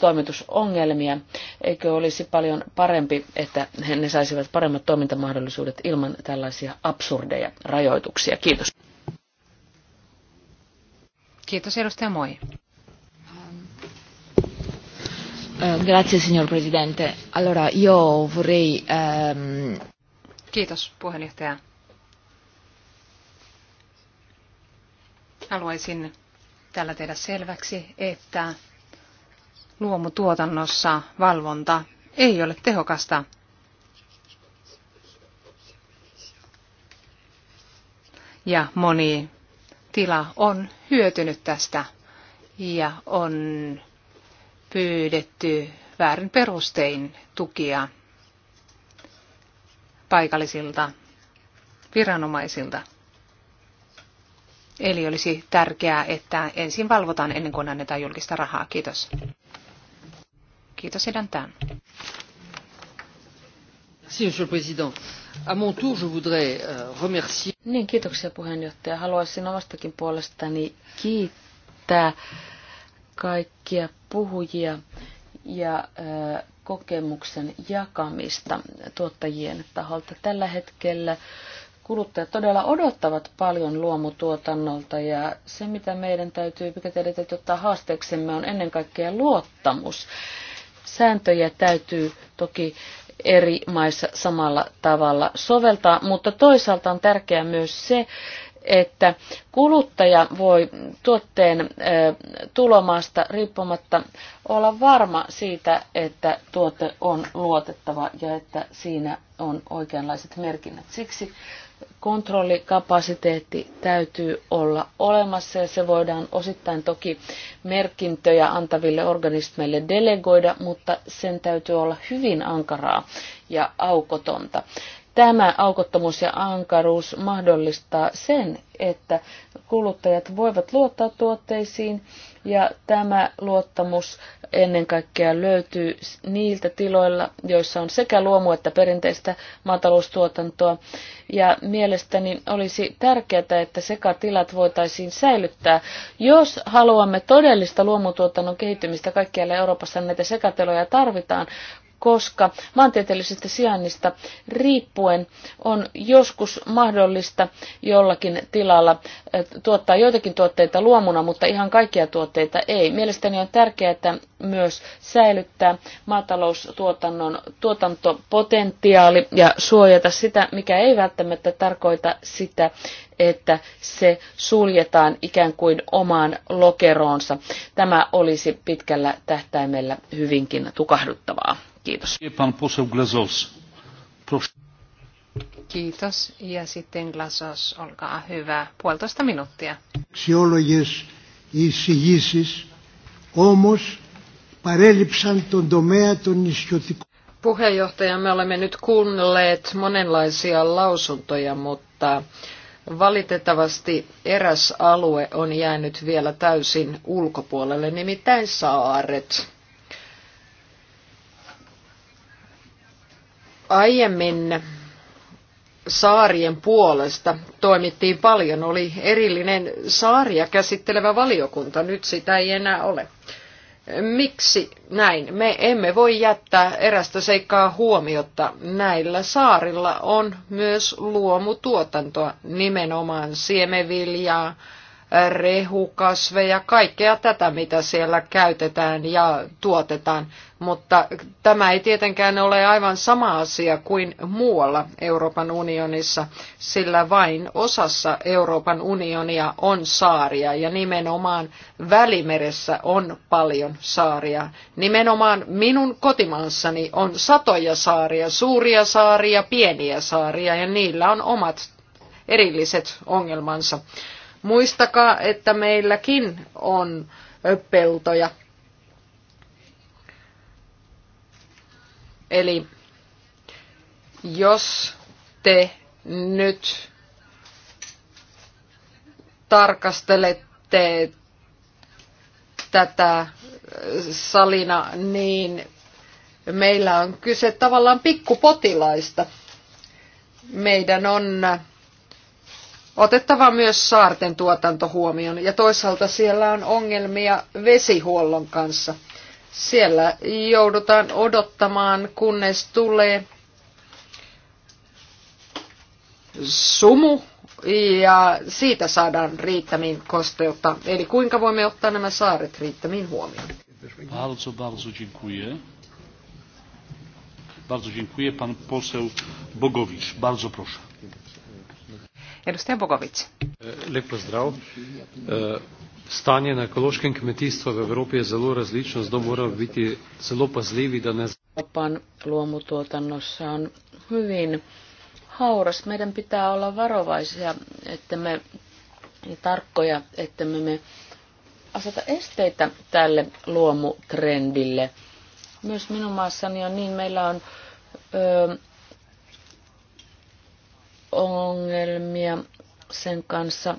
toimitusongelmia. Eikö olisi paljon parempi, että ne saisivat paremmat toimintamahdollisuudet ilman tällaisia absurdeja rajoituksia? Kiitos. Kiitos edustaja Moi. Eh, grazie, signor Presidente. Allora, io vorrei... Ehm, Kiitos, puheenjohtaja. Haluaisin tällä tehdä selväksi, että luomutuotannossa valvonta ei ole tehokasta. Ja moni tila on hyötynyt tästä ja on pyydetty väärin perustein tukia paikallisilta viranomaisilta. Eli olisi tärkeää, että ensin valvotaan ennen kuin annetaan julkista rahaa. Kiitos. Kiitos edantään. Monsieur le Président. À mon tour, je voudrais euh, remercier... Niin, kiitoksia puheenjohtaja. Haluaisin omastakin puolestani kiittää kaikkia puhujia ja kokemuksen jakamista tuottajien taholta. Tällä hetkellä kuluttajat todella odottavat paljon luomutuotannolta ja se, mitä meidän täytyy, mikä teidän täytyy ottaa haasteeksemme, on ennen kaikkea luottamus. Sääntöjä täytyy toki eri maissa samalla tavalla soveltaa, mutta toisaalta on tärkeää myös se, että kuluttaja voi tuotteen tulomasta riippumatta olla varma siitä, että tuote on luotettava ja että siinä on oikeanlaiset merkinnät. Siksi kontrollikapasiteetti täytyy olla olemassa ja se voidaan osittain toki merkintöjä antaville organismeille delegoida, mutta sen täytyy olla hyvin ankaraa ja aukotonta. Tämä aukottomuus ja ankaruus mahdollistaa sen, että kuluttajat voivat luottaa tuotteisiin ja tämä luottamus ennen kaikkea löytyy niiltä tiloilla, joissa on sekä luomu- että perinteistä maataloustuotantoa. Ja mielestäni olisi tärkeää, että sekatilat voitaisiin säilyttää. Jos haluamme todellista luomutuotannon kehittymistä kaikkialla Euroopassa, näitä sekateloja tarvitaan, koska maantieteellisestä sijainnista riippuen on joskus mahdollista jollakin tilalla eh, tuottaa joitakin tuotteita luomuna, mutta ihan kaikkia tuotteita ei. Mielestäni on tärkeää myös säilyttää maataloustuotannon tuotantopotentiaali ja suojata sitä, mikä ei välttämättä tarkoita sitä, että se suljetaan ikään kuin omaan lokeroonsa. Tämä olisi pitkällä tähtäimellä hyvinkin tukahduttavaa. Kiitos. Kiitos. Ja sitten Glasos, olkaa hyvä. Puolitoista minuuttia. Αξιόλογες εισηγήσεις, όμως παρέλειψαν τον τομέα των νησιωτικών. Puheenjohtaja, me olemme nyt kuunnelleet monenlaisia lausuntoja, mutta valitettavasti eräs alue on jäänyt vielä täysin ulkopuolelle, nimittäin saaret. Aiemmin saarien puolesta toimittiin paljon. Oli erillinen saaria käsittelevä valiokunta, nyt sitä ei enää ole. Miksi näin? Me emme voi jättää erästä seikkaa huomiota Näillä saarilla on myös luomutuotantoa, nimenomaan siemeviljaa, rehukasveja, kaikkea tätä, mitä siellä käytetään ja tuotetaan. Mutta tämä ei tietenkään ole aivan sama asia kuin muualla Euroopan unionissa, sillä vain osassa Euroopan unionia on saaria ja nimenomaan Välimeressä on paljon saaria. Nimenomaan minun kotimaassani on satoja saaria, suuria saaria, pieniä saaria ja niillä on omat erilliset ongelmansa. Muistakaa, että meilläkin on peltoja. Eli jos te nyt tarkastelette tätä salina, niin meillä on kyse tavallaan pikkupotilaista. Meidän on otettava myös saarten tuotanto huomioon. Ja toisaalta siellä on ongelmia vesihuollon kanssa. Siellä joudutaan odottamaan, kunnes tulee sumu ja siitä saadaan riittämin kosteutta. Eli kuinka voimme ottaa nämä saaret riittämin huomioon? Bardzo, bardzo dziękuję. Bardzo dziękuję. Pan poseł Bogowicz. Bardzo proszę. Edustaja Bogovic. Lep pozdrav. E, stanje na ekološkem kmetijstvu v Evropi je zelo različno, zato moramo biti zelo pazljivi, da ne... Opan luomutuotannossa on hyvin hauras. Meidän pitää olla varovaisia että me, ja tarkkoja, että me, me aseta esteitä tälle luomutrendille. Myös minun maassani on niin, meillä on ö, ongelmia sen kanssa,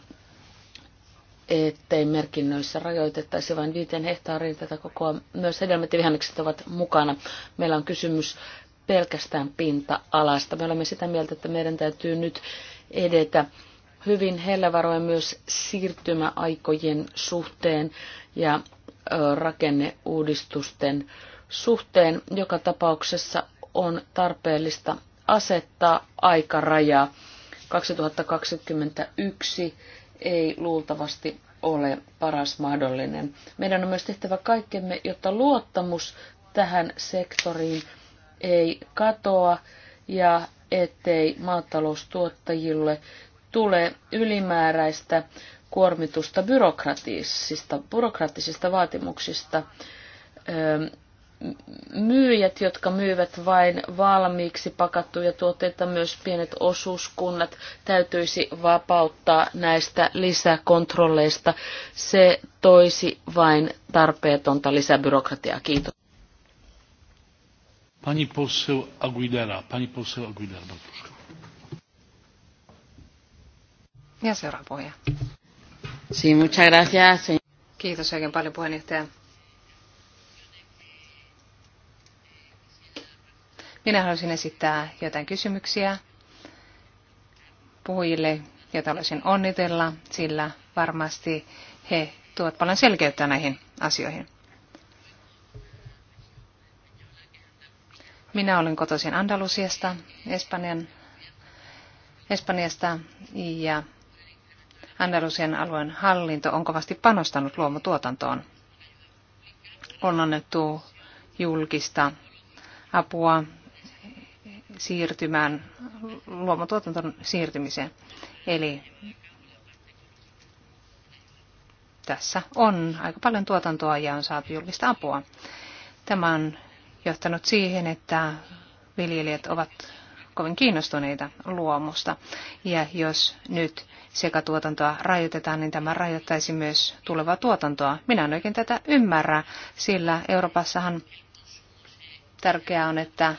ettei merkinnöissä rajoitettaisi vain viiteen hehtaariin tätä kokoa. Myös hedelmät ja vihannekset ovat mukana. Meillä on kysymys pelkästään pinta-alasta. Me olemme sitä mieltä, että meidän täytyy nyt edetä hyvin hellävaroin myös siirtymäaikojen suhteen ja rakenneuudistusten suhteen. Joka tapauksessa on tarpeellista asettaa aikaraja. 2021 ei luultavasti ole paras mahdollinen. Meidän on myös tehtävä kaikkemme, jotta luottamus tähän sektoriin ei katoa ja ettei maataloustuottajille tule ylimääräistä kuormitusta byrokratisista, byrokratisista vaatimuksista. Öö, myyjät, jotka myyvät vain valmiiksi pakattuja tuotteita, myös pienet osuuskunnat täytyisi vapauttaa näistä lisäkontrolleista. Se toisi vain tarpeetonta lisäbyrokratiaa. Kiitos. Pani poseł Aguilera. Pani poseł Aguilera, proszę. Ja seuraava puheenjohtaja. Sí, muchas gracias. Kiitos oikein paljon puheenjohtaja. Minä haluaisin esittää jotain kysymyksiä puhujille, joita haluaisin onnitella, sillä varmasti he tuovat paljon selkeyttä näihin asioihin. Minä olen kotoisin Andalusiasta, Espanjan, Espanjasta ja Andalusian alueen hallinto on kovasti panostanut luomutuotantoon. On annettu julkista apua siirtymään, luomutuotantoon siirtymiseen. Eli tässä on aika paljon tuotantoa ja on saatu julkista apua. Tämä on johtanut siihen, että viljelijät ovat kovin kiinnostuneita luomusta. Ja jos nyt sekatuotantoa rajoitetaan, niin tämä rajoittaisi myös tulevaa tuotantoa. Minä en oikein tätä ymmärrä, sillä Euroopassahan tärkeää on, että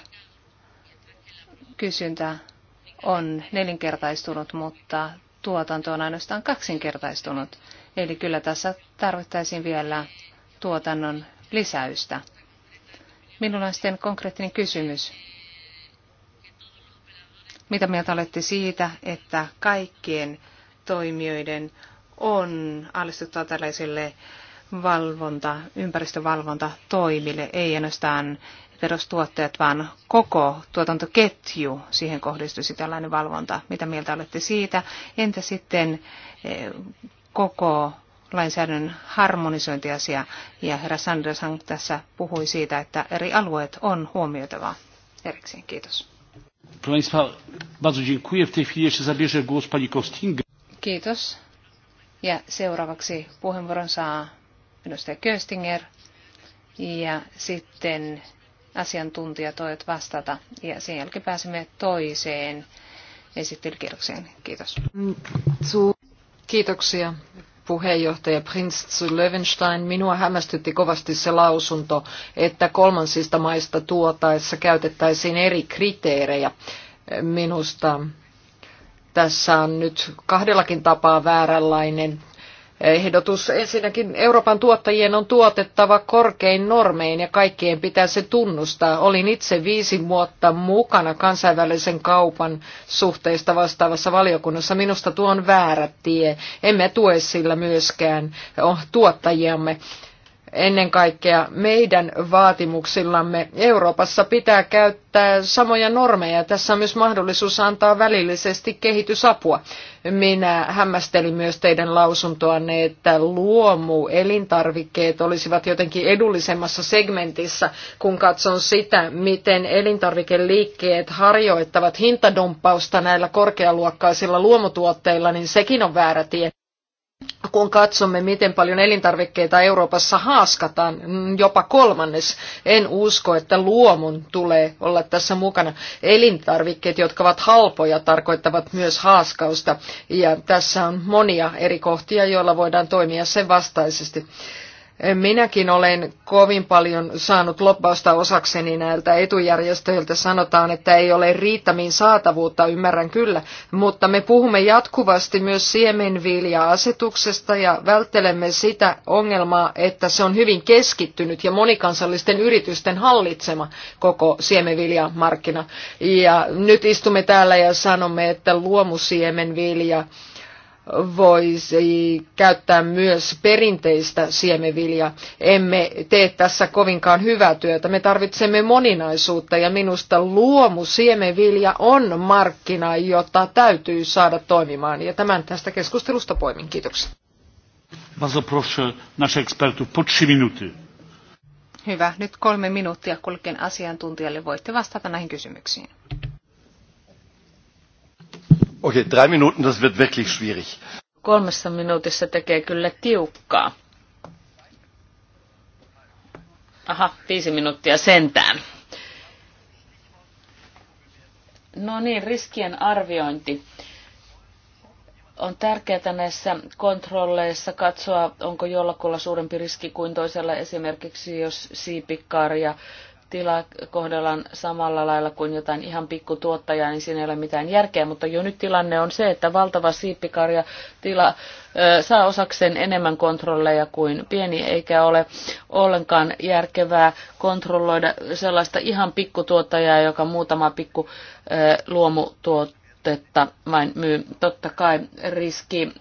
Kysyntä on nelinkertaistunut, mutta tuotanto on ainoastaan kaksinkertaistunut. Eli kyllä tässä tarvittaisiin vielä tuotannon lisäystä. Minulla on sitten konkreettinen kysymys. Mitä mieltä olette siitä, että kaikkien toimijoiden on alistuttaa tällaisille valvonta, ympäristövalvontatoimille, ei ainoastaan perustuottajat, vaan koko tuotantoketju, siihen kohdistuisi tällainen valvonta. Mitä mieltä olette siitä? Entä sitten eh, koko lainsäädännön harmonisointiasia? Ja herra Sandersan tässä puhui siitä, että eri alueet on huomioitava erikseen. Kiitos. Kiitos. Ja seuraavaksi puheenvuoron saa edustaja Köstinger ja sitten asiantuntijat voivat vastata. Ja sen jälkeen pääsemme toiseen esittelykierrokseen. Kiitos. Kiitoksia puheenjohtaja Prince Löwenstein, minua hämmästytti kovasti se lausunto, että kolmansista maista tuotaessa käytettäisiin eri kriteerejä. Minusta tässä on nyt kahdellakin tapaa vääränlainen ehdotus. Ensinnäkin Euroopan tuottajien on tuotettava korkein normein ja kaikkien pitää se tunnustaa. Olin itse viisi vuotta mukana kansainvälisen kaupan suhteista vastaavassa valiokunnassa. Minusta tuo on väärä tie. Emme tue sillä myöskään tuottajiamme ennen kaikkea meidän vaatimuksillamme. Euroopassa pitää käyttää samoja normeja. Tässä on myös mahdollisuus antaa välillisesti kehitysapua. Minä hämmästelin myös teidän lausuntoanne, että luomu elintarvikkeet olisivat jotenkin edullisemmassa segmentissä, kun katson sitä, miten elintarvikeliikkeet harjoittavat hintadumppausta näillä korkealuokkaisilla luomutuotteilla, niin sekin on väärä tie kun katsomme, miten paljon elintarvikkeita Euroopassa haaskataan, jopa kolmannes, en usko, että luomun tulee olla tässä mukana. Elintarvikkeet, jotka ovat halpoja, tarkoittavat myös haaskausta, ja tässä on monia eri kohtia, joilla voidaan toimia sen vastaisesti. Minäkin olen kovin paljon saanut lobbausta osakseni näiltä etujärjestöiltä. Sanotaan, että ei ole riittämin saatavuutta, ymmärrän kyllä, mutta me puhumme jatkuvasti myös siemenviljaasetuksesta asetuksesta ja välttelemme sitä ongelmaa, että se on hyvin keskittynyt ja monikansallisten yritysten hallitsema koko siemenviljamarkkina. Ja nyt istumme täällä ja sanomme, että luomusiemenvilja voisi käyttää myös perinteistä siemenviljaa. Emme tee tässä kovinkaan hyvää työtä. Me tarvitsemme moninaisuutta ja minusta luomu siemenvilja on markkina, jota täytyy saada toimimaan. Ja tämän tästä keskustelusta poimin. Kiitoksia. Bardzo proszę naszych ekspertów po trzy minuty. Hyvä. Nyt kolme minuuttia kulkien asiantuntijalle. Voitte vastata näihin kysymyksiin. Okei, okay, drei Minuten, das wird wirklich schwierig. Kolmessa minuutissa tekee kyllä tiukkaa. Aha, viisi minuuttia sentään. No niin, riskien arviointi. On tärkeää näissä kontrolleissa katsoa, onko jollakulla suurempi riski kuin toisella. Esimerkiksi jos siipikarja tilaa kohdellaan samalla lailla kuin jotain ihan pikkutuottajaa, niin siinä ei ole mitään järkeä. Mutta jo nyt tilanne on se, että valtava siippikarja tila saa osakseen enemmän kontrolleja kuin pieni, eikä ole ollenkaan järkevää kontrolloida sellaista ihan pikkutuottajaa, joka muutama pikku luomutuotetta vain myy. Totta kai riski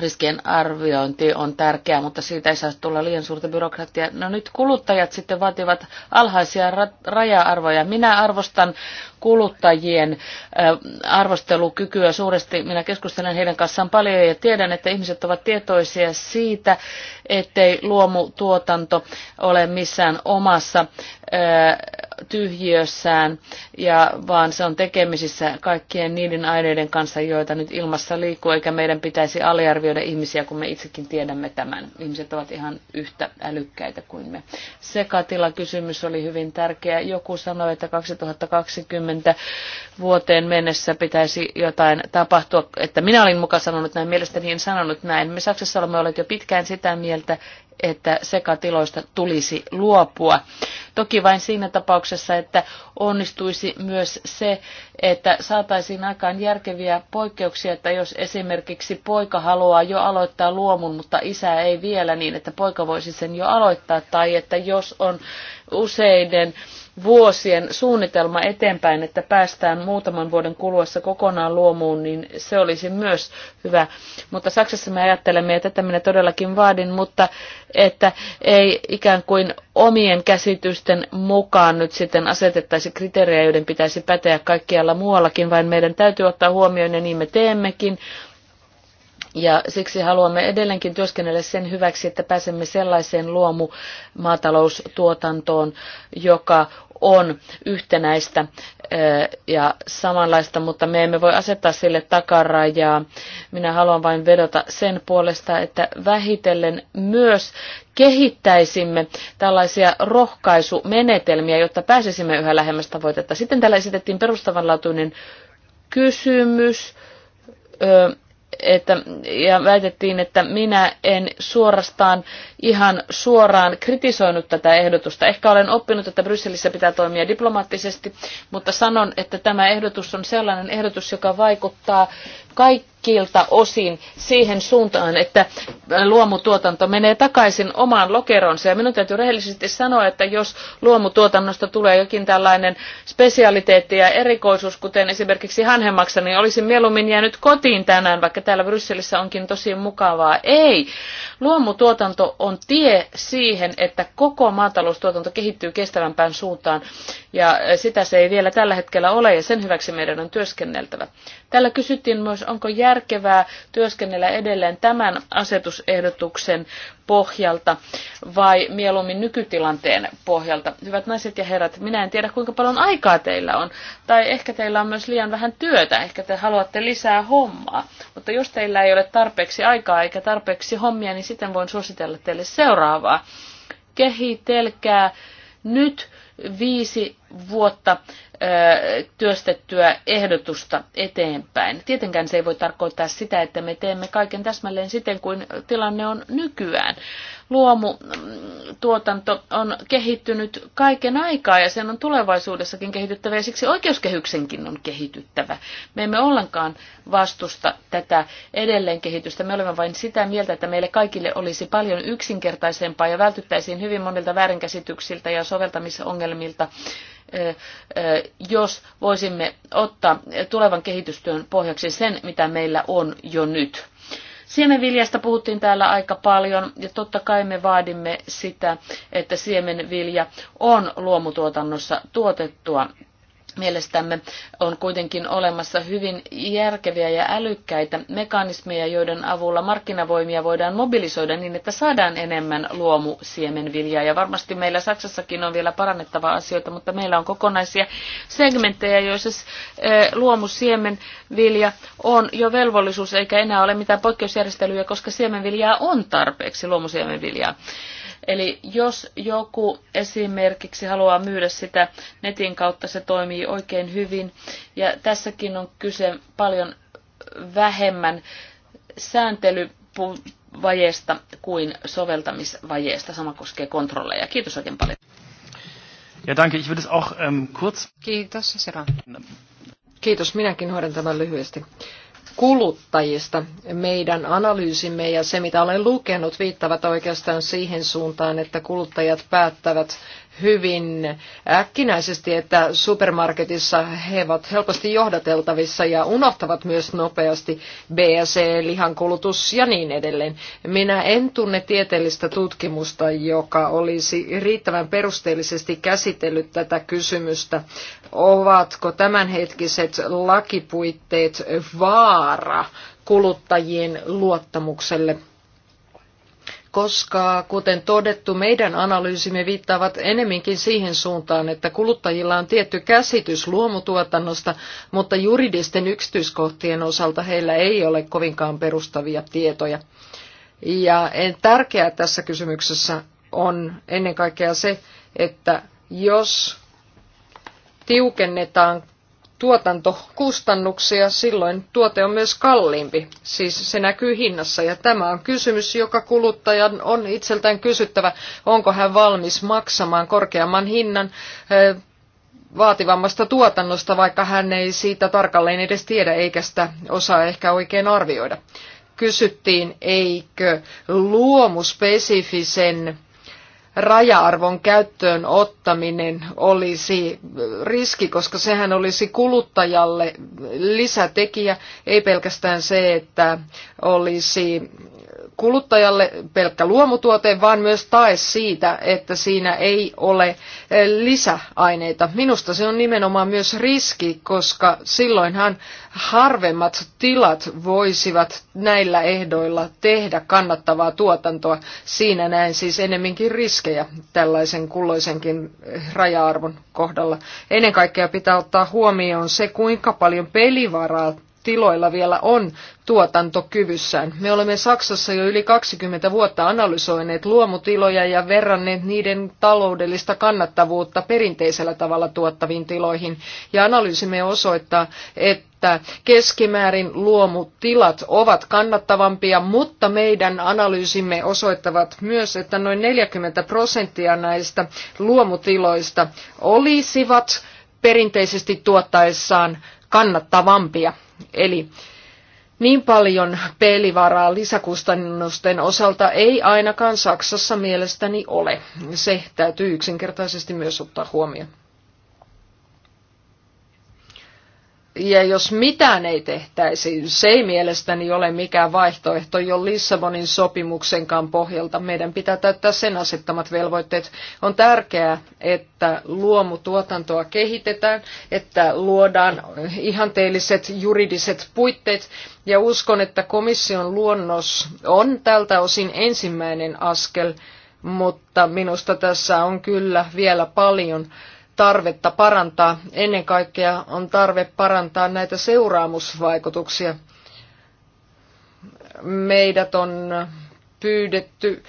riskien arviointi on tärkeää, mutta siitä ei saa tulla liian suurta byrokratiaa. No nyt kuluttajat sitten vaativat alhaisia raja-arvoja. Minä arvostan kuluttajien arvostelukykyä suuresti. Minä keskustelen heidän kanssaan paljon ja tiedän, että ihmiset ovat tietoisia siitä, ettei luomutuotanto ole missään omassa tyhjiössään, ja vaan se on tekemisissä kaikkien niiden aineiden kanssa, joita nyt ilmassa liikkuu, eikä meidän pitäisi aliarvioida ihmisiä, kun me itsekin tiedämme tämän. Ihmiset ovat ihan yhtä älykkäitä kuin me. Sekatila-kysymys oli hyvin tärkeä. Joku sanoi, että 2020 vuoteen mennessä pitäisi jotain tapahtua, että minä olin mukaan sanonut näin, mielestäni en sanonut näin. Me Saksassa olemme olleet jo pitkään sitä mieltä, että sekatiloista tulisi luopua. Toki vain siinä tapauksessa, että onnistuisi myös se, että saataisiin aikaan järkeviä poikkeuksia, että jos esimerkiksi poika haluaa jo aloittaa luomun, mutta isä ei vielä niin, että poika voisi sen jo aloittaa, tai että jos on useiden äh, vuosien suunnitelma eteenpäin, että päästään muutaman vuoden kuluessa kokonaan luomuun, niin se olisi myös hyvä. Mutta Saksassa me ajattelemme, että tätä minä todellakin vaadin, mutta että ei ikään kuin omien käsitysten mukaan nyt sitten asetettaisi kriteerejä, joiden pitäisi päteä kaikkialla muuallakin, vaan meidän täytyy ottaa huomioon, ja niin me teemmekin, ja siksi haluamme edelleenkin työskennellä sen hyväksi, että pääsemme sellaiseen luomumaataloustuotantoon, joka on yhtenäistä ja samanlaista, mutta me emme voi asettaa sille takarajaa. Minä haluan vain vedota sen puolesta, että vähitellen myös kehittäisimme tällaisia rohkaisumenetelmiä, jotta pääsisimme yhä lähemmäs tavoitetta. Sitten täällä esitettiin perustavanlaatuinen kysymys että, ja väitettiin, että minä en suorastaan ihan suoraan kritisoinut tätä ehdotusta. Ehkä olen oppinut, että Brysselissä pitää toimia diplomaattisesti, mutta sanon, että tämä ehdotus on sellainen ehdotus, joka vaikuttaa kaikilta osin siihen suuntaan, että äh, luomutuotanto menee takaisin omaan lokeronsa. Ja minun täytyy rehellisesti sanoa, että jos luomutuotannosta tulee jokin tällainen spesialiteetti ja erikoisuus, kuten esimerkiksi hanhemaksa, niin olisin mieluummin jäänyt kotiin tänään, vaikka täällä Brysselissä onkin tosi mukavaa. Ei! Luomutuotanto on tie siihen, että koko maataloustuotanto kehittyy kestävämpään suuntaan. Ja äh, sitä se ei vielä tällä hetkellä ole, ja sen hyväksi meidän on työskenneltävä. Täällä kysyttiin myös kysymys, onko järkevää työskennellä edelleen tämän asetusehdotuksen pohjalta vai mieluummin nykytilanteen pohjalta. Hyvät naiset ja herrat, minä en tiedä kuinka paljon aikaa teillä on, tai ehkä teillä on myös liian vähän työtä, ehkä te haluatte lisää hommaa, mutta jos teillä ei ole tarpeeksi aikaa eikä tarpeeksi hommia, niin sitten voin suositella teille seuraavaa. Kehitelkää nyt viisi vuotta työstettyä ehdotusta eteenpäin. Tietenkään se ei voi tarkoittaa sitä, että me teemme kaiken täsmälleen siten kuin tilanne on nykyään, Luomu mm, tuotanto on kehittynyt kaiken aikaa ja sen on tulevaisuudessakin kehityttävä ja siksi oikeuskehyksenkin on kehityttävä. Me emme ollenkaan vastusta tätä edelleen kehitystä. Me olemme vain sitä mieltä, että meille kaikille olisi paljon yksinkertaisempaa ja vältyttäisiin hyvin monilta väärinkäsityksiltä ja soveltamisongelmilta jos voisimme ottaa tulevan kehitystyön pohjaksi sen, mitä meillä on jo nyt. Siemenviljasta puhuttiin täällä aika paljon ja totta kai me vaadimme sitä, että siemenvilja on luomutuotannossa tuotettua Mielestämme on kuitenkin olemassa hyvin järkeviä ja älykkäitä mekanismeja, joiden avulla markkinavoimia voidaan mobilisoida niin, että saadaan enemmän luomusiemenviljaa. Ja varmasti meillä Saksassakin on vielä parannettavaa asioita, mutta meillä on kokonaisia segmenttejä, joissa eh, luomusiemenvilja on jo velvollisuus eikä enää ole mitään poikkeusjärjestelyjä, koska siemenviljaa on tarpeeksi, luomusiemenviljaa. Eli jos joku esimerkiksi haluaa myydä sitä netin kautta, se toimii oikein hyvin. Ja tässäkin on kyse paljon vähemmän sääntelyvajeesta kuin soveltamisvajeesta. Sama koskee kontrolleja. Kiitos oikein paljon. Ja danke, ich würde es auch ähm, kurz. Kiitos, Sera. Kiitos, minäkin hoidan tämän lyhyesti kuluttajista. Meidän analyysimme ja se, mitä olen lukenut, viittavat oikeastaan siihen suuntaan, että kuluttajat päättävät hyvin äkkinäisesti, että supermarketissa he ovat helposti johdateltavissa ja unohtavat myös nopeasti BSE, lihankulutus ja niin edelleen. Minä en tunne tieteellistä tutkimusta, joka olisi riittävän perusteellisesti käsitellyt tätä kysymystä. Ovatko tämänhetkiset lakipuitteet vaara kuluttajien luottamukselle koska kuten todettu, meidän analyysimme viittaavat enemminkin siihen suuntaan, että kuluttajilla on tietty käsitys luomutuotannosta, mutta juridisten yksityiskohtien osalta heillä ei ole kovinkaan perustavia tietoja. Ja tärkeää tässä kysymyksessä on ennen kaikkea se, että jos tiukennetaan tuotantokustannuksia, silloin tuote on myös kalliimpi. Siis se näkyy hinnassa ja tämä on kysymys, joka kuluttajan on itseltään kysyttävä, onko hän valmis maksamaan korkeamman hinnan vaativammasta tuotannosta, vaikka hän ei siitä tarkalleen edes tiedä eikä sitä osaa ehkä oikein arvioida. Kysyttiin, eikö luomuspesifisen raja-arvon käyttöön ottaminen olisi riski, koska sehän olisi kuluttajalle lisätekijä, ei pelkästään se, että olisi kuluttajalle pelkkä luomutuote, vaan myös tae siitä, että siinä ei ole eh, lisäaineita. Minusta se on nimenomaan myös riski, koska silloinhan harvemmat tilat voisivat näillä ehdoilla tehdä kannattavaa tuotantoa. Siinä näen siis enemminkin riskejä tällaisen kulloisenkin eh, raja-arvon kohdalla. Ennen kaikkea pitää ottaa huomioon se, kuinka paljon pelivaraa tiloilla vielä on tuotantokyvyssään. Me olemme Saksassa jo yli 20 vuotta analysoineet luomutiloja ja verranneet niiden taloudellista kannattavuutta perinteisellä tavalla tuottaviin tiloihin. Ja analyysimme osoittaa, että keskimäärin luomutilat ovat kannattavampia, mutta meidän analyysimme osoittavat myös, että noin 40 prosenttia näistä luomutiloista olisivat perinteisesti tuottaessaan kannattavampia Eli niin paljon pelivaraa lisäkustannusten osalta ei ainakaan Saksassa mielestäni ole. Se täytyy yksinkertaisesti myös ottaa huomioon. Ja jos mitään ei tehtäisi, se ei mielestäni ole mikään vaihtoehto jo Lissabonin sopimuksenkaan pohjalta. Meidän pitää täyttää sen asettamat velvoitteet. On tärkeää, että luomutuotantoa kehitetään, että luodaan ihanteelliset juridiset puitteet. Ja uskon, että komission luonnos on tältä osin ensimmäinen askel, mutta minusta tässä on kyllä vielä paljon tarvetta parantaa. Ennen kaikkea on tarve parantaa näitä seuraamusvaikutuksia. Meidät on pyydetty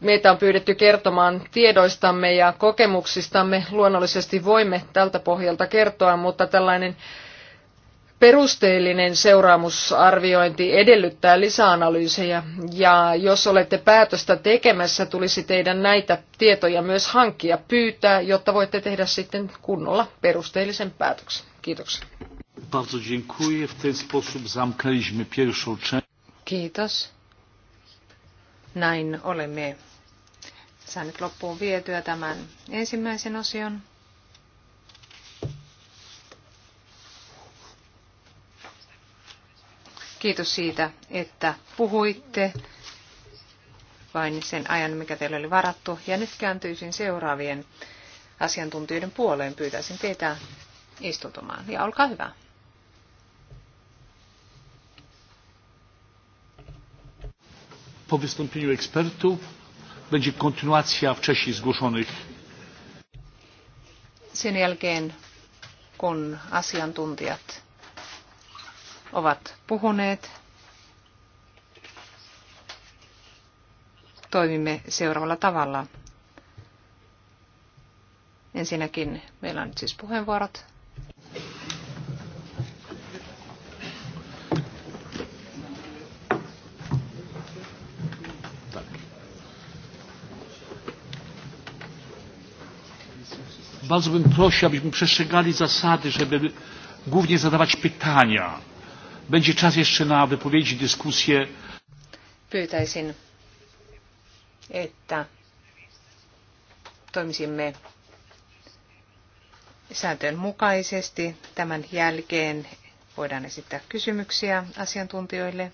Meitä on pyydetty kertomaan tiedoistamme ja kokemuksistamme. Luonnollisesti voimme tältä pohjalta kertoa, mutta tällainen perusteellinen seuraamusarviointi edellyttää lisäanalyysejä ja jos olette päätöstä tekemässä, tulisi teidän näitä tietoja myös hankkia pyytää, jotta voitte tehdä sitten kunnolla perusteellisen päätöksen. Kiitoksia. Kiitos. Näin olemme saaneet loppuun vietyä tämän ensimmäisen osion. Kiitos siitä, että puhuitte vain sen ajan, mikä teille oli varattu. Ja nyt kääntyisin seuraavien asiantuntijoiden puoleen. Pyytäisin teitä istutumaan. Ja olkaa hyvä. Po wystąpieniu ekspertów będzie kontynuacja wcześniej zgłoszonych. Sen jälkeen, kun asiantuntijat ovat puhuneet. Toimimme seuraavalla tavalla. Ensinnäkin meillä on nyt siis puheenvuorot. Bardzo bym prosił, abyśmy przestrzegali zasady, żeby głównie zadawać pytania. Będzie czas jeszcze na wypowiedzi, dyskusję. Pyytäisin, että toimisimme sääntöön mukaisesti. Tämän jälkeen voidaan esittää kysymyksiä asiantuntijoille.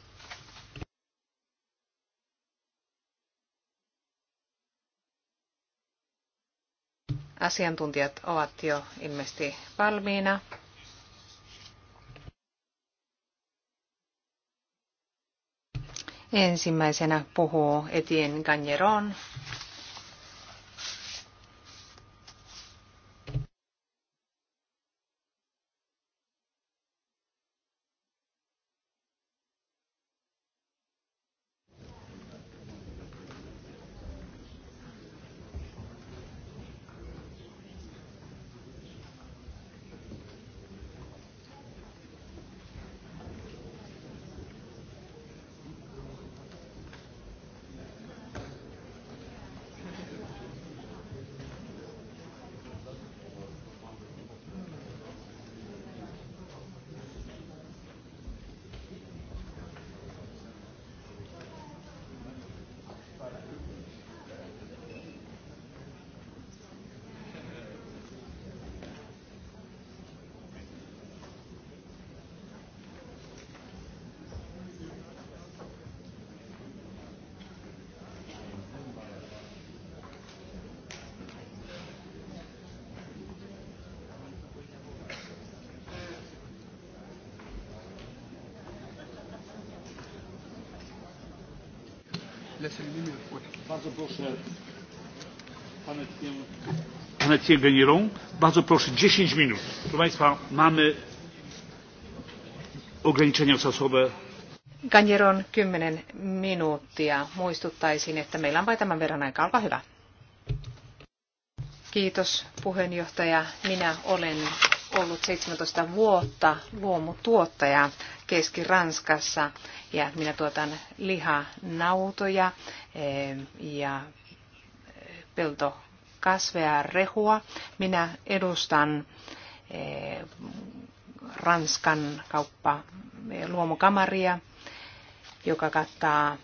Asiantuntijat ovat jo ilmeisesti valmiina. Ensimmäisenä puhuu Etienne Gagneron Bardzo proszę Panetię Genierą. Bardzo proszę, 10 minut. Proszę Państwa, mamy ograniczenia czasowe. Ganieron 10 minuuttia. Muistuttaisin, että meillä on vain tämän verran aika. Olkaa hyvä. Kiitos puheenjohtaja. Minä olen ollut 17 vuotta luomutuottaja Keski-Ranskassa ja minä tuotan lihanautoja eh, ja eh, peltokasveja rehua. Minä edustan eh, Ranskan kauppa luomukamaria, joka kattaa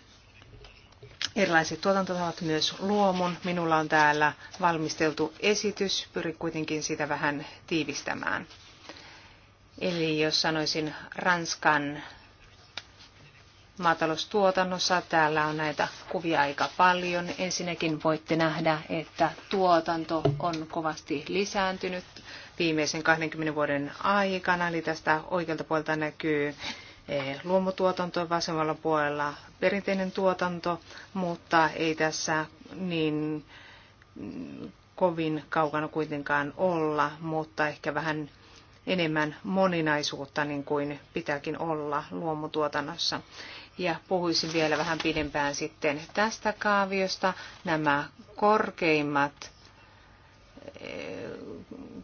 erilaiset tuotantotavat, myös luomun. Minulla on täällä valmisteltu esitys, pyrin kuitenkin sitä vähän tiivistämään. Eli jos sanoisin Ranskan maataloustuotannossa. Täällä on näitä kuvia aika paljon. Ensinnäkin voitte nähdä, että tuotanto on kovasti lisääntynyt viimeisen 20 vuoden aikana. Eli tästä oikealta puolelta näkyy eh, luomutuotanto, vasemmalla puolella perinteinen tuotanto, mutta ei tässä niin mm, kovin kaukana kuitenkaan olla, mutta ehkä vähän enemmän moninaisuutta niin kuin pitääkin olla luomutuotannossa ja puhuisin vielä vähän pidempään sitten tästä kaaviosta. Nämä korkeimmat eh,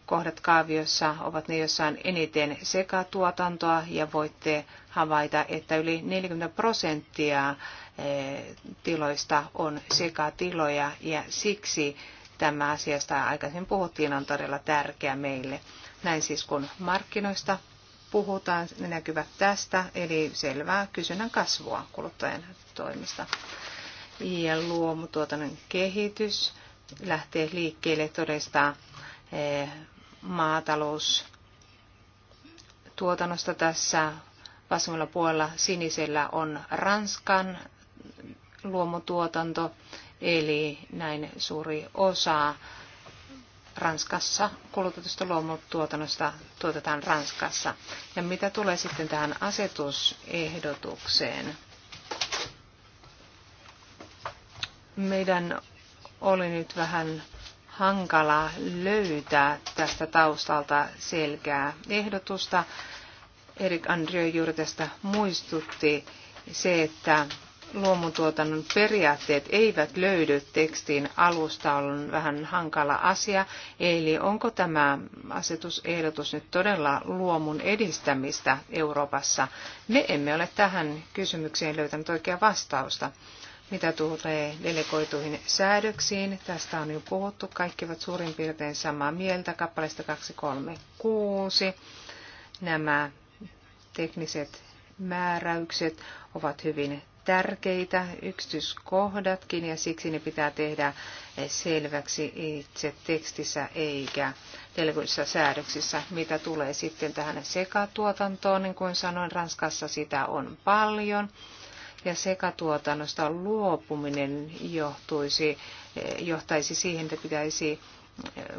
kohdat kaaviossa ovat ne, joissa on eniten sekatuotantoa ja voitte havaita, että yli 40 prosenttia eh, tiloista on sekatiloja ja siksi tämä asiasta aikaisemmin puhuttiin on todella tärkeä meille. Näin siis kun markkinoista puhutaan, ne näkyvät tästä, eli selvää kysynnän kasvua kuluttajan toimista. Ja luomutuotannon kehitys lähtee liikkeelle todesta eh, maataloustuotannosta tässä vasemmalla puolella sinisellä on Ranskan luomutuotanto, eli näin suuri osa Ranskassa kulutetusta luomutuotannosta tuotetaan Ranskassa. Ja mitä tulee sitten tähän asetusehdotukseen? Meidän oli nyt vähän hankala löytää tästä taustalta selkeää ehdotusta. Erik Andrio juuri tästä muistutti se, että luomutuotannon periaatteet eivät löydy tekstin alusta, on vähän hankala asia. Eli onko tämä asetusehdotus nyt todella luomun edistämistä Euroopassa? Me emme ole tähän kysymykseen löytänyt oikeaa vastausta. Mitä tulee delegoituihin säädöksiin, tästä on jo puhuttu, kaikki ovat suurin piirtein samaa mieltä, kappaleista 236. Nämä tekniset määräykset ovat hyvin tärkeitä yksityiskohdatkin ja siksi ne pitää tehdä selväksi itse tekstissä eikä delegoidussa säädöksissä, mitä tulee sitten tähän sekatuotantoon. Niin kuin sanoin, Ranskassa sitä on paljon ja sekatuotannosta luopuminen johtuisi, johtaisi siihen, että pitäisi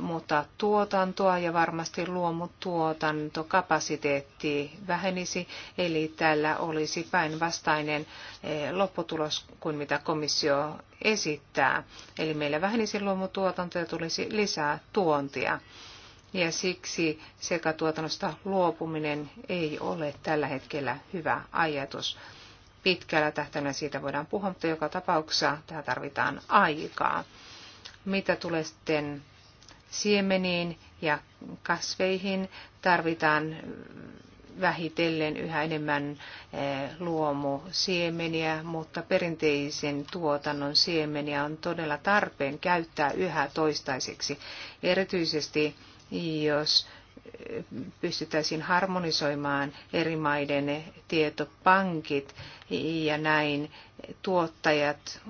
muuttaa tuotantoa ja varmasti luomutuotantokapasiteetti vähenisi, eli tällä olisi päinvastainen eh, lopputulos kuin mitä komissio esittää. Eli meillä vähenisi luomutuotanto ja tulisi lisää tuontia. Ja siksi sekatuotannosta luopuminen ei ole tällä hetkellä hyvä ajatus. Pitkällä tähtäimellä siitä voidaan puhua, mutta joka tapauksessa tähän tarvitaan aikaa. Mitä tulee sitten siemeniin ja kasveihin tarvitaan vähitellen yhä enemmän eh, luomusiemeniä, mutta perinteisen tuotannon siemeniä on todella tarpeen käyttää yhä toistaiseksi. Erityisesti jos eh, pystyttäisiin harmonisoimaan eri maiden tietopankit ja näin tuottajat,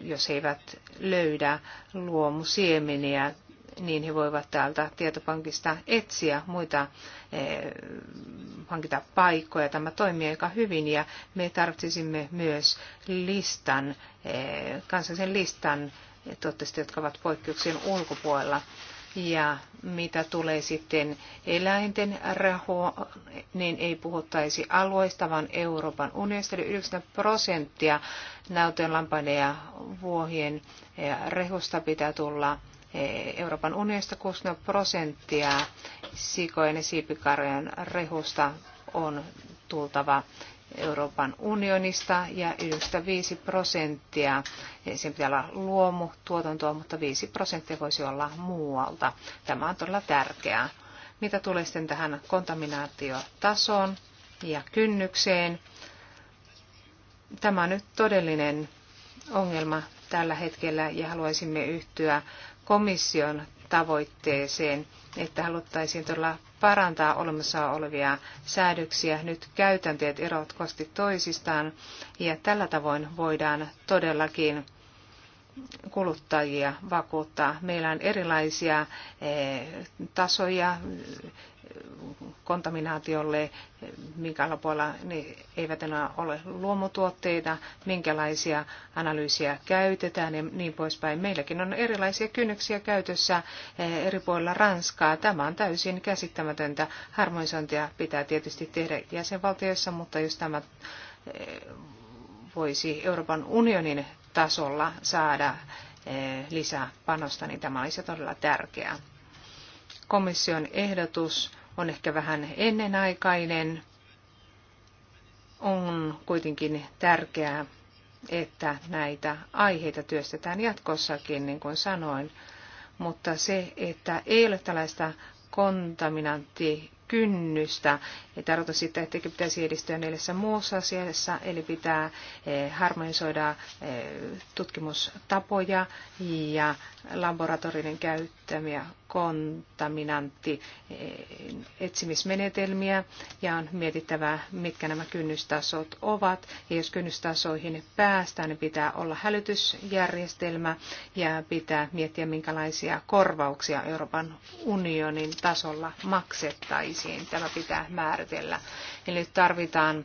jos eivät löydä luomusiemeniä niin he voivat täältä tietopankista etsiä muita, eh, hankita paikkoja. Tämä toimii aika hyvin ja me tarvitsisimme myös listan, eh, kansallisen listan tuotteista, jotka ovat poikkeuksien ulkopuolella. Ja mitä tulee sitten eläinten rahoon, niin ei puhuttaisi alueista, vaan Euroopan unionista. Eli 90 prosenttia nautojen, lampaiden ja vuohien eh, rehusta pitää tulla Eh, Euroopan unionista 60 prosenttia sikojen ja siipikarjan rehusta on tultava Euroopan unionista ja yhdestä 5 prosenttia, eh, sen pitää olla luomutuotantoa, mutta 5 prosenttia voisi olla muualta. Tämä on todella tärkeää. Mitä tulee sitten tähän kontaminaatiotasoon ja kynnykseen? Tämä on nyt todellinen ongelma tällä hetkellä ja haluaisimme yhtyä komission tavoitteeseen, että haluttaisiin todella parantaa olemassa olevia säädöksiä. Nyt käytänteet erot kosti toisistaan ja tällä tavoin voidaan todellakin kuluttajia vakuuttaa. Meillä on erilaisia eh, tasoja eh, kontaminaatiolle, eh, minkä lopulla ne eivät enää ole luomutuotteita, minkälaisia analyysiä käytetään ja niin poispäin. Meilläkin on erilaisia kynnyksiä käytössä eri puolilla Ranskaa. Tämä on täysin käsittämätöntä. Harmonisointia pitää tietysti tehdä jäsenvaltioissa, mutta jos tämä voisi Euroopan unionin tasolla saada eh, lisää panosta, niin tämä olisi todella tärkeää. Komission ehdotus on ehkä vähän ennenaikainen. On kuitenkin tärkeää, että näitä aiheita työstetään jatkossakin, niin kuin sanoin. Mutta se, että ei ole tällaista kontaminanttikynnystä, ei tarkoita sitä, että pitäisi edistyä neljässä muussa asiassa, eli pitää eh, harmonisoida eh, tutkimustapoja ja laboratorioiden käyttämiä kontaminantti eh, etsimismenetelmiä ja on mietittävä, mitkä nämä kynnystasot ovat. Ja jos kynnystasoihin päästään, niin pitää olla hälytysjärjestelmä ja pitää miettiä, minkälaisia korvauksia Euroopan unionin tasolla maksettaisiin. Tämä pitää määrätä vältellä. Eli tarvitaan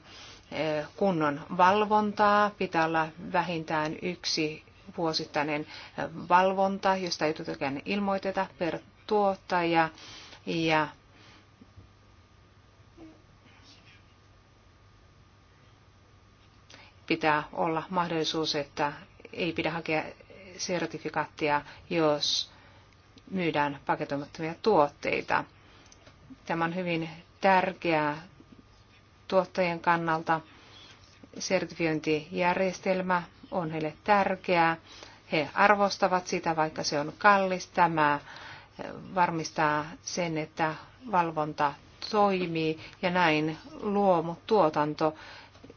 eh, kunnon valvontaa, pitää olla vähintään yksi vuosittainen eh, valvonta, josta ei tietenkään ilmoiteta per tuottaja. Ja pitää olla mahdollisuus, että ei pidä hakea sertifikaattia, jos myydään paketoimattomia tuotteita. Tämä on hyvin tärkeä tuottajien kannalta. Sertifiointijärjestelmä on heille tärkeää. He arvostavat sitä, vaikka se on kallis. Tämä varmistaa sen, että valvonta toimii ja näin luomutuotanto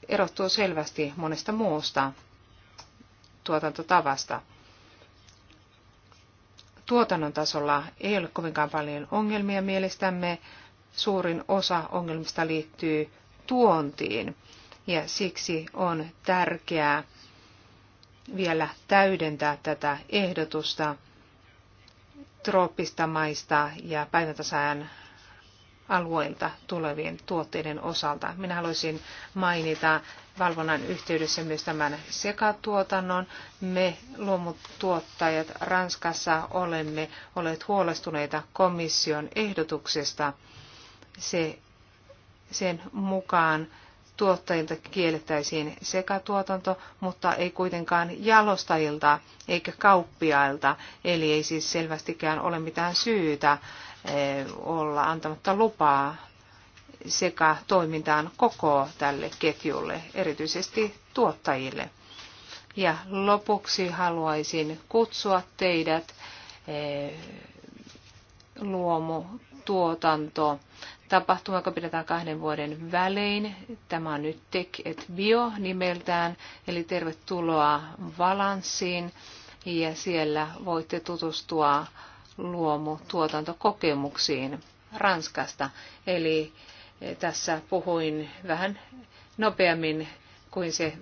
erottuu selvästi monesta muusta tuotantotavasta. Tuotannon tasolla ei ole kovinkaan paljon ongelmia mielestämme suurin osa ongelmista liittyy tuontiin. Ja siksi on tärkeää vielä täydentää tätä ehdotusta trooppista maista ja päivätasajan alueilta tulevien tuotteiden osalta. Minä haluaisin mainita valvonnan yhteydessä myös tämän sekatuotannon. Me luomutuottajat Ranskassa olemme olleet huolestuneita komission ehdotuksesta se, sen mukaan tuottajilta kiellettäisiin sekatuotanto, mutta ei kuitenkaan jalostajilta eikä kauppiailta. Eli ei siis selvästikään ole mitään syytä eh, olla antamatta lupaa sekä toimintaan koko tälle ketjulle, erityisesti tuottajille. Ja lopuksi haluaisin kutsua teidät eh, luomutuotanto tapahtuma, joka pidetään kahden vuoden välein. Tämä on nyt Tech et Bio nimeltään, eli tervetuloa Valanssiin. Ja siellä voitte tutustua luomutuotantokokemuksiin Ranskasta. Eli eh, tässä puhuin vähän nopeammin kuin se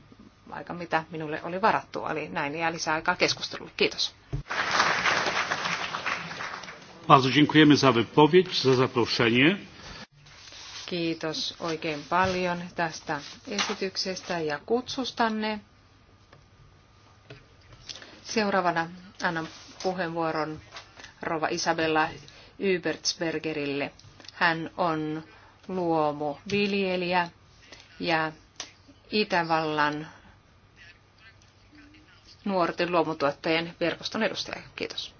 aika, mitä minulle oli varattu. Eli näin jää lisää aikaa keskustelulle. Kiitos. Bardzo dziękujemy za wypowiedź, za zaproszenie. Kiitos oikein paljon tästä esityksestä ja kutsustanne. Seuraavana annan puheenvuoron Rova Isabella Ybertsbergerille. Hän on luomuviljelijä ja Itävallan nuorten luomutuottajien verkoston edustaja. Kiitos.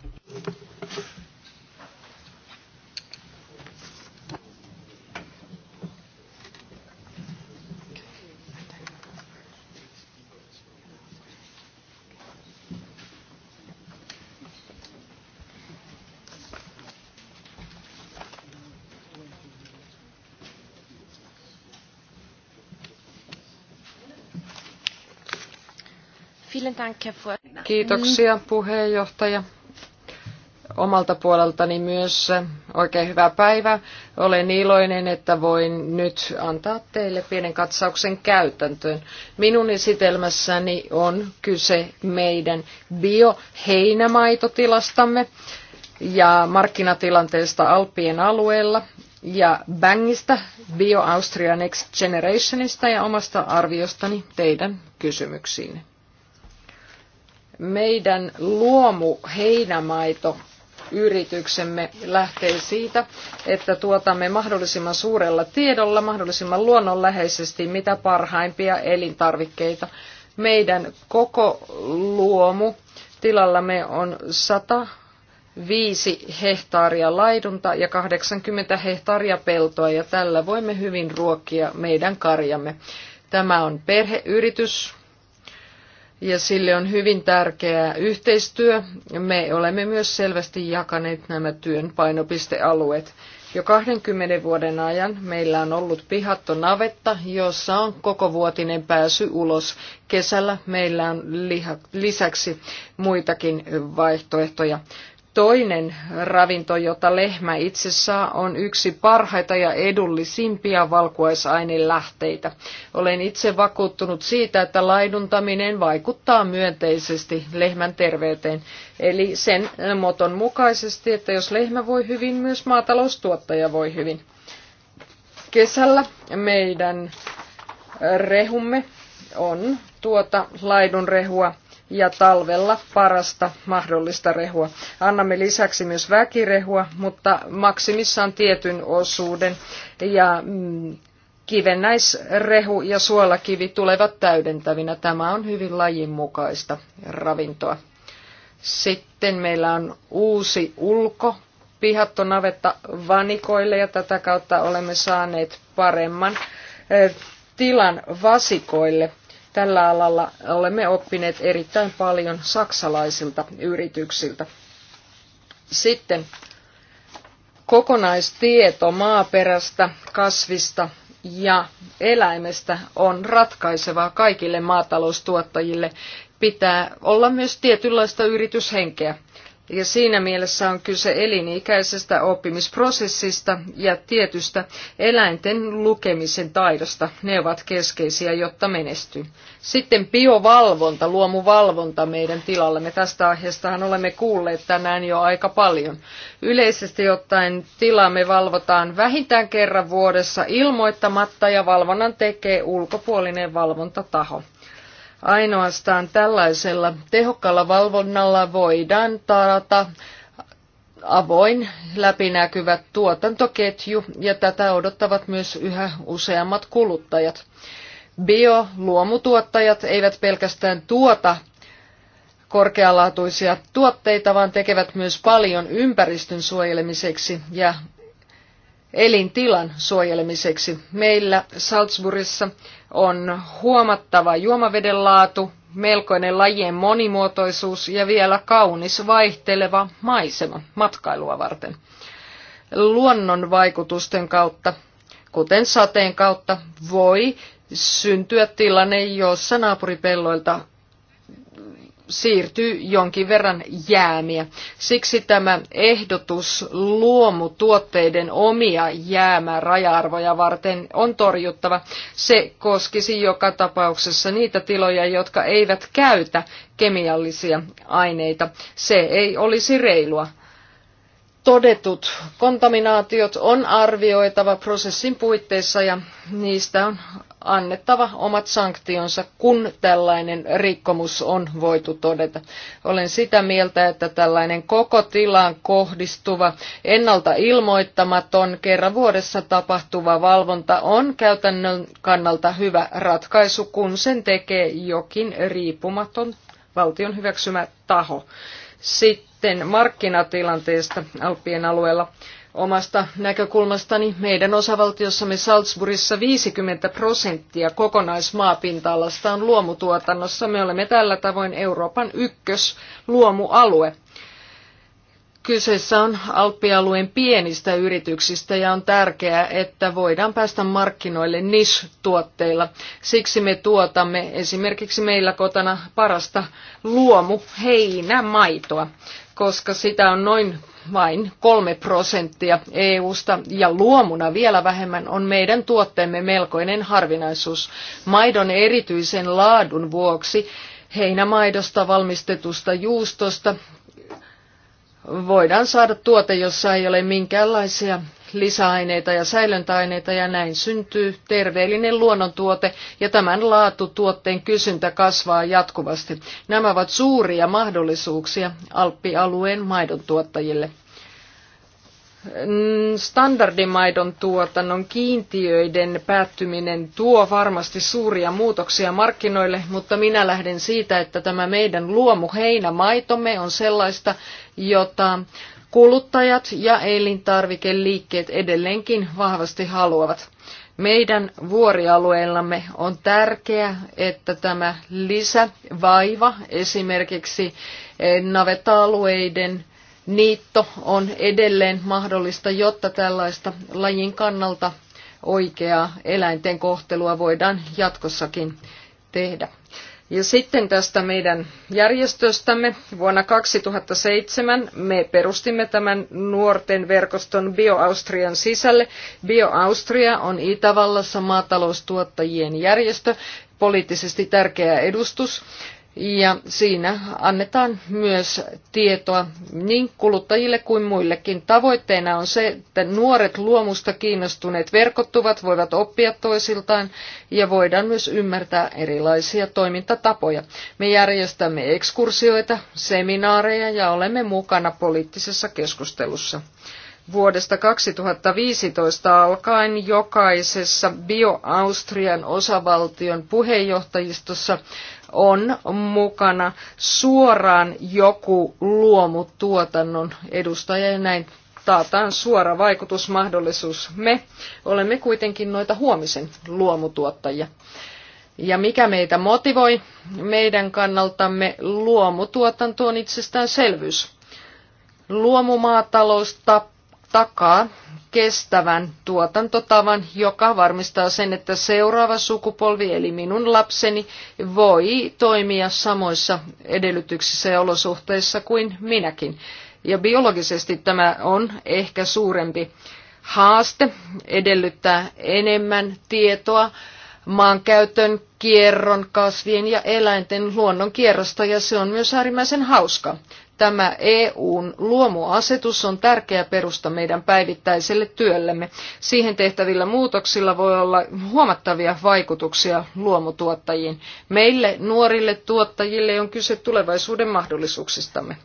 Kiitoksia puheenjohtaja. Omalta puoleltani myös äh, oikein hyvää päivää. Olen iloinen, että voin nyt antaa teille pienen katsauksen käytäntöön. Minun esitelmässäni on kyse meidän bioheinämaitotilastamme ja markkinatilanteesta Alpien alueella ja Bangista, Bio Austria Next Generationista ja omasta arviostani teidän kysymyksiinne. Meidän luomu heinämaito yrityksemme lähtee siitä, että tuotamme mahdollisimman suurella tiedolla, mahdollisimman luonnonläheisesti mitä parhaimpia elintarvikkeita. Meidän koko luomu tilallamme on 105 hehtaaria laidunta ja 80 hehtaaria peltoa ja tällä voimme hyvin ruokkia meidän karjamme. Tämä on perheyritys, ja sille on hyvin tärkeää yhteistyö. Me olemme myös selvästi jakaneet nämä työn painopistealueet. Jo 20 vuoden ajan meillä on ollut pihatto navetta, jossa on koko vuotinen pääsy ulos. Kesällä meillä on lisäksi muitakin vaihtoehtoja. Toinen ravinto, jota lehmä itse saa, on yksi parhaita ja edullisimpia valkuaisainelähteitä. Olen itse vakuuttunut siitä, että laiduntaminen vaikuttaa myönteisesti lehmän terveyteen. Eli sen moton mukaisesti, että jos lehmä voi hyvin, myös maataloustuottaja voi hyvin. Kesällä meidän rehumme on tuota laidunrehua ja talvella parasta mahdollista rehua. Annamme lisäksi myös väkirehua, mutta maksimissaan tietyn osuuden ja mm, kivennäisrehu ja suolakivi tulevat täydentävinä. Tämä on hyvin lajinmukaista ravintoa. Sitten meillä on uusi ulko, pihattonavetta vanikoille ja tätä kautta olemme saaneet paremman eh, tilan vasikoille – Tällä alalla olemme oppineet erittäin paljon saksalaisilta yrityksiltä. Sitten kokonaistieto maaperästä, kasvista ja eläimestä on ratkaisevaa kaikille maataloustuottajille. Pitää olla myös tietynlaista yrityshenkeä. Ja siinä mielessä on kyse elinikäisestä oppimisprosessista ja tietystä eläinten lukemisen taidosta. Ne ovat keskeisiä, jotta menestyy. Sitten biovalvonta, luomuvalvonta meidän tilallemme. Tästä aiheestahan olemme kuulleet tänään jo aika paljon. Yleisesti ottaen tilamme valvotaan vähintään kerran vuodessa ilmoittamatta ja valvonnan tekee ulkopuolinen valvontataho. Ainoastaan tällaisella tehokkaalla valvonnalla voidaan taata avoin, läpinäkyvä tuotantoketju ja tätä odottavat myös yhä useammat kuluttajat. Bio-luomutuottajat eivät pelkästään tuota korkealaatuisia tuotteita, vaan tekevät myös paljon ympäristön suojelemiseksi ja elintilan suojelemiseksi. Meillä Salzburgissa on huomattava juomaveden laatu, melkoinen lajien monimuotoisuus ja vielä kaunis vaihteleva maisema matkailua varten. Luonnon vaikutusten kautta, kuten sateen kautta, voi syntyä tilanne, jossa naapuripelloilta siirtyy jonkin verran jäämiä. Siksi tämä ehdotus luomutuotteiden omia raja arvoja varten on torjuttava. Se koskisi joka tapauksessa niitä tiloja, jotka eivät käytä kemiallisia aineita. Se ei olisi reilua todetut kontaminaatiot on arvioitava prosessin puitteissa ja niistä on annettava omat sanktionsa, kun tällainen rikkomus on voitu todeta. Olen sitä mieltä, että tällainen koko tilaan kohdistuva, ennalta ilmoittamaton, kerran vuodessa tapahtuva valvonta on käytännön kannalta hyvä ratkaisu, kun sen tekee jokin riippumaton valtion hyväksymä taho. Sitten sitten markkinatilanteesta Alppien alueella. Omasta näkökulmastani meidän osavaltiossamme Salzburgissa 50 prosenttia kokonaismaapinta-alasta on luomutuotannossa. Me olemme tällä tavoin Euroopan ykkös luomualue. Kyseessä on Alppialueen pienistä yrityksistä ja on tärkeää, että voidaan päästä markkinoille NIS-tuotteilla. Siksi me tuotamme esimerkiksi meillä kotona parasta luomu heinämaitoa koska sitä on noin vain kolme prosenttia EUsta ja luomuna vielä vähemmän on meidän tuotteemme melkoinen harvinaisuus. Maidon erityisen laadun vuoksi heinämaidosta valmistetusta juustosta voidaan saada tuote, jossa ei ole minkäänlaisia lisäaineita ja säilöntäaineita ja näin syntyy terveellinen luonnontuote ja tämän laatutuotteen kysyntä kasvaa jatkuvasti. Nämä ovat suuria mahdollisuuksia Alppialueen maidon tuottajille mm, standardimaidon tuotannon kiintiöiden päättyminen tuo varmasti suuria muutoksia markkinoille, mutta minä lähden siitä, että tämä meidän luomuheinämaitomme on sellaista, jota kuluttajat ja elintarvikeliikkeet edelleenkin vahvasti haluavat. Meidän vuorialueellamme on tärkeää, että tämä lisävaiva, esimerkiksi eh, naveta-alueiden niitto, on edelleen mahdollista, jotta tällaista lajin kannalta oikeaa eläinten kohtelua voidaan jatkossakin tehdä. Ja sitten tästä meidän järjestöstämme. Vuonna 2007 me perustimme tämän nuorten verkoston BioAustrian sisälle. BioAustria on Itävallassa maataloustuottajien järjestö, poliittisesti tärkeä edustus. Ja siinä annetaan myös tietoa niin kuluttajille kuin muillekin. Tavoitteena on se, että nuoret luomusta kiinnostuneet verkottuvat, voivat oppia toisiltaan ja voidaan myös ymmärtää erilaisia toimintatapoja. Me järjestämme ekskursioita, seminaareja ja olemme mukana poliittisessa keskustelussa. Vuodesta 2015 alkaen jokaisessa BioAustrian osavaltion puheenjohtajistossa on mukana suoraan joku luomutuotannon edustaja ja näin taataan suora vaikutusmahdollisuus. Me olemme kuitenkin noita huomisen luomutuottajia. Ja mikä meitä motivoi? Meidän kannaltamme luomutuotanto on itsestäänselvyys. Luomumaatalous takaa kestävän tuotantotavan, joka varmistaa sen, että seuraava sukupolvi eli minun lapseni voi toimia samoissa edellytyksissä ja olosuhteissa kuin minäkin. Ja biologisesti tämä on ehkä suurempi haaste, edellyttää enemmän tietoa maankäytön, kierron, kasvien ja eläinten luonnon kierrosta ja se on myös äärimmäisen hauska. Tämä EUn luomuasetus on tärkeä perusta meidän päivittäiselle työllemme. Siihen tehtävillä muutoksilla voi olla huomattavia vaikutuksia luomutuottajiin. Meille nuorille tuottajille on kyse tulevaisuuden mahdollisuuksistamme.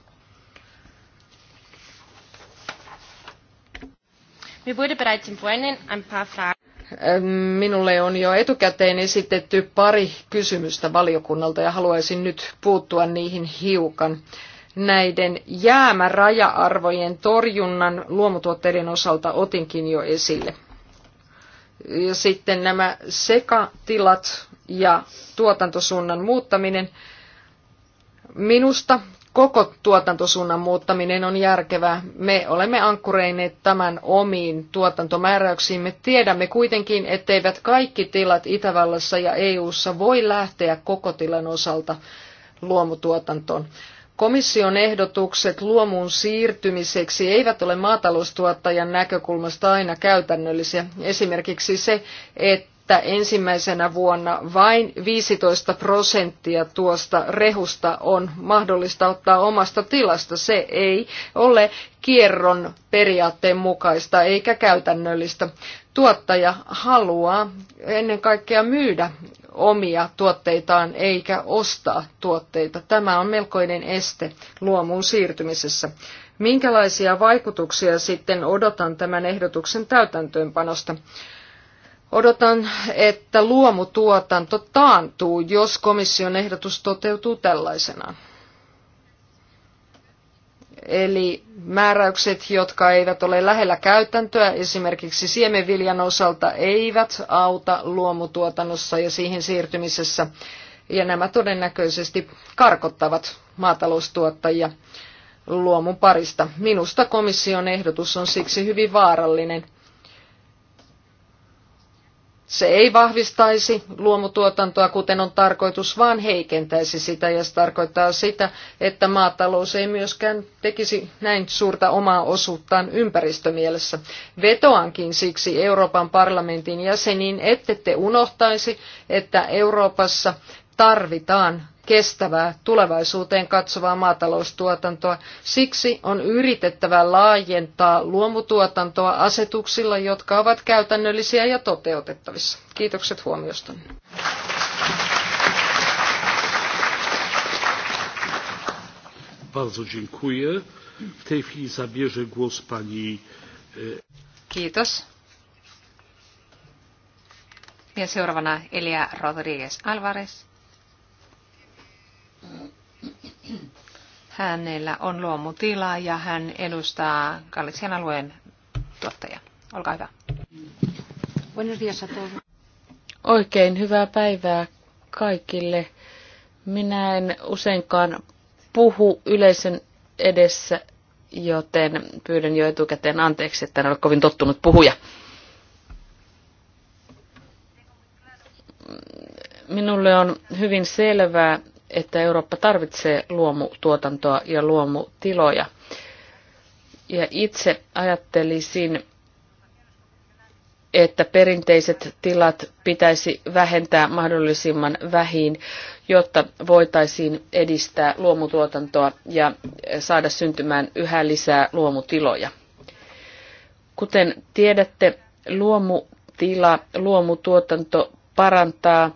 minulle on jo etukäteen esitetty pari kysymystä valiokunnalta ja haluaisin nyt puuttua niihin hiukan näiden jäämäraja-arvojen torjunnan luomutuotteiden osalta otinkin jo esille. Ja sitten nämä sekatilat ja tuotantosuunnan muuttaminen. Minusta koko tuotantosuunnan muuttaminen on järkevää. Me olemme ankkureineet tämän omiin tuotantomääräyksiin. Me tiedämme kuitenkin, etteivät kaikki tilat Itävallassa ja EU:ssa voi lähteä koko tilan osalta luomutuotantoon. Komission ehdotukset luomuun siirtymiseksi eivät ole maataloustuottajan näkökulmasta aina käytännöllisiä. Esimerkiksi se, että ensimmäisenä vuonna vain 15 prosenttia tuosta rehusta on mahdollista ottaa omasta tilasta. Se ei ole kierron periaatteen mukaista eikä käytännöllistä tuottaja haluaa ennen kaikkea myydä omia tuotteitaan eikä ostaa tuotteita. Tämä on melkoinen este luomuun siirtymisessä. Minkälaisia vaikutuksia sitten odotan tämän ehdotuksen täytäntöönpanosta? Odotan, että luomutuotanto taantuu, jos komission ehdotus toteutuu tällaisenaan. Eli määräykset, jotka eivät ole lähellä käytäntöä, esimerkiksi siemenviljan osalta, eivät auta luomutuotannossa ja siihen siirtymisessä. Ja nämä todennäköisesti karkottavat maataloustuottajia luomun parista. Minusta komission ehdotus on siksi hyvin vaarallinen. Se ei vahvistaisi luomutuotantoa, kuten on tarkoitus, vaan heikentäisi sitä ja se tarkoittaa sitä, että maatalous ei myöskään tekisi näin suurta omaa osuuttaan ympäristömielessä. Vetoankin siksi Euroopan parlamentin jäseniin, ette te unohtaisi, että Euroopassa tarvitaan kestävää tulevaisuuteen katsovaa maataloustuotantoa. Siksi on yritettävä laajentaa luomutuotantoa asetuksilla, jotka ovat käytännöllisiä ja toteutettavissa. Kiitokset huomiosta. Bardzo dziękuję. W tej chwili zabierze głos pani... E, Kiitos. Ja seuraavana Elia Rodriguez Alvarez Hänellä on luomutila ja hän edustaa Galician alueen tuottajaa. Olkaa hyvä. Buenos días a todos. Oikein hyvää päivää kaikille. Minä en useinkaan puhu yleisen edessä, joten pyydän jo etukäteen anteeksi, että en ole kovin tottunut puhuja. Minulle on hyvin selvää, että Eurooppa tarvitsee luomutuotantoa ja luomutiloja. Ja itse ajattelisin, että perinteiset tilat pitäisi vähentää mahdollisimman vähin, jotta voitaisiin edistää luomutuotantoa ja saada syntymään yhä lisää luomutiloja. Kuten tiedätte, luomutila, luomutuotanto parantaa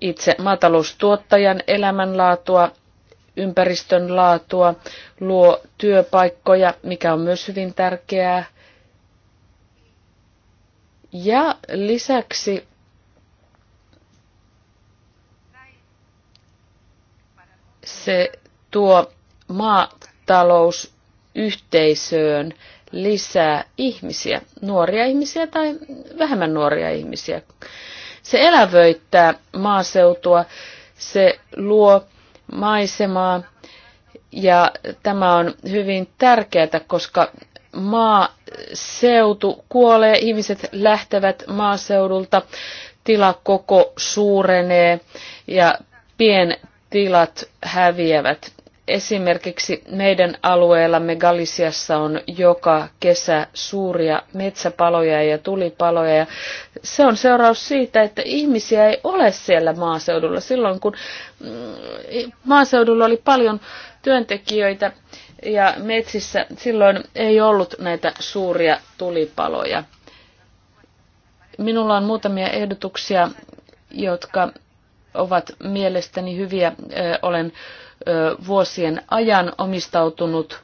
itse maataloustuottajan elämänlaatua, ympäristön laatua, luo työpaikkoja, mikä on myös hyvin tärkeää. Ja lisäksi se tuo maatalousyhteisöön lisää ihmisiä, nuoria ihmisiä tai vähemmän nuoria ihmisiä. Se elävöittää maaseutua, se luo maisemaa ja tämä on hyvin tärkeää, koska maaseutu kuolee, ihmiset lähtevät maaseudulta, tilakoko suurenee ja pientilat häviävät. Esimerkiksi meidän alueellamme Galisiassa on joka kesä suuria metsäpaloja ja tulipaloja. Ja se on seuraus siitä, että ihmisiä ei ole siellä maaseudulla. Silloin kun mm, maaseudulla oli paljon työntekijöitä ja metsissä, silloin ei ollut näitä suuria tulipaloja. Minulla on muutamia ehdotuksia, jotka ovat mielestäni hyviä. Olen vuosien ajan omistautunut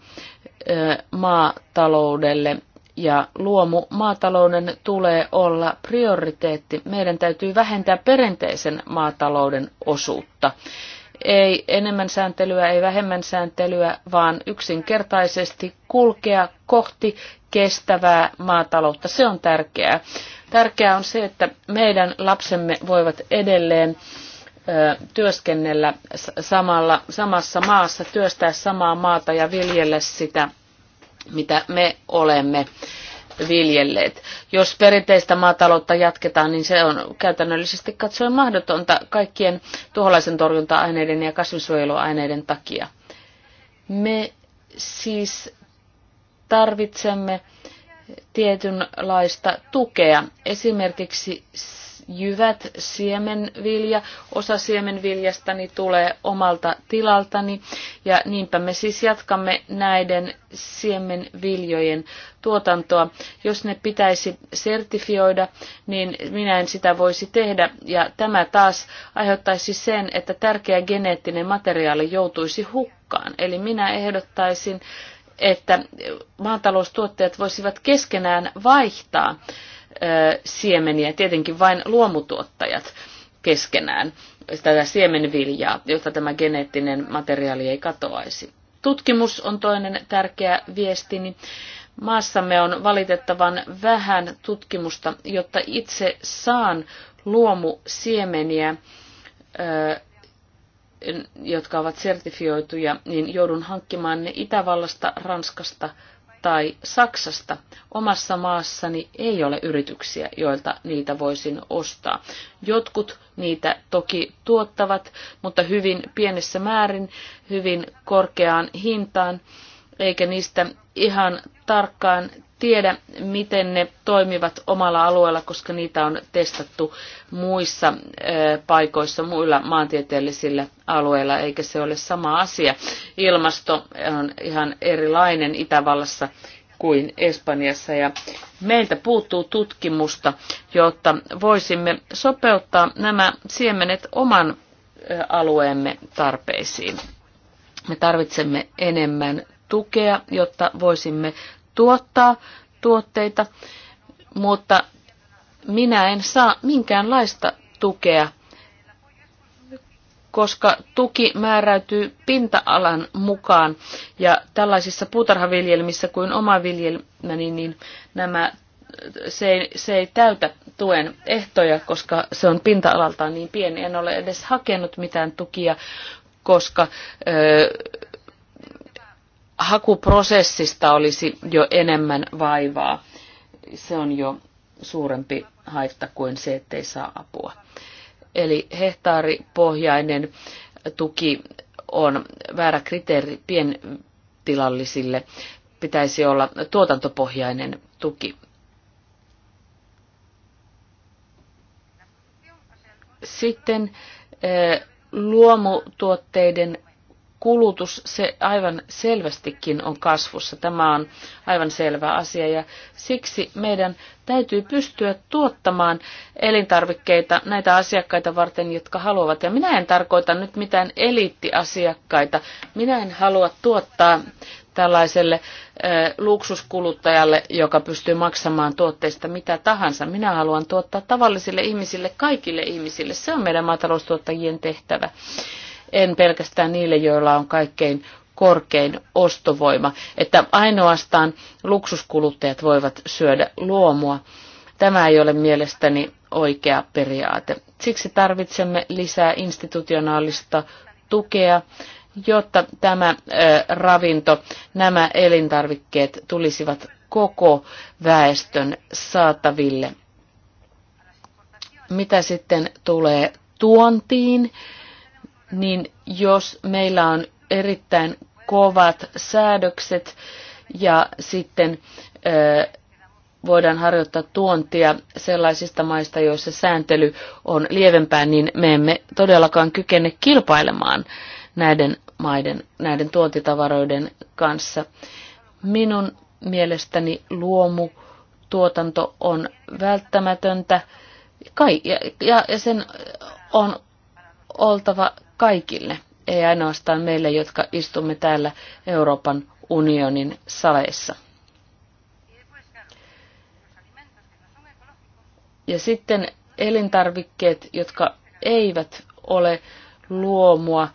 maataloudelle ja luomu maatalouden tulee olla prioriteetti. Meidän täytyy vähentää perinteisen maatalouden osuutta. Ei enemmän sääntelyä, ei vähemmän sääntelyä, vaan yksinkertaisesti kulkea kohti kestävää maataloutta. Se on tärkeää. Tärkeää on se, että meidän lapsemme voivat edelleen työskennellä samalla, samassa maassa, työstää samaa maata ja viljellä sitä, mitä me olemme viljelleet. Jos perinteistä maataloutta jatketaan, niin se on käytännöllisesti katsoen mahdotonta kaikkien tuholaisen torjunta-aineiden ja kasvinsuojeluaineiden takia. Me siis tarvitsemme tietynlaista tukea, esimerkiksi jyvät, siemenvilja. Osa siemenviljastani tulee omalta tilaltani ja niinpä me siis jatkamme näiden siemenviljojen tuotantoa. Jos ne pitäisi sertifioida, niin minä en sitä voisi tehdä ja tämä taas aiheuttaisi sen, että tärkeä geneettinen materiaali joutuisi hukkaan. Eli minä ehdottaisin, että maataloustuottajat voisivat keskenään vaihtaa siemeniä, tietenkin vain luomutuottajat keskenään tätä siemenviljaa, jotta tämä geneettinen materiaali ei katoaisi. Tutkimus on toinen tärkeä viestini. Maassamme on valitettavan vähän tutkimusta, jotta itse saan luomusiemeniä, jotka ovat sertifioituja, niin joudun hankkimaan ne Itävallasta, Ranskasta, tai Saksasta. Omassa maassani ei ole yrityksiä, joilta niitä voisin ostaa. Jotkut niitä toki tuottavat, mutta hyvin pienessä määrin, hyvin korkeaan hintaan, eikä niistä ihan tarkkaan tiedä, miten ne toimivat omalla alueella, koska niitä on testattu muissa paikoissa, muilla maantieteellisillä alueilla, eikä se ole sama asia. Ilmasto on ihan erilainen Itävallassa kuin Espanjassa ja meiltä puuttuu tutkimusta, jotta voisimme sopeuttaa nämä siemenet oman alueemme tarpeisiin. Me tarvitsemme enemmän tukea, jotta voisimme tuottaa tuotteita, mutta minä en saa minkäänlaista tukea, koska tuki määräytyy pinta-alan mukaan. Ja tällaisissa puutarhaviljelmissä kuin oma viljelmäni, niin nämä, se, ei, se ei täytä tuen ehtoja, koska se on pinta-alaltaan niin pieni. En ole edes hakenut mitään tukia, koska ö, hakuprosessista olisi jo enemmän vaivaa. Se on jo suurempi haitta kuin se, ettei saa apua. Eli hehtaaripohjainen tuki on väärä kriteeri pientilallisille. Pitäisi olla tuotantopohjainen tuki. Sitten eh, luomutuotteiden kulutus, se aivan selvästikin on kasvussa. Tämä on aivan selvä asia ja siksi meidän täytyy pystyä tuottamaan elintarvikkeita näitä asiakkaita varten, jotka haluavat. Ja minä en tarkoita nyt mitään eliittiasiakkaita. Minä en halua tuottaa tällaiselle äh, luksuskuluttajalle, joka pystyy maksamaan tuotteista mitä tahansa. Minä haluan tuottaa tavallisille ihmisille, kaikille ihmisille. Se on meidän maataloustuottajien tehtävä en pelkästään niille, joilla on kaikkein korkein ostovoima, että ainoastaan luksuskuluttajat voivat syödä luomua. Tämä ei ole mielestäni oikea periaate. Siksi tarvitsemme lisää institutionaalista tukea, jotta tämä ravinto, nämä elintarvikkeet tulisivat koko väestön saataville. Mitä sitten tulee tuontiin niin jos meillä on erittäin kovat säädökset ja sitten voidaan harjoittaa tuontia sellaisista maista, joissa sääntely on lievempää, niin me emme todellakaan kykene kilpailemaan näiden maiden, näiden tuontitavaroiden kanssa. Minun mielestäni luomutuotanto on välttämätöntä ja, ja, ja sen on oltava kaikille, ei ainoastaan meille, jotka istumme täällä Euroopan unionin saleissa. Ja sitten elintarvikkeet, jotka eivät ole luomua,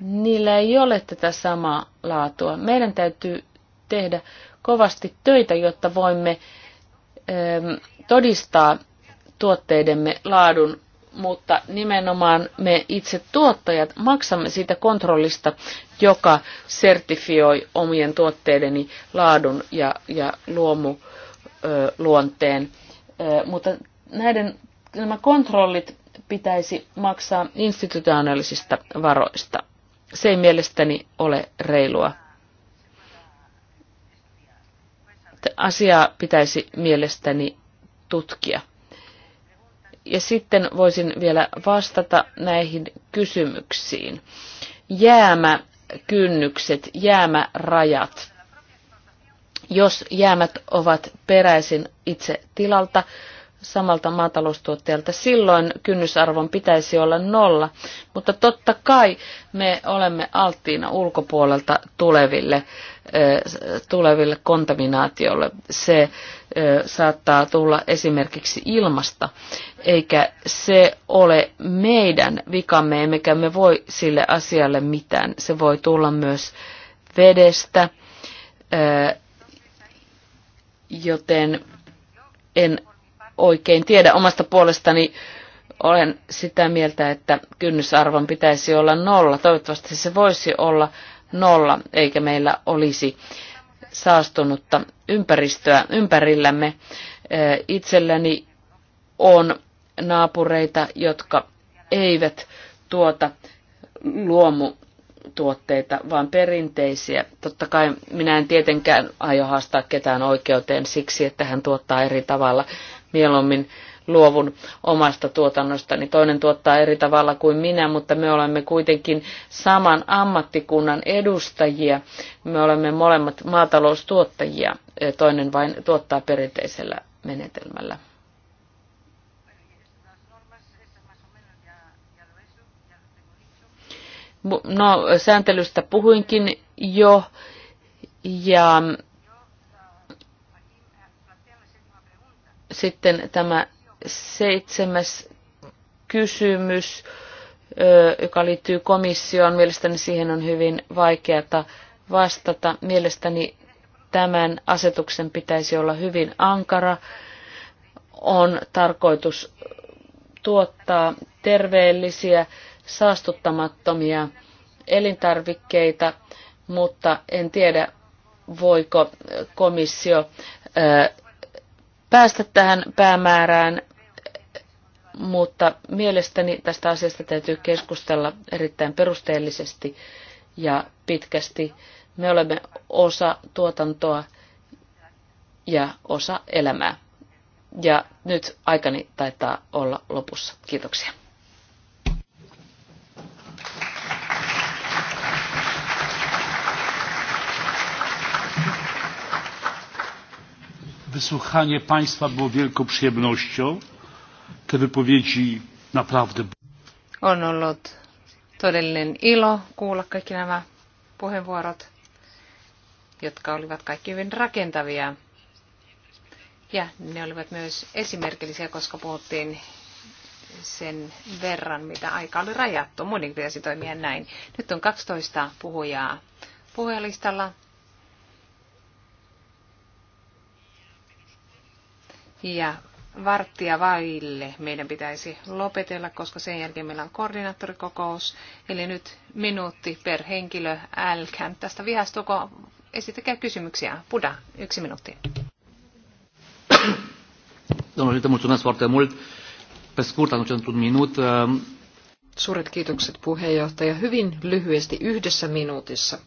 niillä ei ole tätä samaa laatua. Meidän täytyy tehdä kovasti töitä, jotta voimme ehm, todistaa tuotteidemme laadun mutta nimenomaan me itse tuottajat maksamme siitä kontrollista, joka sertifioi omien tuotteideni laadun ja, ja luomuluonteen. Mutta näiden, nämä kontrollit pitäisi maksaa institutionaalisista varoista. Se ei mielestäni ole reilua. Asiaa pitäisi mielestäni tutkia. Ja sitten voisin vielä vastata näihin kysymyksiin. Jäämäkynnykset, jäämärajat. Jos jäämät ovat peräisin itse tilalta, samalta maataloustuottajalta. Silloin kynnysarvon pitäisi olla nolla, mutta totta kai me olemme alttiina ulkopuolelta tuleville, tuleville kontaminaatiolle. Se saattaa tulla esimerkiksi ilmasta, eikä se ole meidän vikamme, emmekä me voi sille asialle mitään. Se voi tulla myös vedestä, joten en oikein tiedä omasta puolestani. Olen sitä mieltä, että kynnysarvon pitäisi olla nolla. Toivottavasti se voisi olla nolla, eikä meillä olisi saastunutta ympäristöä ympärillämme. Itselläni on naapureita, jotka eivät tuota luomu tuotteita, vaan perinteisiä. Totta kai minä en tietenkään aio haastaa ketään oikeuteen siksi, että hän tuottaa eri tavalla mieluummin luovun omasta Niin Toinen tuottaa eri tavalla kuin minä, mutta me olemme kuitenkin saman ammattikunnan edustajia. Me olemme molemmat maataloustuottajia, toinen vain tuottaa perinteisellä menetelmällä. No, sääntelystä puhuinkin jo, ja Sitten tämä seitsemäs kysymys, joka liittyy komissioon. Mielestäni siihen on hyvin vaikeata vastata. Mielestäni tämän asetuksen pitäisi olla hyvin ankara. On tarkoitus tuottaa terveellisiä, saastuttamattomia elintarvikkeita, mutta en tiedä, voiko komissio päästä tähän päämäärään, mutta mielestäni tästä asiasta täytyy keskustella erittäin perusteellisesti ja pitkästi. Me olemme osa tuotantoa ja osa elämää. Ja nyt aikani taitaa olla lopussa. Kiitoksia. wysłuchanie Państwa było wielką przyjemnością. Te wypowiedzi naprawdę... On ollut todellinen ilo kuulla kaikki nämä puheenvuorot, jotka olivat kaikki hyvin rakentavia. Ja ne olivat myös esimerkillisiä, koska puhuttiin sen verran, mitä aika oli rajattu. Muiden pitäisi toimia näin. Nyt on 12 puhujaa puhujalistalla. Ja varttia vaille meidän pitäisi lopetella, koska sen jälkeen meillä on koordinaattorikokous. Eli nyt minuutti per henkilö. Älkää tästä vihastuko. Esittäkää kysymyksiä. Puda, yksi minuutti. Uh, Suuret kiitokset puheenjohtaja. Hyvin lyhyesti yhdessä minuutissa.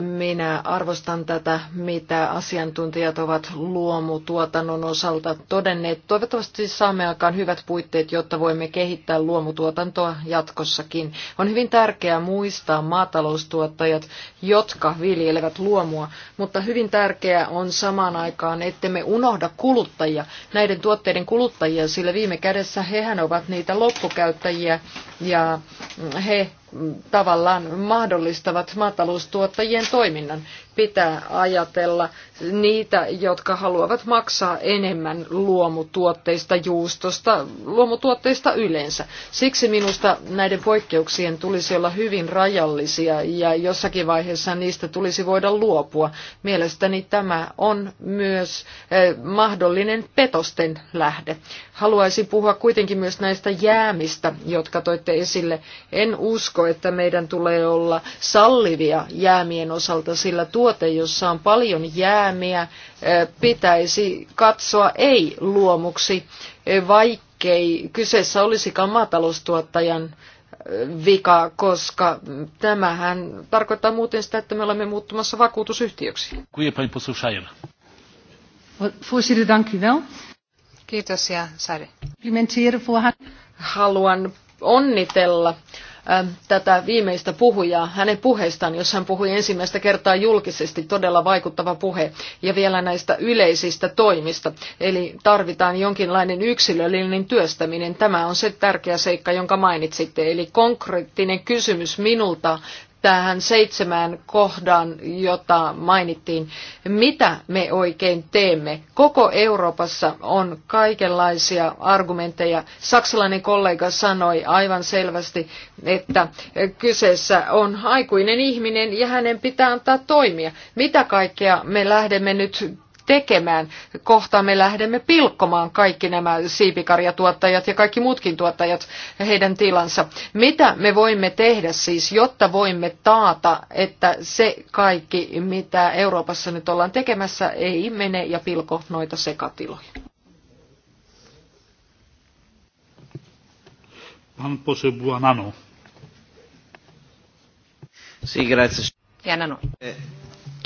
Minä arvostan tätä, mitä asiantuntijat ovat luomutuotannon osalta todenneet. Toivottavasti saamme aikaan hyvät puitteet, jotta voimme kehittää luomutuotantoa jatkossakin. On hyvin tärkeää muistaa maataloustuottajat, jotka viljelevät luomua, mutta hyvin tärkeää on samaan aikaan, ettemme unohda kuluttajia, näiden tuotteiden kuluttajia, sillä viime kädessä hehän ovat niitä loppukäyttäjiä ja he tavallaan mahdollistavat maataloustuottajien toiminnan. Pitää ajatella niitä, jotka haluavat maksaa enemmän luomutuotteista, juustosta, luomutuotteista yleensä. Siksi minusta näiden poikkeuksien tulisi olla hyvin rajallisia ja jossakin vaiheessa niistä tulisi voida luopua. Mielestäni tämä on myös eh, mahdollinen petosten lähde. Haluaisin puhua kuitenkin myös näistä jäämistä, jotka toitte esille. En usko, että meidän tulee olla sallivia jäämien osalta, sillä tuote, jossa on paljon jää, eläimiä pitäisi katsoa ei-luomuksi, vaikkei kyseessä olisikaan maataloustuottajan vika, koska tämähän tarkoittaa muuten sitä, että me olemme muuttumassa vakuutusyhtiöksi. Kiitos ja Sari. Haluan onnitella Ähm, tätä viimeistä puhujaa hänen puheestaan, jos hän puhui ensimmäistä kertaa julkisesti, todella vaikuttava puhe, ja vielä näistä yleisistä toimista. Eli tarvitaan jonkinlainen yksilöllinen työstäminen. Tämä on se tärkeä seikka, jonka mainitsitte. Eli konkreettinen kysymys minulta tähän seitsemään kohdan, jota mainittiin. Mitä me oikein teemme? Koko Euroopassa on kaikenlaisia argumentteja. Saksalainen kollega sanoi aivan selvästi, että kyseessä on aikuinen ihminen ja hänen pitää antaa toimia. Mitä kaikkea me lähdemme nyt tekemään. Kohta me lähdemme pilkkomaan kaikki nämä siipikarjatuottajat ja kaikki muutkin tuottajat heidän tilansa. Mitä me voimme tehdä siis, jotta voimme taata, että se kaikki, mitä Euroopassa nyt ollaan tekemässä, ei mene ja pilko noita sekatiloja? Pan Buonanno. Sì, grazie.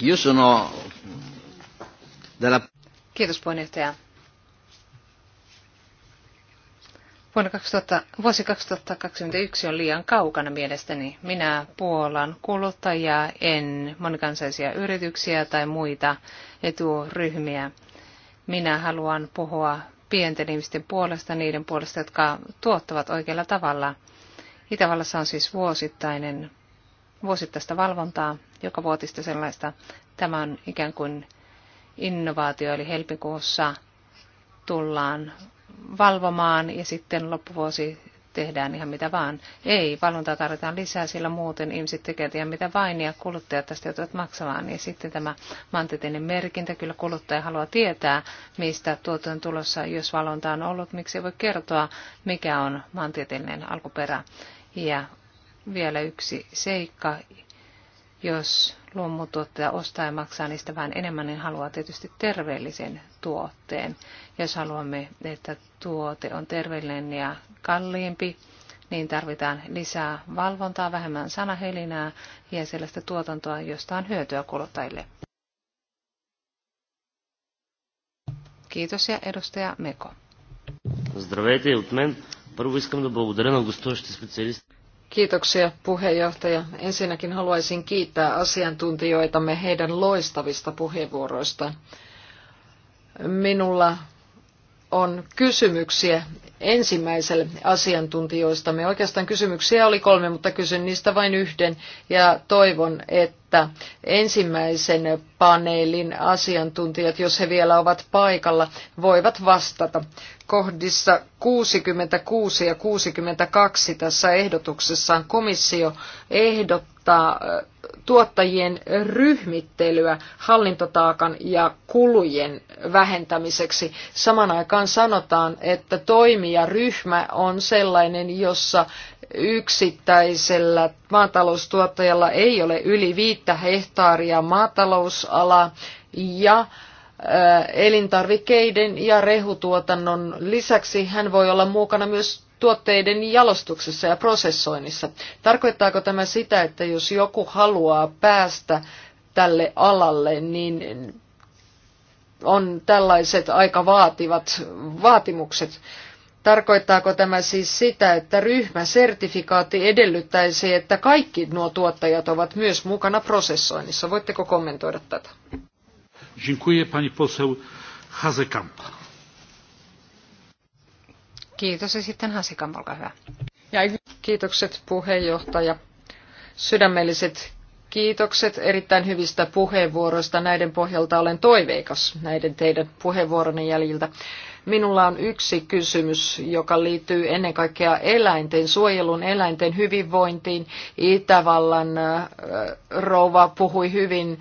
io sono Kiitos puheenjohtaja. Vuonna 2000, vuosi 2021 on liian kaukana mielestäni. Minä puolan kuluttajia, en monikansaisia yrityksiä tai muita eturyhmiä. Minä haluan puhua pienten ihmisten puolesta, niiden puolesta, jotka tuottavat oikealla tavalla. Itävallassa on siis vuosittainen, vuosittaista valvontaa, joka vuotista sellaista. Tämä on ikään kuin innovaatio, eli helmikuussa tullaan valvomaan ja sitten loppuvuosi tehdään ihan mitä vaan. Ei, valvontaa tarvitaan lisää, sillä muuten ihmiset tekevät ihan mitä vain ja kuluttajat tästä joutuvat maksamaan. Ja sitten tämä mantiteinen merkintä, kyllä kuluttaja haluaa tietää, mistä tuote on tulossa, jos valvonta on ollut, miksi ei voi kertoa, mikä on mantitinen alkuperä. Ja vielä yksi seikka, jos luomutuottaja ostaa ja maksaa niistä vähän enemmän, niin haluaa tietysti terveellisen tuotteen. Jos haluamme, että tuote on terveellinen ja kalliimpi, niin tarvitaan lisää valvontaa, vähemmän sanahelinää ja sellaista tuotantoa, josta on hyötyä kuluttajille. Kiitos ja edustaja Meko. Здравейте от мен. Първо искам да благодаря на гостуващите специалисти. Kiitoksia puheenjohtaja. Ensinnäkin haluaisin kiittää asiantuntijoitamme heidän loistavista puheenvuoroistaan. Minulla on kysymyksiä ensimmäiselle asiantuntijoistamme. Oikeastaan kysymyksiä oli kolme, mutta kysyn niistä vain yhden ja toivon, että ensimmäisen paneelin asiantuntijat, jos he vielä ovat paikalla, voivat vastata kohdissa 66 ja 62 tässä ehdotuksessaan komissio ehdottaa tuottajien ryhmittelyä hallintotaakan ja kulujen vähentämiseksi. Saman aikaan sanotaan, että toimijaryhmä on sellainen, jossa yksittäisellä maataloustuottajalla ei ole yli viittä hehtaaria maatalousalaa ja elintarvikkeiden ja rehutuotannon lisäksi hän voi olla mukana myös tuotteiden jalostuksessa ja prosessoinnissa. Tarkoittaako tämä sitä, että jos joku haluaa päästä tälle alalle, niin on tällaiset aika vaativat vaatimukset. Tarkoittaako tämä siis sitä, että ryhmäsertifikaatti edellyttäisi, että kaikki nuo tuottajat ovat myös mukana prosessoinnissa? Voitteko kommentoida tätä? Dziękuję pani poseł Kiitos ja sitten Hasekamp, olkaa hyvä. Ja kiitokset puheenjohtaja. Sydämelliset Kiitokset erittäin hyvistä puheenvuoroista. Näiden pohjalta olen toiveikas näiden teidän puheenvuoronne jäljiltä. Minulla on yksi kysymys, joka liittyy ennen kaikkea eläinten suojelun, eläinten hyvinvointiin. Itävallan rouva puhui hyvin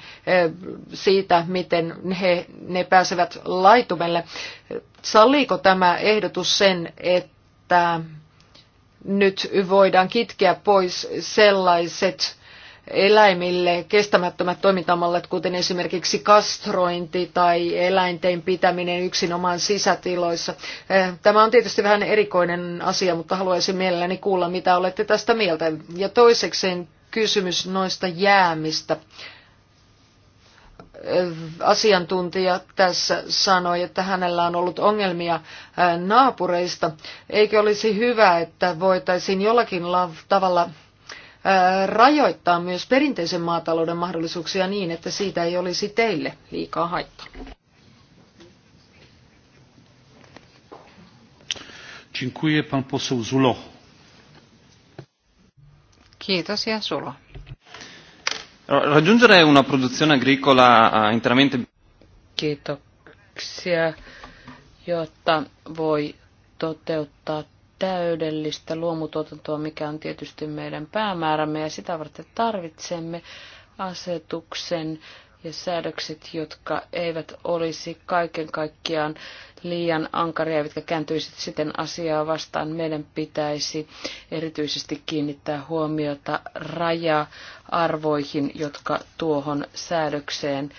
siitä, miten he, ne pääsevät laitumelle. Salliiko tämä ehdotus sen, että nyt voidaan kitkeä pois sellaiset eläimille kestämättömät toimintamallat, kuten esimerkiksi kastrointi tai eläinten pitäminen yksinomaan sisätiloissa. Eh, tämä on tietysti vähän erikoinen asia, mutta haluaisin mielelläni kuulla, mitä olette tästä mieltä. Ja toisekseen kysymys noista jäämistä eh, asiantuntija tässä sanoi, että hänellä on ollut ongelmia eh, naapureista. Eikö olisi hyvä, että voitaisiin jollakin tavalla rajoittaa myös perinteisen maatalouden mahdollisuuksia niin, että siitä ei olisi teille liikaa haittaa. Dziękuję pan poseł Zulo. Kiitos ja Zulo. Raggiungere una produzione agricola interamente... Kiitoksia, jotta voi toteuttaa täydellistä luomutuotantoa, mikä on tietysti meidän päämäärämme ja sitä varten tarvitsemme asetuksen ja säädökset, jotka eivät olisi kaiken kaikkiaan liian ankaria, jotka kääntyisivät sitten asiaa vastaan. Meidän pitäisi erityisesti kiinnittää huomiota raja-arvoihin, jotka tuohon säädökseen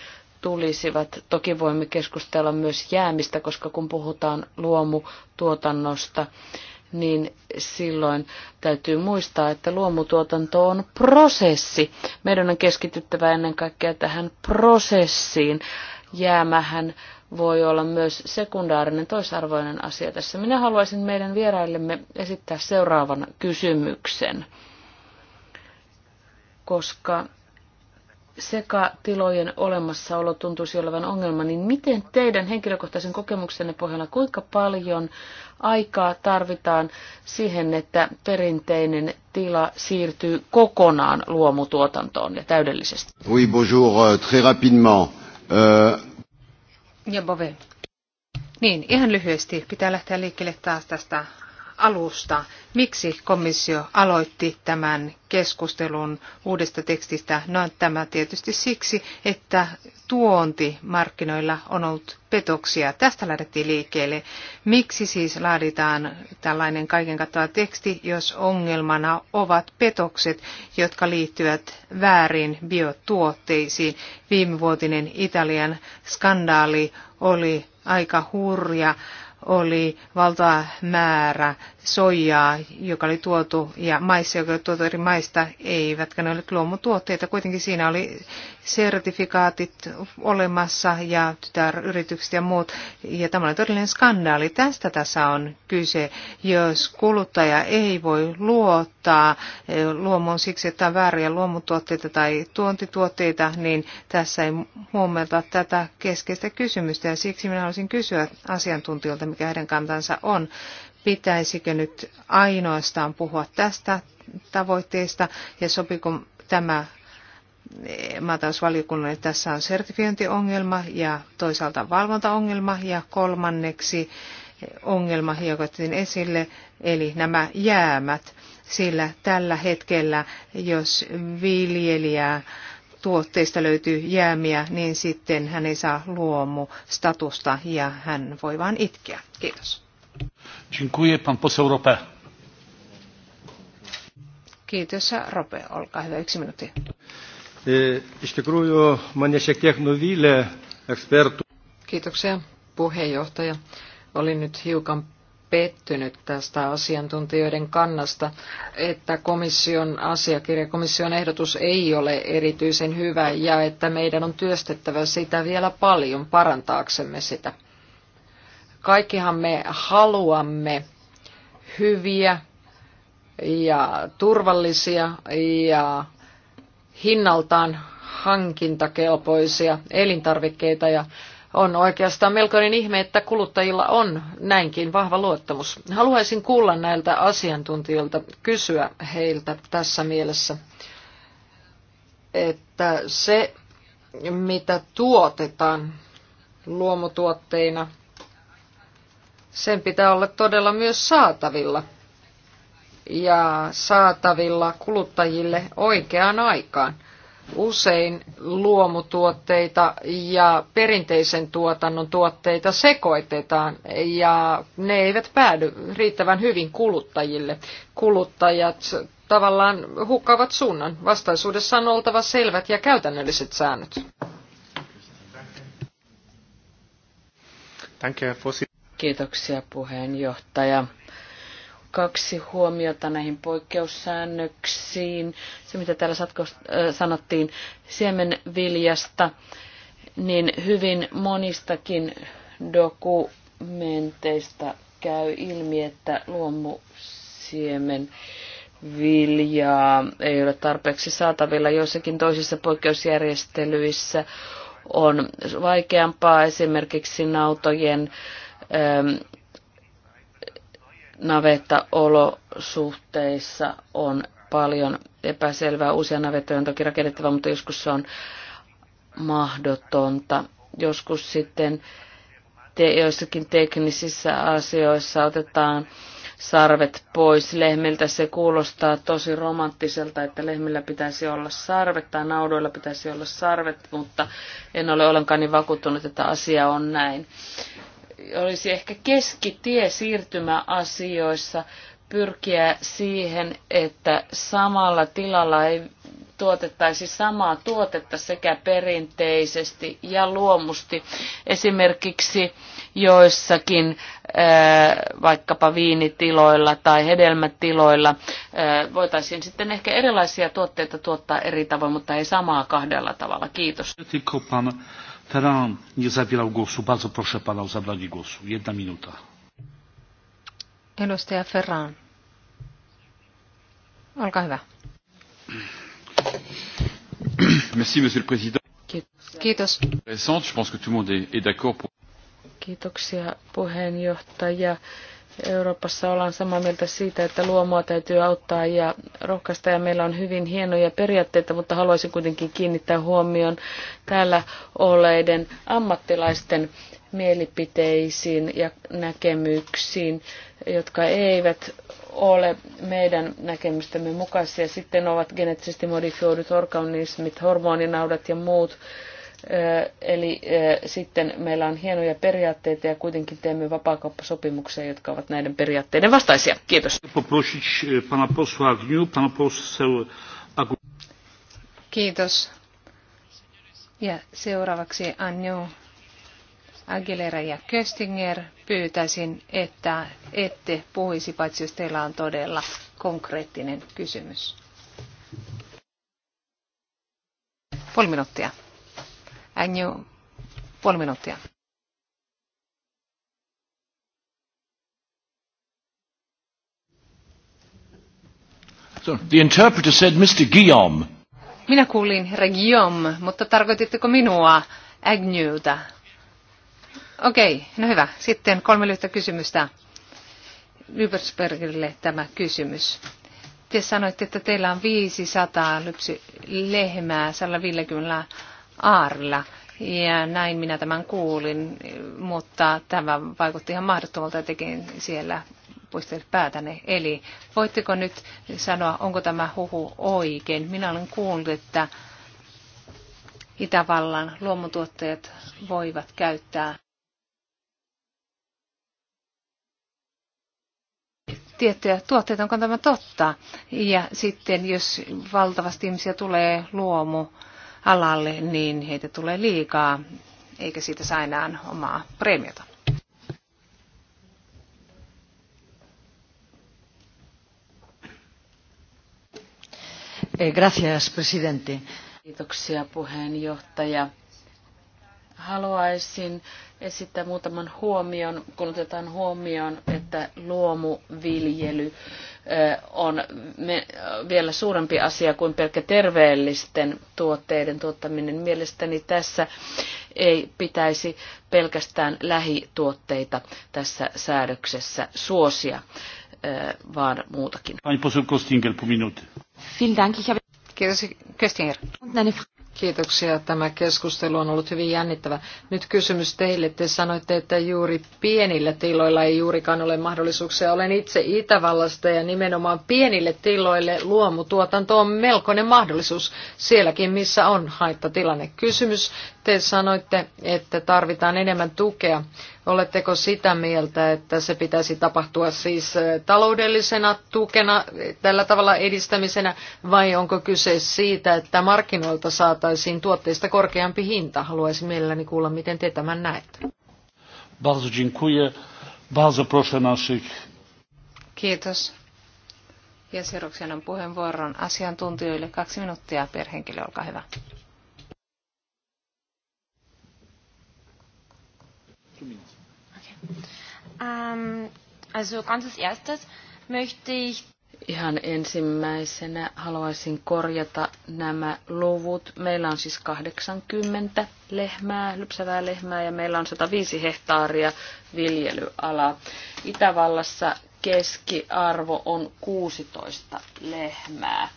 tulisivat. Toki voimme keskustella myös jäämistä, koska kun puhutaan luomutuotannosta, niin silloin täytyy muistaa, että luomutuotanto on prosessi. Meidän on keskityttävä ennen kaikkea tähän prosessiin. Jäämähän voi olla myös sekundaarinen, toisarvoinen asia tässä. Minä haluaisin meidän vieraillemme esittää seuraavan kysymyksen, koska sekatilojen olemassaolo tuntuisi olevan ongelma, niin miten teidän henkilökohtaisen kokemuksenne pohjalla, kuinka paljon aikaa tarvitaan siihen, että perinteinen tila siirtyy kokonaan luomutuotantoon ja täydellisesti? Oui, bonjour, euh, très rapidement. Uh... Ja Bove. Niin, ihan lyhyesti. Pitää lähteä liikkeelle taas tästä alusta. Miksi komissio aloitti tämän keskustelun uudesta tekstistä? No tämä tietysti siksi, että tuontimarkkinoilla on ollut petoksia. Tästä lähdettiin liikkeelle. Miksi siis laaditaan tällainen kaiken kattava teksti, jos ongelmana ovat petokset, jotka liittyvät väärin biotuotteisiin? Viimevuotinen Italian skandaali oli aika hurja oli määrä soijaa, joka oli tuotu, ja maissa, joka oli tuotu eri maista, eivätkä ne olleet luomutuotteita. Kuitenkin siinä oli sertifikaatit olemassa ja tytäryritykset ja muut. Ja tämä oli todellinen skandaali. Tästä tässä on kyse, jos kuluttaja ei voi luottaa eh, luomuun siksi, että on vääriä luomutuotteita tai tuontituotteita, niin tässä ei huomata tätä keskeistä kysymystä. Ja siksi minä haluaisin kysyä asiantuntijoilta, mikä heidän kantansa on. Pitäisikö nyt ainoastaan puhua tästä tavoitteesta ja sopiko tämä maatalousvaliokunnalle tässä on sertifiointiongelma ja toisaalta valvontaongelma ja kolmanneksi ongelma, joka otettiin esille, eli nämä jäämät. Sillä tällä hetkellä, jos viljelijää tuotteista löytyy jäämiä, niin sitten hän ei saa luomu statusta ja hän voi vain itkeä. Kiitos. Dziękuję, pan poseł Rope. Kiitos, Rope. Olkaa hyvä, yksi minuutti. E, iš tikrųjų, mane šiek tiek nuvylė ekspertų. Kiitoksia, puheenjohtaja. Olin nyt hiukan pettynyt tästä asiantuntijoiden kannasta, että komission asiakirja, komission ehdotus ei ole erityisen hyvä ja että meidän on työstettävä sitä vielä paljon parantaaksemme sitä. Kaikkihan me haluamme hyviä ja turvallisia ja hinnaltaan hankintakelpoisia elintarvikkeita ja on oikeastaan melkoinen ihme, että kuluttajilla on näinkin vahva luottamus. Haluaisin kuulla näiltä asiantuntijoilta, kysyä heiltä tässä mielessä, että se, mitä tuotetaan luomutuotteina, sen pitää olla todella myös saatavilla ja saatavilla kuluttajille oikeaan aikaan usein luomutuotteita ja perinteisen tuotannon tuotteita sekoitetaan ja ne eivät päädy riittävän hyvin kuluttajille. Kuluttajat tavallaan hukkaavat suunnan. Vastaisuudessa on oltava selvät ja käytännölliset säännöt. Kiitoksia puheenjohtaja kaksi huomiota näihin poikkeussäännöksiin. Se, mitä täällä satko, äh, sanottiin siemenviljasta, niin hyvin monistakin dokumenteista käy ilmi, että luomusiemen viljaa ei ole tarpeeksi saatavilla. Joissakin toisissa poikkeusjärjestelyissä on vaikeampaa esimerkiksi nautojen ähm, navettaolosuhteissa on paljon epäselvää. Uusia navettoja on toki rakennettava, mutta joskus se on mahdotonta. Joskus sitten te, joissakin teknisissä asioissa otetaan sarvet pois lehmiltä. Se kuulostaa tosi romanttiselta, että lehmillä pitäisi olla sarvet tai naudoilla pitäisi olla sarvet, mutta en ole ollenkaan niin vakuuttunut, että asia on näin olisi ehkä keskitie siirtymäasioissa pyrkiä siihen, että samalla tilalla ei tuotettaisi samaa tuotetta sekä perinteisesti ja luomusti. Esimerkiksi joissakin äh, vaikkapa viinitiloilla tai hedelmätiloilla äh, voitaisiin sitten ehkä erilaisia tuotteita tuottaa eri tavoin, mutta ei samaa kahdella tavalla. Kiitos. Ferran nie zabierał głosu. Bardzo proszę pana o zabranie głosu. Jedna minuta. Edustaja Ferran. Olkaa hyvä. Merci, monsieur le président. Kiitos. Kiitos. Je pense que tout le monde est d'accord pour... Kiitoksia puheenjohtaja. Euroopassa ollaan samaa mieltä siitä, että luomua täytyy auttaa ja rohkaista ja meillä on hyvin hienoja periaatteita, mutta haluaisin kuitenkin kiinnittää huomioon täällä oleiden ammattilaisten mielipiteisiin ja näkemyksiin, jotka eivät ole meidän näkemystämme mukaisia. Sitten ovat geneettisesti modifioidut organismit, hormoninaudat ja muut Eli sitten meillä on hienoja periaatteita ja kuitenkin teemme vapaakauppasopimuksia, jotka ovat näiden periaatteiden vastaisia. Kiitos. E, Kiitos. Ja seuraavaksi Anjo Aguilera ja Köstinger. Pyytäisin, että ette puhuisi, paitsi jos teillä on todella konkreettinen kysymys. Puoli minuuttia. Agnew, puoli minuuttia. So, the interpreter said Mr. Guillaume. Minä kuulin herra Guillaume, mutta tarkoititteko minua Agnewta? Okei, okay, no hyvä. Sitten kolme lyhyttä kysymystä Lybersbergille tämä kysymys. Te sanoitte, että teillä on 500 lypsylehmää 150 aarilla. Ja näin minä tämän kuulin, mutta tämä vaikutti ihan mahdottomalta tekin siellä puistelit päätäne. Eli voitteko nyt sanoa, onko tämä huhu oikein? Minä olen kuullut, että Itävallan luomutuottajat voivat käyttää tiettyjä tuotteita, onko tämä totta? Ja sitten jos valtavasti ihmisiä tulee luomu alalle, niin heitä tulee liikaa, eikä siitä saa enää omaa preemiota. Eh, gracias, presidente. Kiitoksia puheenjohtaja. Haluaisin esittää muutaman huomion, kun otetaan huomioon, että luomuviljely on vielä suurempi asia kuin pelkkä terveellisten tuotteiden tuottaminen. Mielestäni tässä ei pitäisi pelkästään lähituotteita tässä säädöksessä suosia, vaan muutakin. Kiitos, Köstinger. Kiitoksia. Tämä keskustelu on ollut hyvin jännittävä. Nyt kysymys teille. Te sanoitte, että juuri pienillä tiloilla ei juurikaan ole mahdollisuuksia. Olen itse Itävallasta ja nimenomaan pienille tiloille luomutuotanto on melkoinen mahdollisuus sielläkin, missä on haittatilanne. Kysymys te sanoitte, että tarvitaan enemmän tukea. Oletteko sitä mieltä, että se pitäisi tapahtua siis taloudellisena tukena, e, tällä tavalla edistämisenä, vai onko kyse siitä, että markkinoilta saataisiin tuotteista korkeampi hinta? Haluaisin mielelläni kuulla, miten te tämän näette. Bardzo dziękuję. Bardzo proszę naszych... Kiitos. Ja seuraavaksi annan puheenvuoron asiantuntijoille. Kaksi minuuttia per henkilö, olkaa hyvä. Ähm, also ganz als erstes möchte ich Ihan ensimmäisenä haluaisin korjata nämä luvut. Meillä on siis 80 lehmää, lypsävää lehmää ja meillä on 105 hehtaaria viljelyalaa. Itävallassa keskiarvo on 16 lehmää.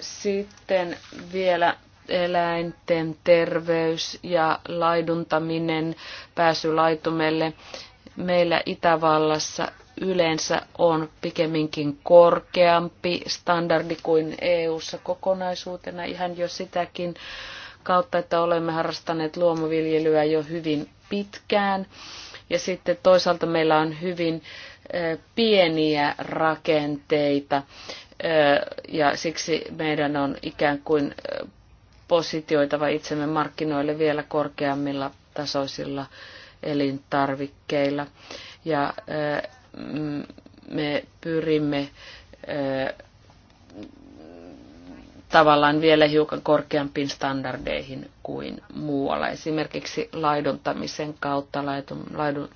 Sitten vielä eläinten terveys ja laiduntaminen, pääsy laitumelle. Meillä Itävallassa yleensä on pikemminkin korkeampi standardi kuin EU-ssa kokonaisuutena, ihan jo sitäkin kautta, että olemme harrastaneet luomuviljelyä jo hyvin pitkään. Ja sitten toisaalta meillä on hyvin pieniä rakenteita ja siksi meidän on ikään kuin positioitava itsemme markkinoille vielä korkeammilla tasoisilla elintarvikkeilla. Ja eh, me pyrimme eh, tavallaan vielä hiukan korkeampiin standardeihin kuin muualla. Esimerkiksi laiduntamisen kautta laidun, laidun,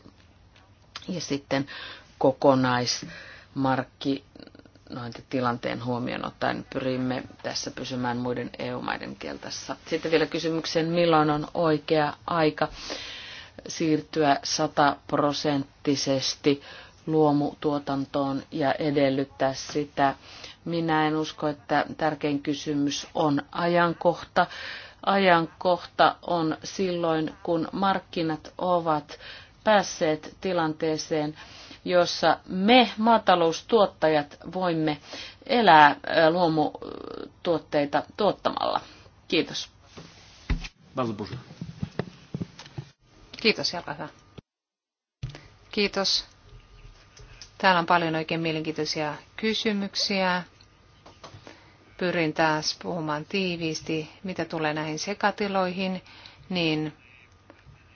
ja sitten kokonaismarkki, tilanteen huomioon ottaen pyrimme tässä pysymään muiden EU-maiden keltassa. Sitten vielä kysymykseen, milloin on oikea aika siirtyä sataprosenttisesti luomutuotantoon ja edellyttää sitä. Minä en usko, että tärkein kysymys on ajankohta. Ajankohta on silloin, kun markkinat ovat päässeet tilanteeseen, jossa me maataloustuottajat voimme elää äh, luomutuotteita tuottamalla. Kiitos. Kiitos, jalka hyvä. Kiitos. Täällä on paljon oikein mielenkiintoisia kysymyksiä. Pyrin taas puhumaan tiiviisti, mitä tulee näihin sekatiloihin, niin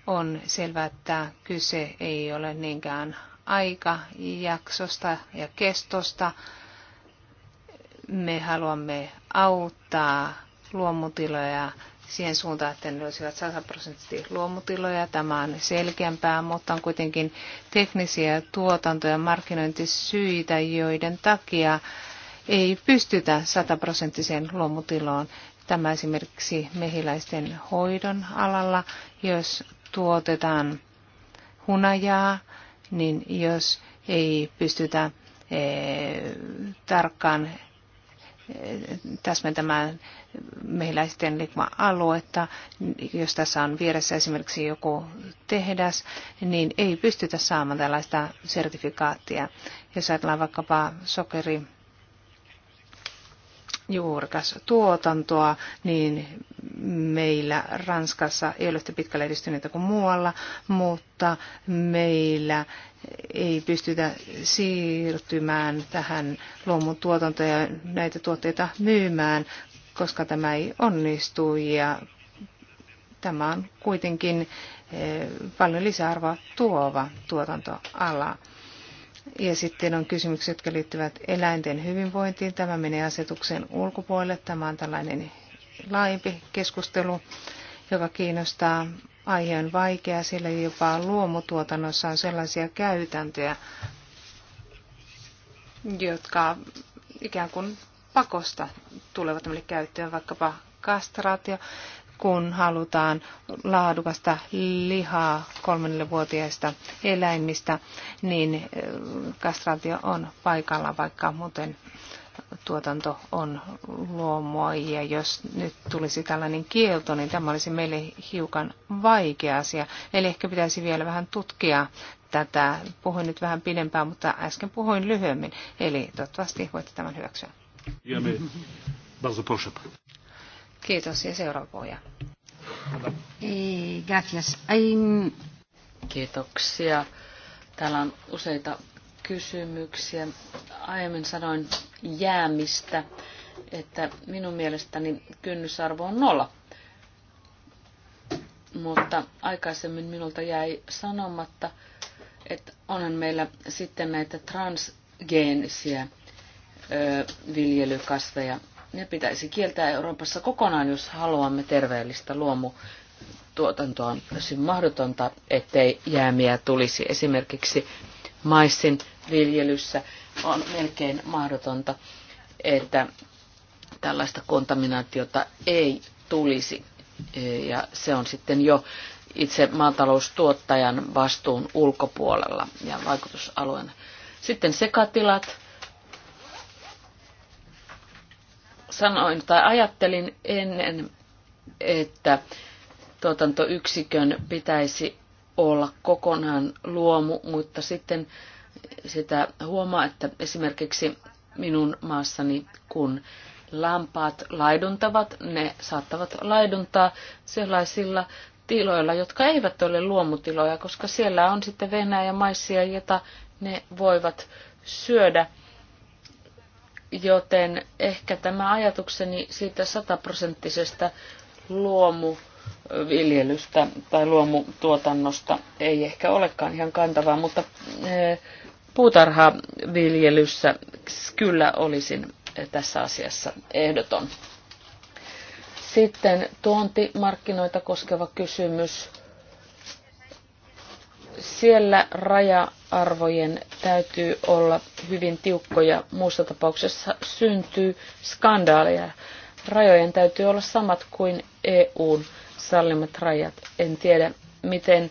on selvää, että kyse ei ole niinkään aikajaksosta ja kestosta. Me haluamme auttaa luomutiloja siihen suuntaan, että ne olisivat 100 prosenttia luomutiloja. Tämä on selkeämpää, mutta on kuitenkin teknisiä tuotanto- ja markkinointisyitä, joiden takia ei pystytä 100 prosenttiseen luomutiloon. Tämä esimerkiksi mehiläisten hoidon alalla, jos tuotetaan hunajaa, niin jos ei pystytä eh, tarkkaan eh, täsmentämään mehiläisten likma aluetta. Jos tässä on vieressä esimerkiksi joku tehdas, niin ei pystytä saamaan tällaista sertifikaattia. Jos ajatellaan vaikkapa sokeri juurikas tuotantoa, niin meillä Ranskassa ei ole yhtä pitkälle edistyneitä kuin muualla, mutta meillä ei pystytä siirtymään tähän tuotantoon ja näitä tuotteita myymään, koska tämä ei onnistu ja tämä on kuitenkin eh, paljon lisäarvoa tuova tuotantoala. Ja sitten on kysymykset, jotka liittyvät eläinten hyvinvointiin. Tämä menee asetuksen ulkopuolelle. Tämä on tällainen laajempi keskustelu, joka kiinnostaa. Aihe on vaikea, sillä jopa luomutuotannossa on sellaisia käytäntöjä, jotka ikään kuin pakosta tulevat käyttöön, vaikkapa kastraatio kun halutaan laadukasta lihaa kolmannelle vuotiaista eläimistä, niin eh, kastraatio on paikalla, vaikka muuten tuotanto on luomua. Ja jos nyt tulisi tällainen kielto, niin tämä olisi meille hiukan vaikea asia. Eli ehkä pitäisi vielä vähän tutkia tätä. Puhuin nyt vähän pidempään, mutta äsken puhuin lyhyemmin. Eli toivottavasti voitte tämän hyväksyä. Bardzo proszę. Kiitos ja seuraava puhuja. Gracias. Kiitoksia. Täällä on useita kysymyksiä. Aiemmin sanoin jäämistä, että minun mielestäni kynnysarvo on nolla. Mutta aikaisemmin minulta jäi sanomatta, että onhan meillä sitten näitä transgeenisiä viljelykasveja ne pitäisi kieltää Euroopassa kokonaan, jos haluamme terveellistä luomutuotantoa. On täysin mahdotonta, ettei jäämiä tulisi. Esimerkiksi maissin viljelyssä on melkein mahdotonta, että tällaista kontaminaatiota ei tulisi. Ja se on sitten jo itse maataloustuottajan vastuun ulkopuolella ja vaikutusalueena. Sitten sekatilat sanoin tai ajattelin ennen, että tuotantoyksikön pitäisi olla kokonaan luomu, mutta sitten sitä huomaa, että esimerkiksi minun maassani, kun lampaat laiduntavat, ne saattavat laiduntaa sellaisilla tiloilla, jotka eivät ole luomutiloja, koska siellä on sitten Venäjä maissia, jota ne voivat syödä Joten ehkä tämä ajatukseni siitä sataprosenttisesta luomuviljelystä tai luomutuotannosta ei ehkä olekaan ihan kantavaa, mutta e, puutarhaviljelyssä kyllä olisin e, tässä asiassa ehdoton. Sitten tuontimarkkinoita koskeva kysymys. Siellä raja-arvojen täytyy olla hyvin tiukkoja, muussa tapauksessa syntyy skandaaleja. Rajojen täytyy olla samat kuin EUn sallimat rajat. En tiedä, miten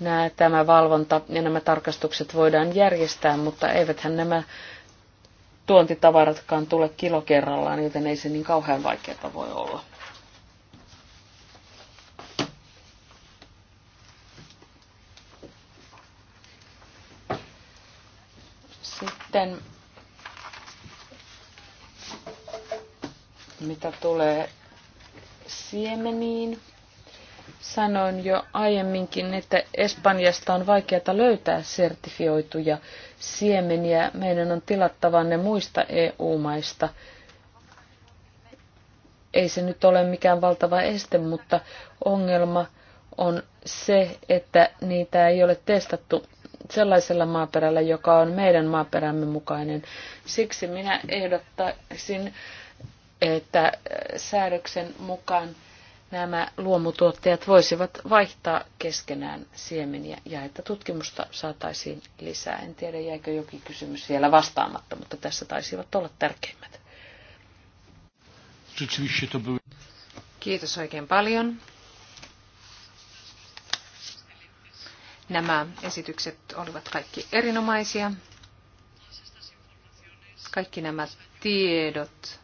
nämä, tämä valvonta ja nämä tarkastukset voidaan järjestää, mutta eiväthän nämä tuontitavaratkaan tule kilo kerrallaan, joten ei se niin kauhean vaikeaa voi olla. Sitten mitä tulee siemeniin, sanoin jo aiemminkin, että Espanjasta on vaikeata löytää sertifioituja siemeniä. Meidän on tilattava ne muista EU-maista. Ei se nyt ole mikään valtava este, mutta ongelma on se, että niitä ei ole testattu sellaisella maaperällä, joka on meidän maaperämme mukainen. Siksi minä ehdottaisin, että säädöksen mukaan nämä luomutuottajat voisivat vaihtaa keskenään siemeniä ja että tutkimusta saataisiin lisää. En tiedä, jäikö jokin kysymys vielä vastaamatta, mutta tässä taisivat olla tärkeimmät. Kiitos oikein paljon. Nämä esitykset olivat kaikki erinomaisia. Kaikki nämä tiedot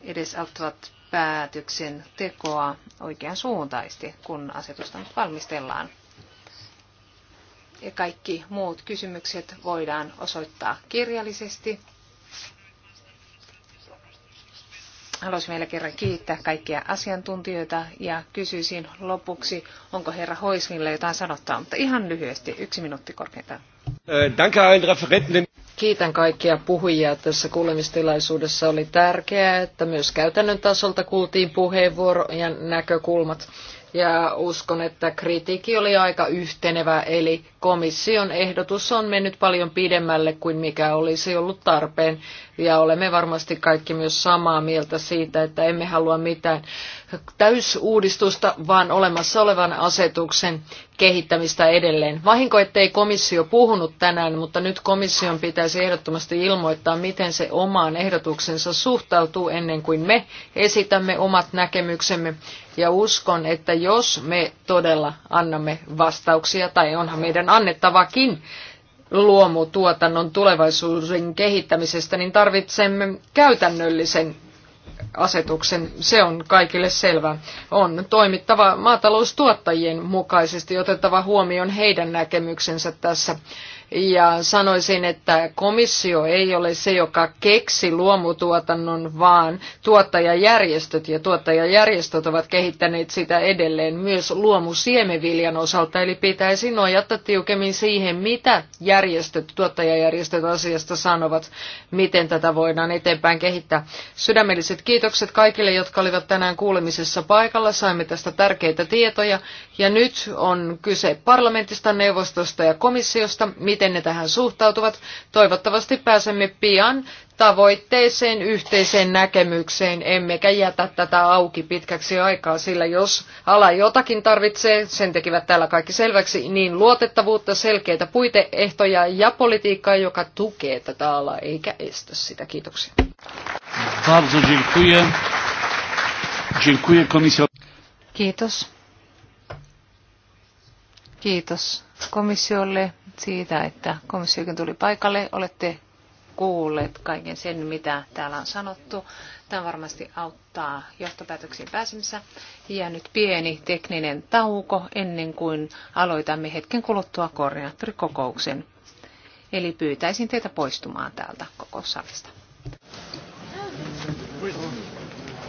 edesauttavat päätöksen tekoa oikean suuntaisesti, kun asetusta nyt valmistellaan. Ja kaikki muut kysymykset voidaan osoittaa kirjallisesti Haluaisin vielä kerran kiittää kaikkia asiantuntijoita ja kysyisin lopuksi, onko herra Hoismille jotain sanottaa, mutta ihan lyhyesti, yksi minuutti korkeintaan. Äh, Kiitän kaikkia puhujia tässä kuulemistilaisuudessa. Oli tärkeää, että myös käytännön tasolta kuultiin puheenvuoro ja näkökulmat. Ja uskon, että kritiikki oli aika yhtenevä, eli komission ehdotus on mennyt paljon pidemmälle kuin mikä olisi ollut tarpeen. Ja olemme varmasti kaikki myös samaa mieltä siitä, että emme halua mitään täysuudistusta, vaan olemassa olevan asetuksen kehittämistä edelleen. Vahinko, ettei komissio puhunut tänään, mutta nyt komission pitäisi ehdottomasti ilmoittaa, miten se omaan ehdotuksensa suhtautuu ennen kuin me esitämme omat näkemyksemme. Ja uskon, että jos me todella annamme vastauksia, tai onhan meidän annettavakin luomutuotannon tulevaisuuden kehittämisestä, niin tarvitsemme käytännöllisen asetuksen. Se on kaikille selvä. On toimittava maataloustuottajien mukaisesti, otettava huomioon heidän näkemyksensä tässä ja sanoisin, että komissio ei ole se, joka keksi luomutuotannon, vaan tuottajajärjestöt ja tuottajajärjestöt ovat kehittäneet sitä edelleen myös luomusiemeviljan osalta, eli pitäisi nojata tiukemmin siihen, mitä järjestöt, tuottajajärjestöt asiasta sanovat, miten tätä voidaan eteenpäin kehittää. Sydämelliset kiitokset kaikille, jotka olivat tänään kuulemisessa paikalla, saimme tästä tärkeitä tietoja, ja nyt on kyse parlamentista, neuvostosta ja komissiosta, miten miten ne tähän suhtautuvat. Toivottavasti pääsemme pian tavoitteeseen, yhteiseen näkemykseen, emmekä jätä tätä auki pitkäksi aikaa, sillä jos ala jotakin tarvitsee, sen tekivät täällä kaikki selväksi, niin luotettavuutta, selkeitä puiteehtoja ja politiikkaa, joka tukee tätä alaa eikä estä sitä. Kiitoksia. Kiitos. Kiitos komissiolle siitä, että komissiokin tuli paikalle. Olette kuulleet kaiken sen, mitä täällä on sanottu. Tämä varmasti auttaa johtopäätöksiin pääsemisessä. Ja nyt pieni tekninen tauko ennen kuin aloitamme hetken kuluttua koordinaattorikokouksen. Eli pyytäisin teitä poistumaan täältä kokoussalista. Poistumaan.